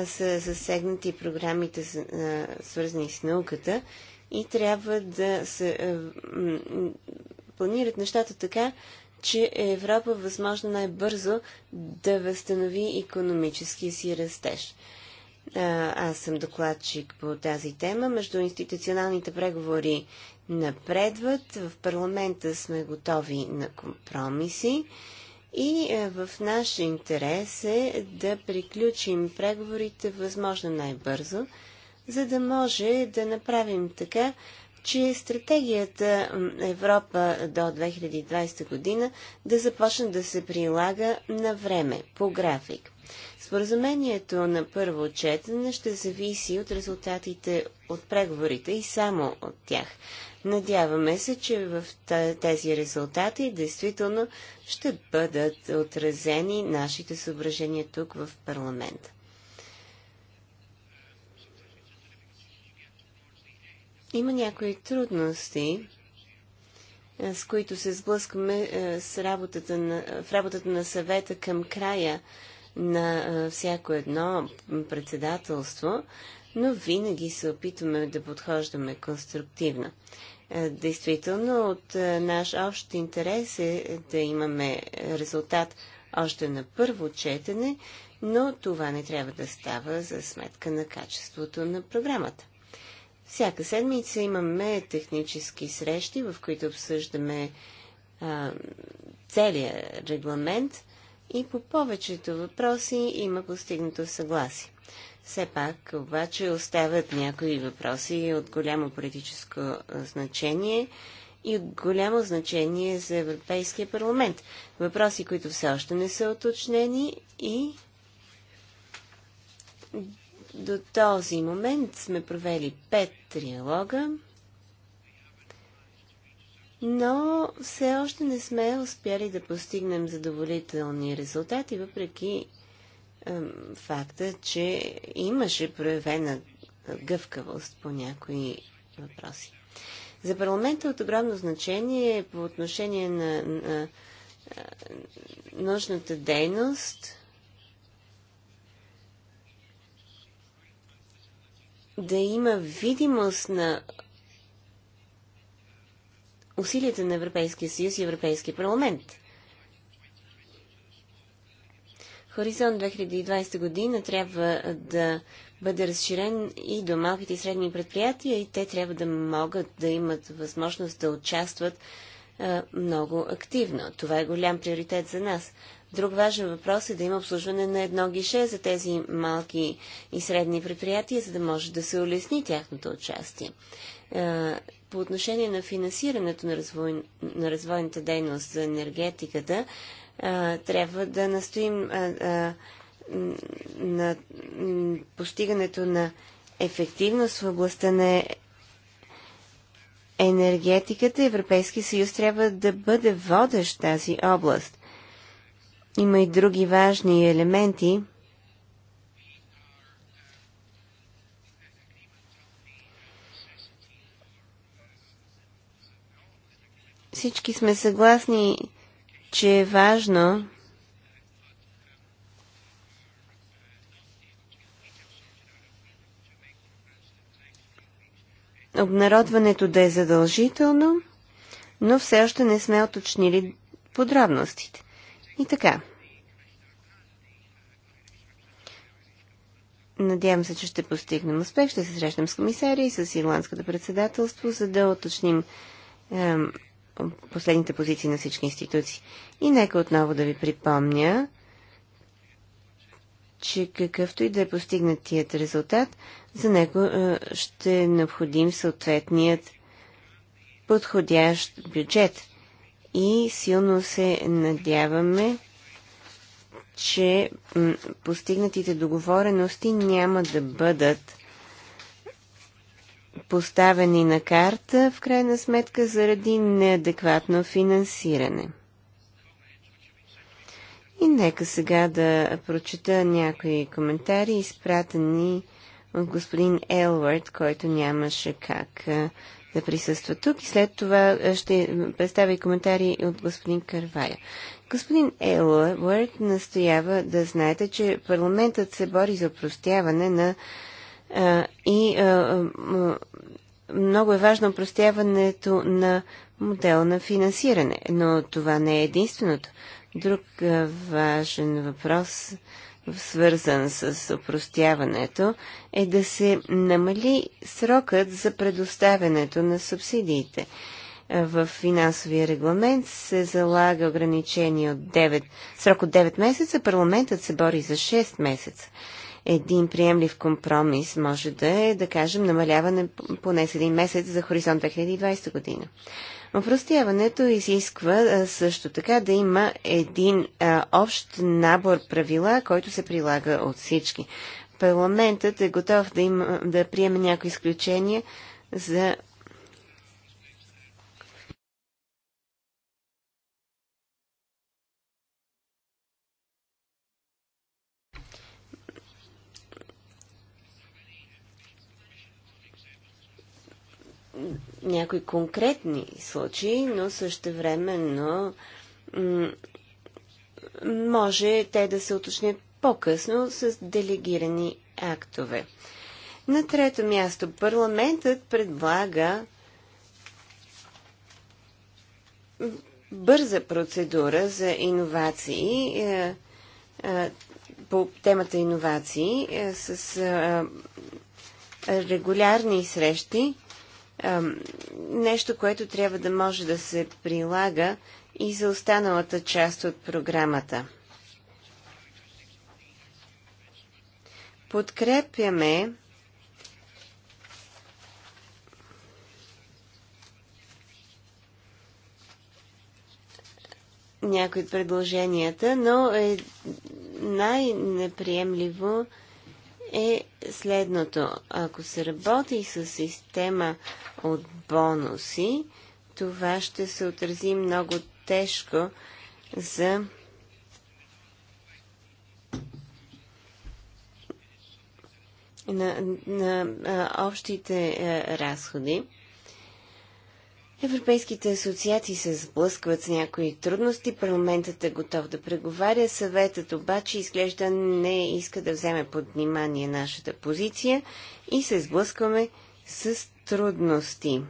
са засегнати програмите, свързани с науката и трябва да се планират нещата така, че Европа възможно най-бързо да възстанови економическия си растеж. Аз съм докладчик по тази тема. Между институционалните преговори напредват. В парламента сме готови на компромиси. И е, в наш интерес е да приключим преговорите възможно най-бързо, за да може да направим така, че стратегията Европа до 2020 година да започне да се прилага на време, по график. Споразумението на първо четене ще зависи от резултатите от преговорите и само от тях. Надяваме се, че в тези резултати действително ще бъдат отразени нашите съображения тук в парламента. Има някои трудности, с които се сблъскваме с работата на, в работата на съвета към края на всяко едно председателство, но винаги се опитваме да подхождаме конструктивно. Действително, от наш общ интерес е да имаме резултат още на първо четене, но това не трябва да става за сметка на качеството на програмата. Всяка седмица имаме технически срещи, в които обсъждаме а, целият регламент – и по повечето въпроси има постигнато съгласие. Все пак обаче остават някои въпроси от голямо политическо значение и от голямо значение за Европейския парламент. Въпроси, които все още не са уточнени, и до този момент сме провели пет триалога но все още не сме успяли да постигнем задоволителни резултати, въпреки е, факта, че имаше проявена гъвкавост по някои въпроси. За парламента от огромно значение е по отношение на, на, на нужната дейност да има видимост на усилията на Европейския съюз и Европейския парламент. Хоризонт 2020 година трябва да бъде разширен и до малките и средни предприятия и те трябва да могат да имат възможност да участват много активно. Това е голям приоритет за нас. Друг важен въпрос е да има обслужване на едно гише за тези малки и средни предприятия, за да може да се улесни тяхното участие по отношение на финансирането на, развой, на развойната дейност за енергетиката, а, трябва да настоим а, а, на постигането на ефективност в областта на енергетиката. Европейски съюз трябва да бъде водещ тази област. Има и други важни елементи – Всички сме съгласни, че е важно обнародването да е задължително, но все още не сме оточнили подробностите. И така. Надявам се, че ще постигнем успех. Ще се срещнем с комисария и с ирландското председателство, за да оточним ем, последните позиции на всички институции. И нека отново да ви припомня, че какъвто и да е постигнатият резултат, за него е, ще е необходим съответният подходящ бюджет. И силно се надяваме, че постигнатите договорености няма да бъдат поставени на карта, в крайна сметка, заради неадекватно финансиране. И нека сега да прочета някои коментари, изпратени от господин Елвард, който нямаше как да присъства тук. И след това ще представя и коментари от господин Карвая. Господин Елвард настоява да знаете, че парламентът се бори за опростяване на и много е важно простяването на модел на финансиране, но това не е единственото. Друг важен въпрос, свързан с опростяването, е да се намали срокът за предоставянето на субсидиите. В финансовия регламент се залага ограничение от 9, срок от 9 месеца, парламентът се бори за 6 месеца един приемлив компромис може да е, да кажем, намаляване поне с един месец за хоризонт 2020 година. Опростяването изисква също така да има един а, общ набор правила, който се прилага от всички. Парламентът е готов да, има, да приеме някои изключения за някои конкретни случаи, но също времено може те да се уточнят по-късно с делегирани актове. На трето място парламентът предлага бърза процедура за иновации е, е, по темата иновации е, с регулярни срещи нещо, което трябва да може да се прилага и за останалата част от програмата. Подкрепяме някои от предложенията, но е най-неприемливо е следното. Ако се работи с система от бонуси, това ще се отрази много тежко за на, на, на общите е, разходи. Европейските асоциации се сблъскват с някои трудности, парламентът е готов да преговаря, съветът обаче изглежда не иска да вземе под внимание нашата позиция и се сблъскваме с трудности.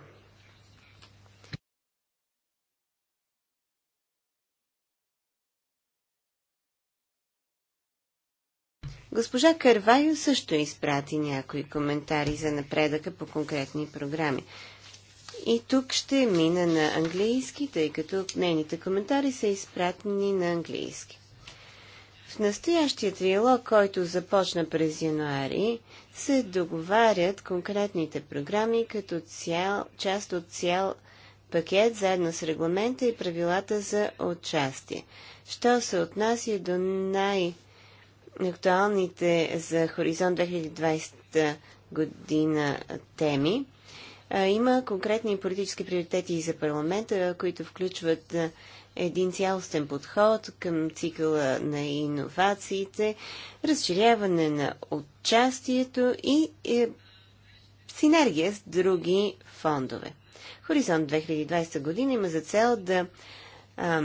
Госпожа Карвайо също изпрати някои коментари за напредъка по конкретни програми. И тук ще мина на английски, тъй като нейните коментари са изпратени на английски. В настоящия триалог, който започна през януари, се договарят конкретните програми като цял, част от цял пакет заедно с регламента и правилата за участие. Що се отнася до най-актуалните за Хоризонт 2020 година теми, има конкретни политически приоритети за парламента, които включват един цялостен подход към цикъла на иновациите, разширяване на отчастието и е, синергия с други фондове. Хоризонт 2020 година има за цел да а,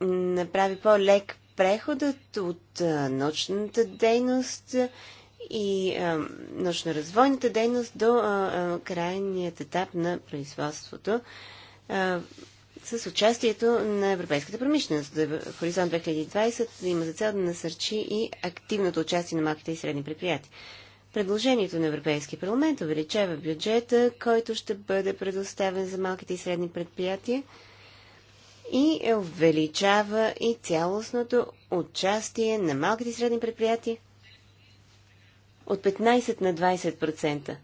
направи по-лек преходът от научната дейност и научно-развойната дейност до крайният етап на производството а, с участието на европейската промишленост. Хоризонт 2020 има за цел да насърчи и активното участие на малките и средни предприятия. Предложението на Европейския парламент увеличава бюджета, който ще бъде предоставен за малките и средни предприятия и увеличава и цялостното участие на малките и средни предприятия от 15 на 20%.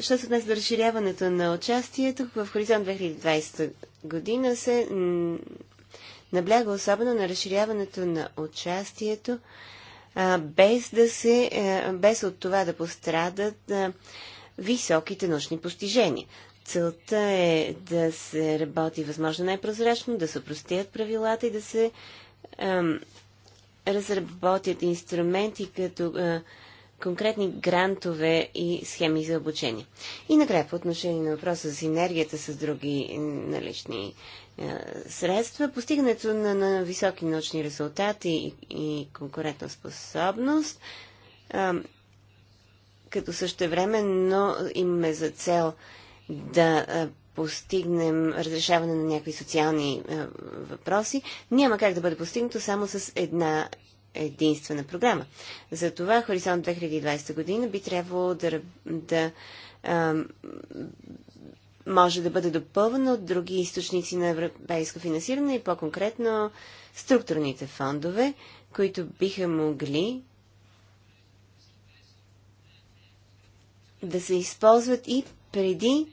Що се отнася до разширяването на участието в Хоризонт 2020 година се набляга особено на разширяването на участието, без, да се, е, без от това да пострадат високите научни постижения. Целта е да се работи възможно най-прозрачно, да се простият правилата и да се разработят инструменти като а, конкретни грантове и схеми за обучение. И накрая по отношение на въпроса за синергията с други налични средства, постигането на, на високи научни резултати и, и конкурентна способност, е, като същевременно имаме за цел да постигнем разрешаване на някакви социални е, въпроси, няма как да бъде постигнато само с една единствена програма. Затова Хоризонт 2020 година би трябвало да, да а, може да бъде допълвано от други източници на европейско финансиране и по-конкретно структурните фондове, които биха могли да се използват и преди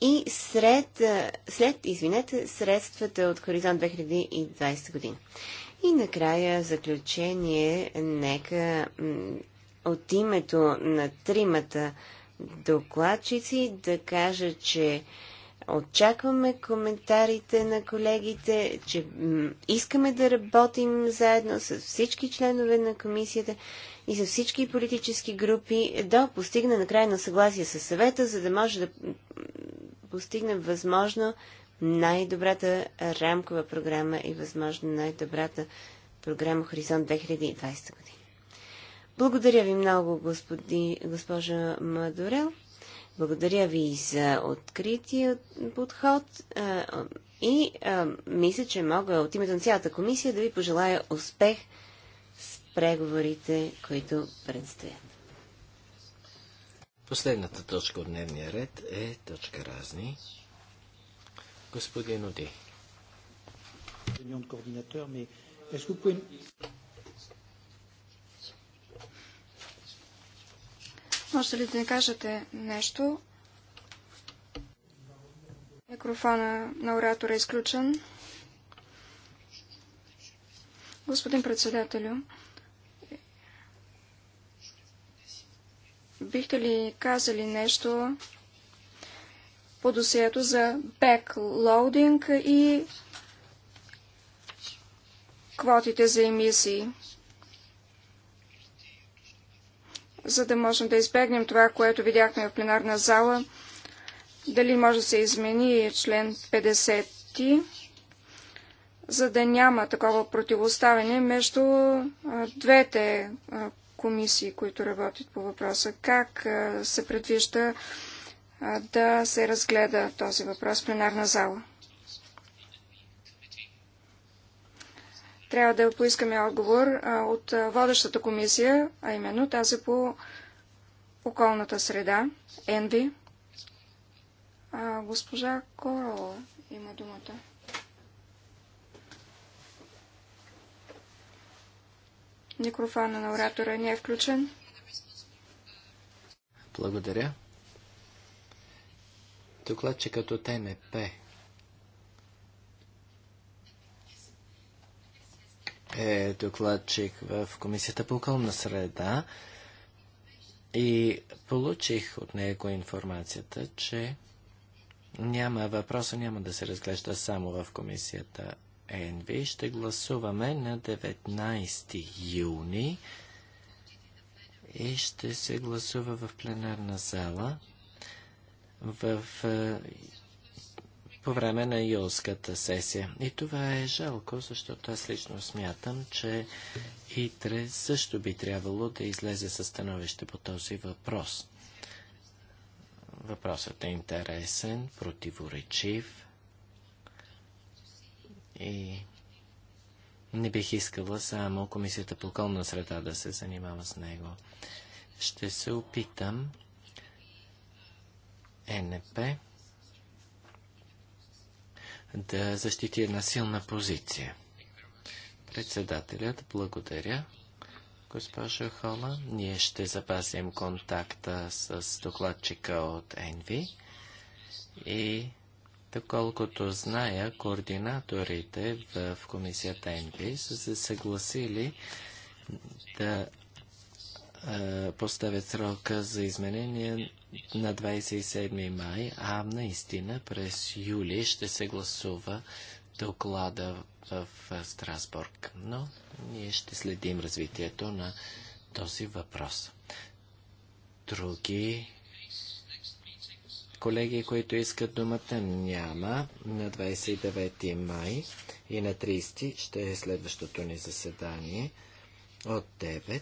и сред, след, извинете, средствата от Хоризонт 2020 година. И накрая, заключение, нека от името на тримата докладчици да кажа, че очакваме коментарите на колегите, че искаме да работим заедно с всички членове на комисията и с всички политически групи да постигне накрая на съгласие с съвета, за да може да постигнем възможно най-добрата рамкова програма и възможно най-добрата програма Хоризонт 2020 година. Благодаря ви много, господи, госпожа Мадорел. Благодаря ви за открития подход и мисля, че мога от името на цялата комисия да ви пожелая успех с преговорите, които предстоят. Последната точка от дневния ред е точка разни. Господин Оди. Можете ли да ни кажете нещо? Микрофона на оратора е изключен. Господин председателю, Бихте ли казали нещо по досието за бек-лоудинг и квотите за емисии, за да можем да избегнем това, което видяхме в пленарна зала, дали може да се измени член 50, за да няма такова противоставяне между двете комисии, които работят по въпроса. Как се предвижда да се разгледа този въпрос в пленарна зала? Трябва да поискаме отговор от водещата комисия, а именно тази по околната среда, ЕНВИ. Госпожа Корол има думата. Микрофона на оратора не е включен. Благодаря. Докладчикът като НП е докладчик в Комисията по околна среда и получих от него информацията, че няма въпроса, няма да се разглежда само в Комисията ЕНВ ще гласуваме на 19 юни и ще се гласува в пленарна зала в, е, по време на юлската сесия. И това е жалко, защото аз лично смятам, че ИТРЕ също би трябвало да излезе със становище по този въпрос. Въпросът е интересен, противоречив, и не бих искала само Комисията по околна среда да се занимава с него. Ще се опитам ЕНП да защити една силна позиция. Председателят благодаря. Госпожо Хола, ние ще запазим контакта с докладчика от ЕНВИ и Доколкото зная, координаторите в комисията НП са се съгласили да поставят срока за изменение на 27 май, а наистина през юли ще се гласува доклада в, в Страсбург. Но ние ще следим развитието на този въпрос. Други колеги, които искат думата, няма. На 29 май и на 30 ще е следващото ни заседание от 9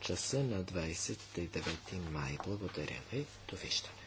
часа на 29 май. Благодаря ви. Довиждане.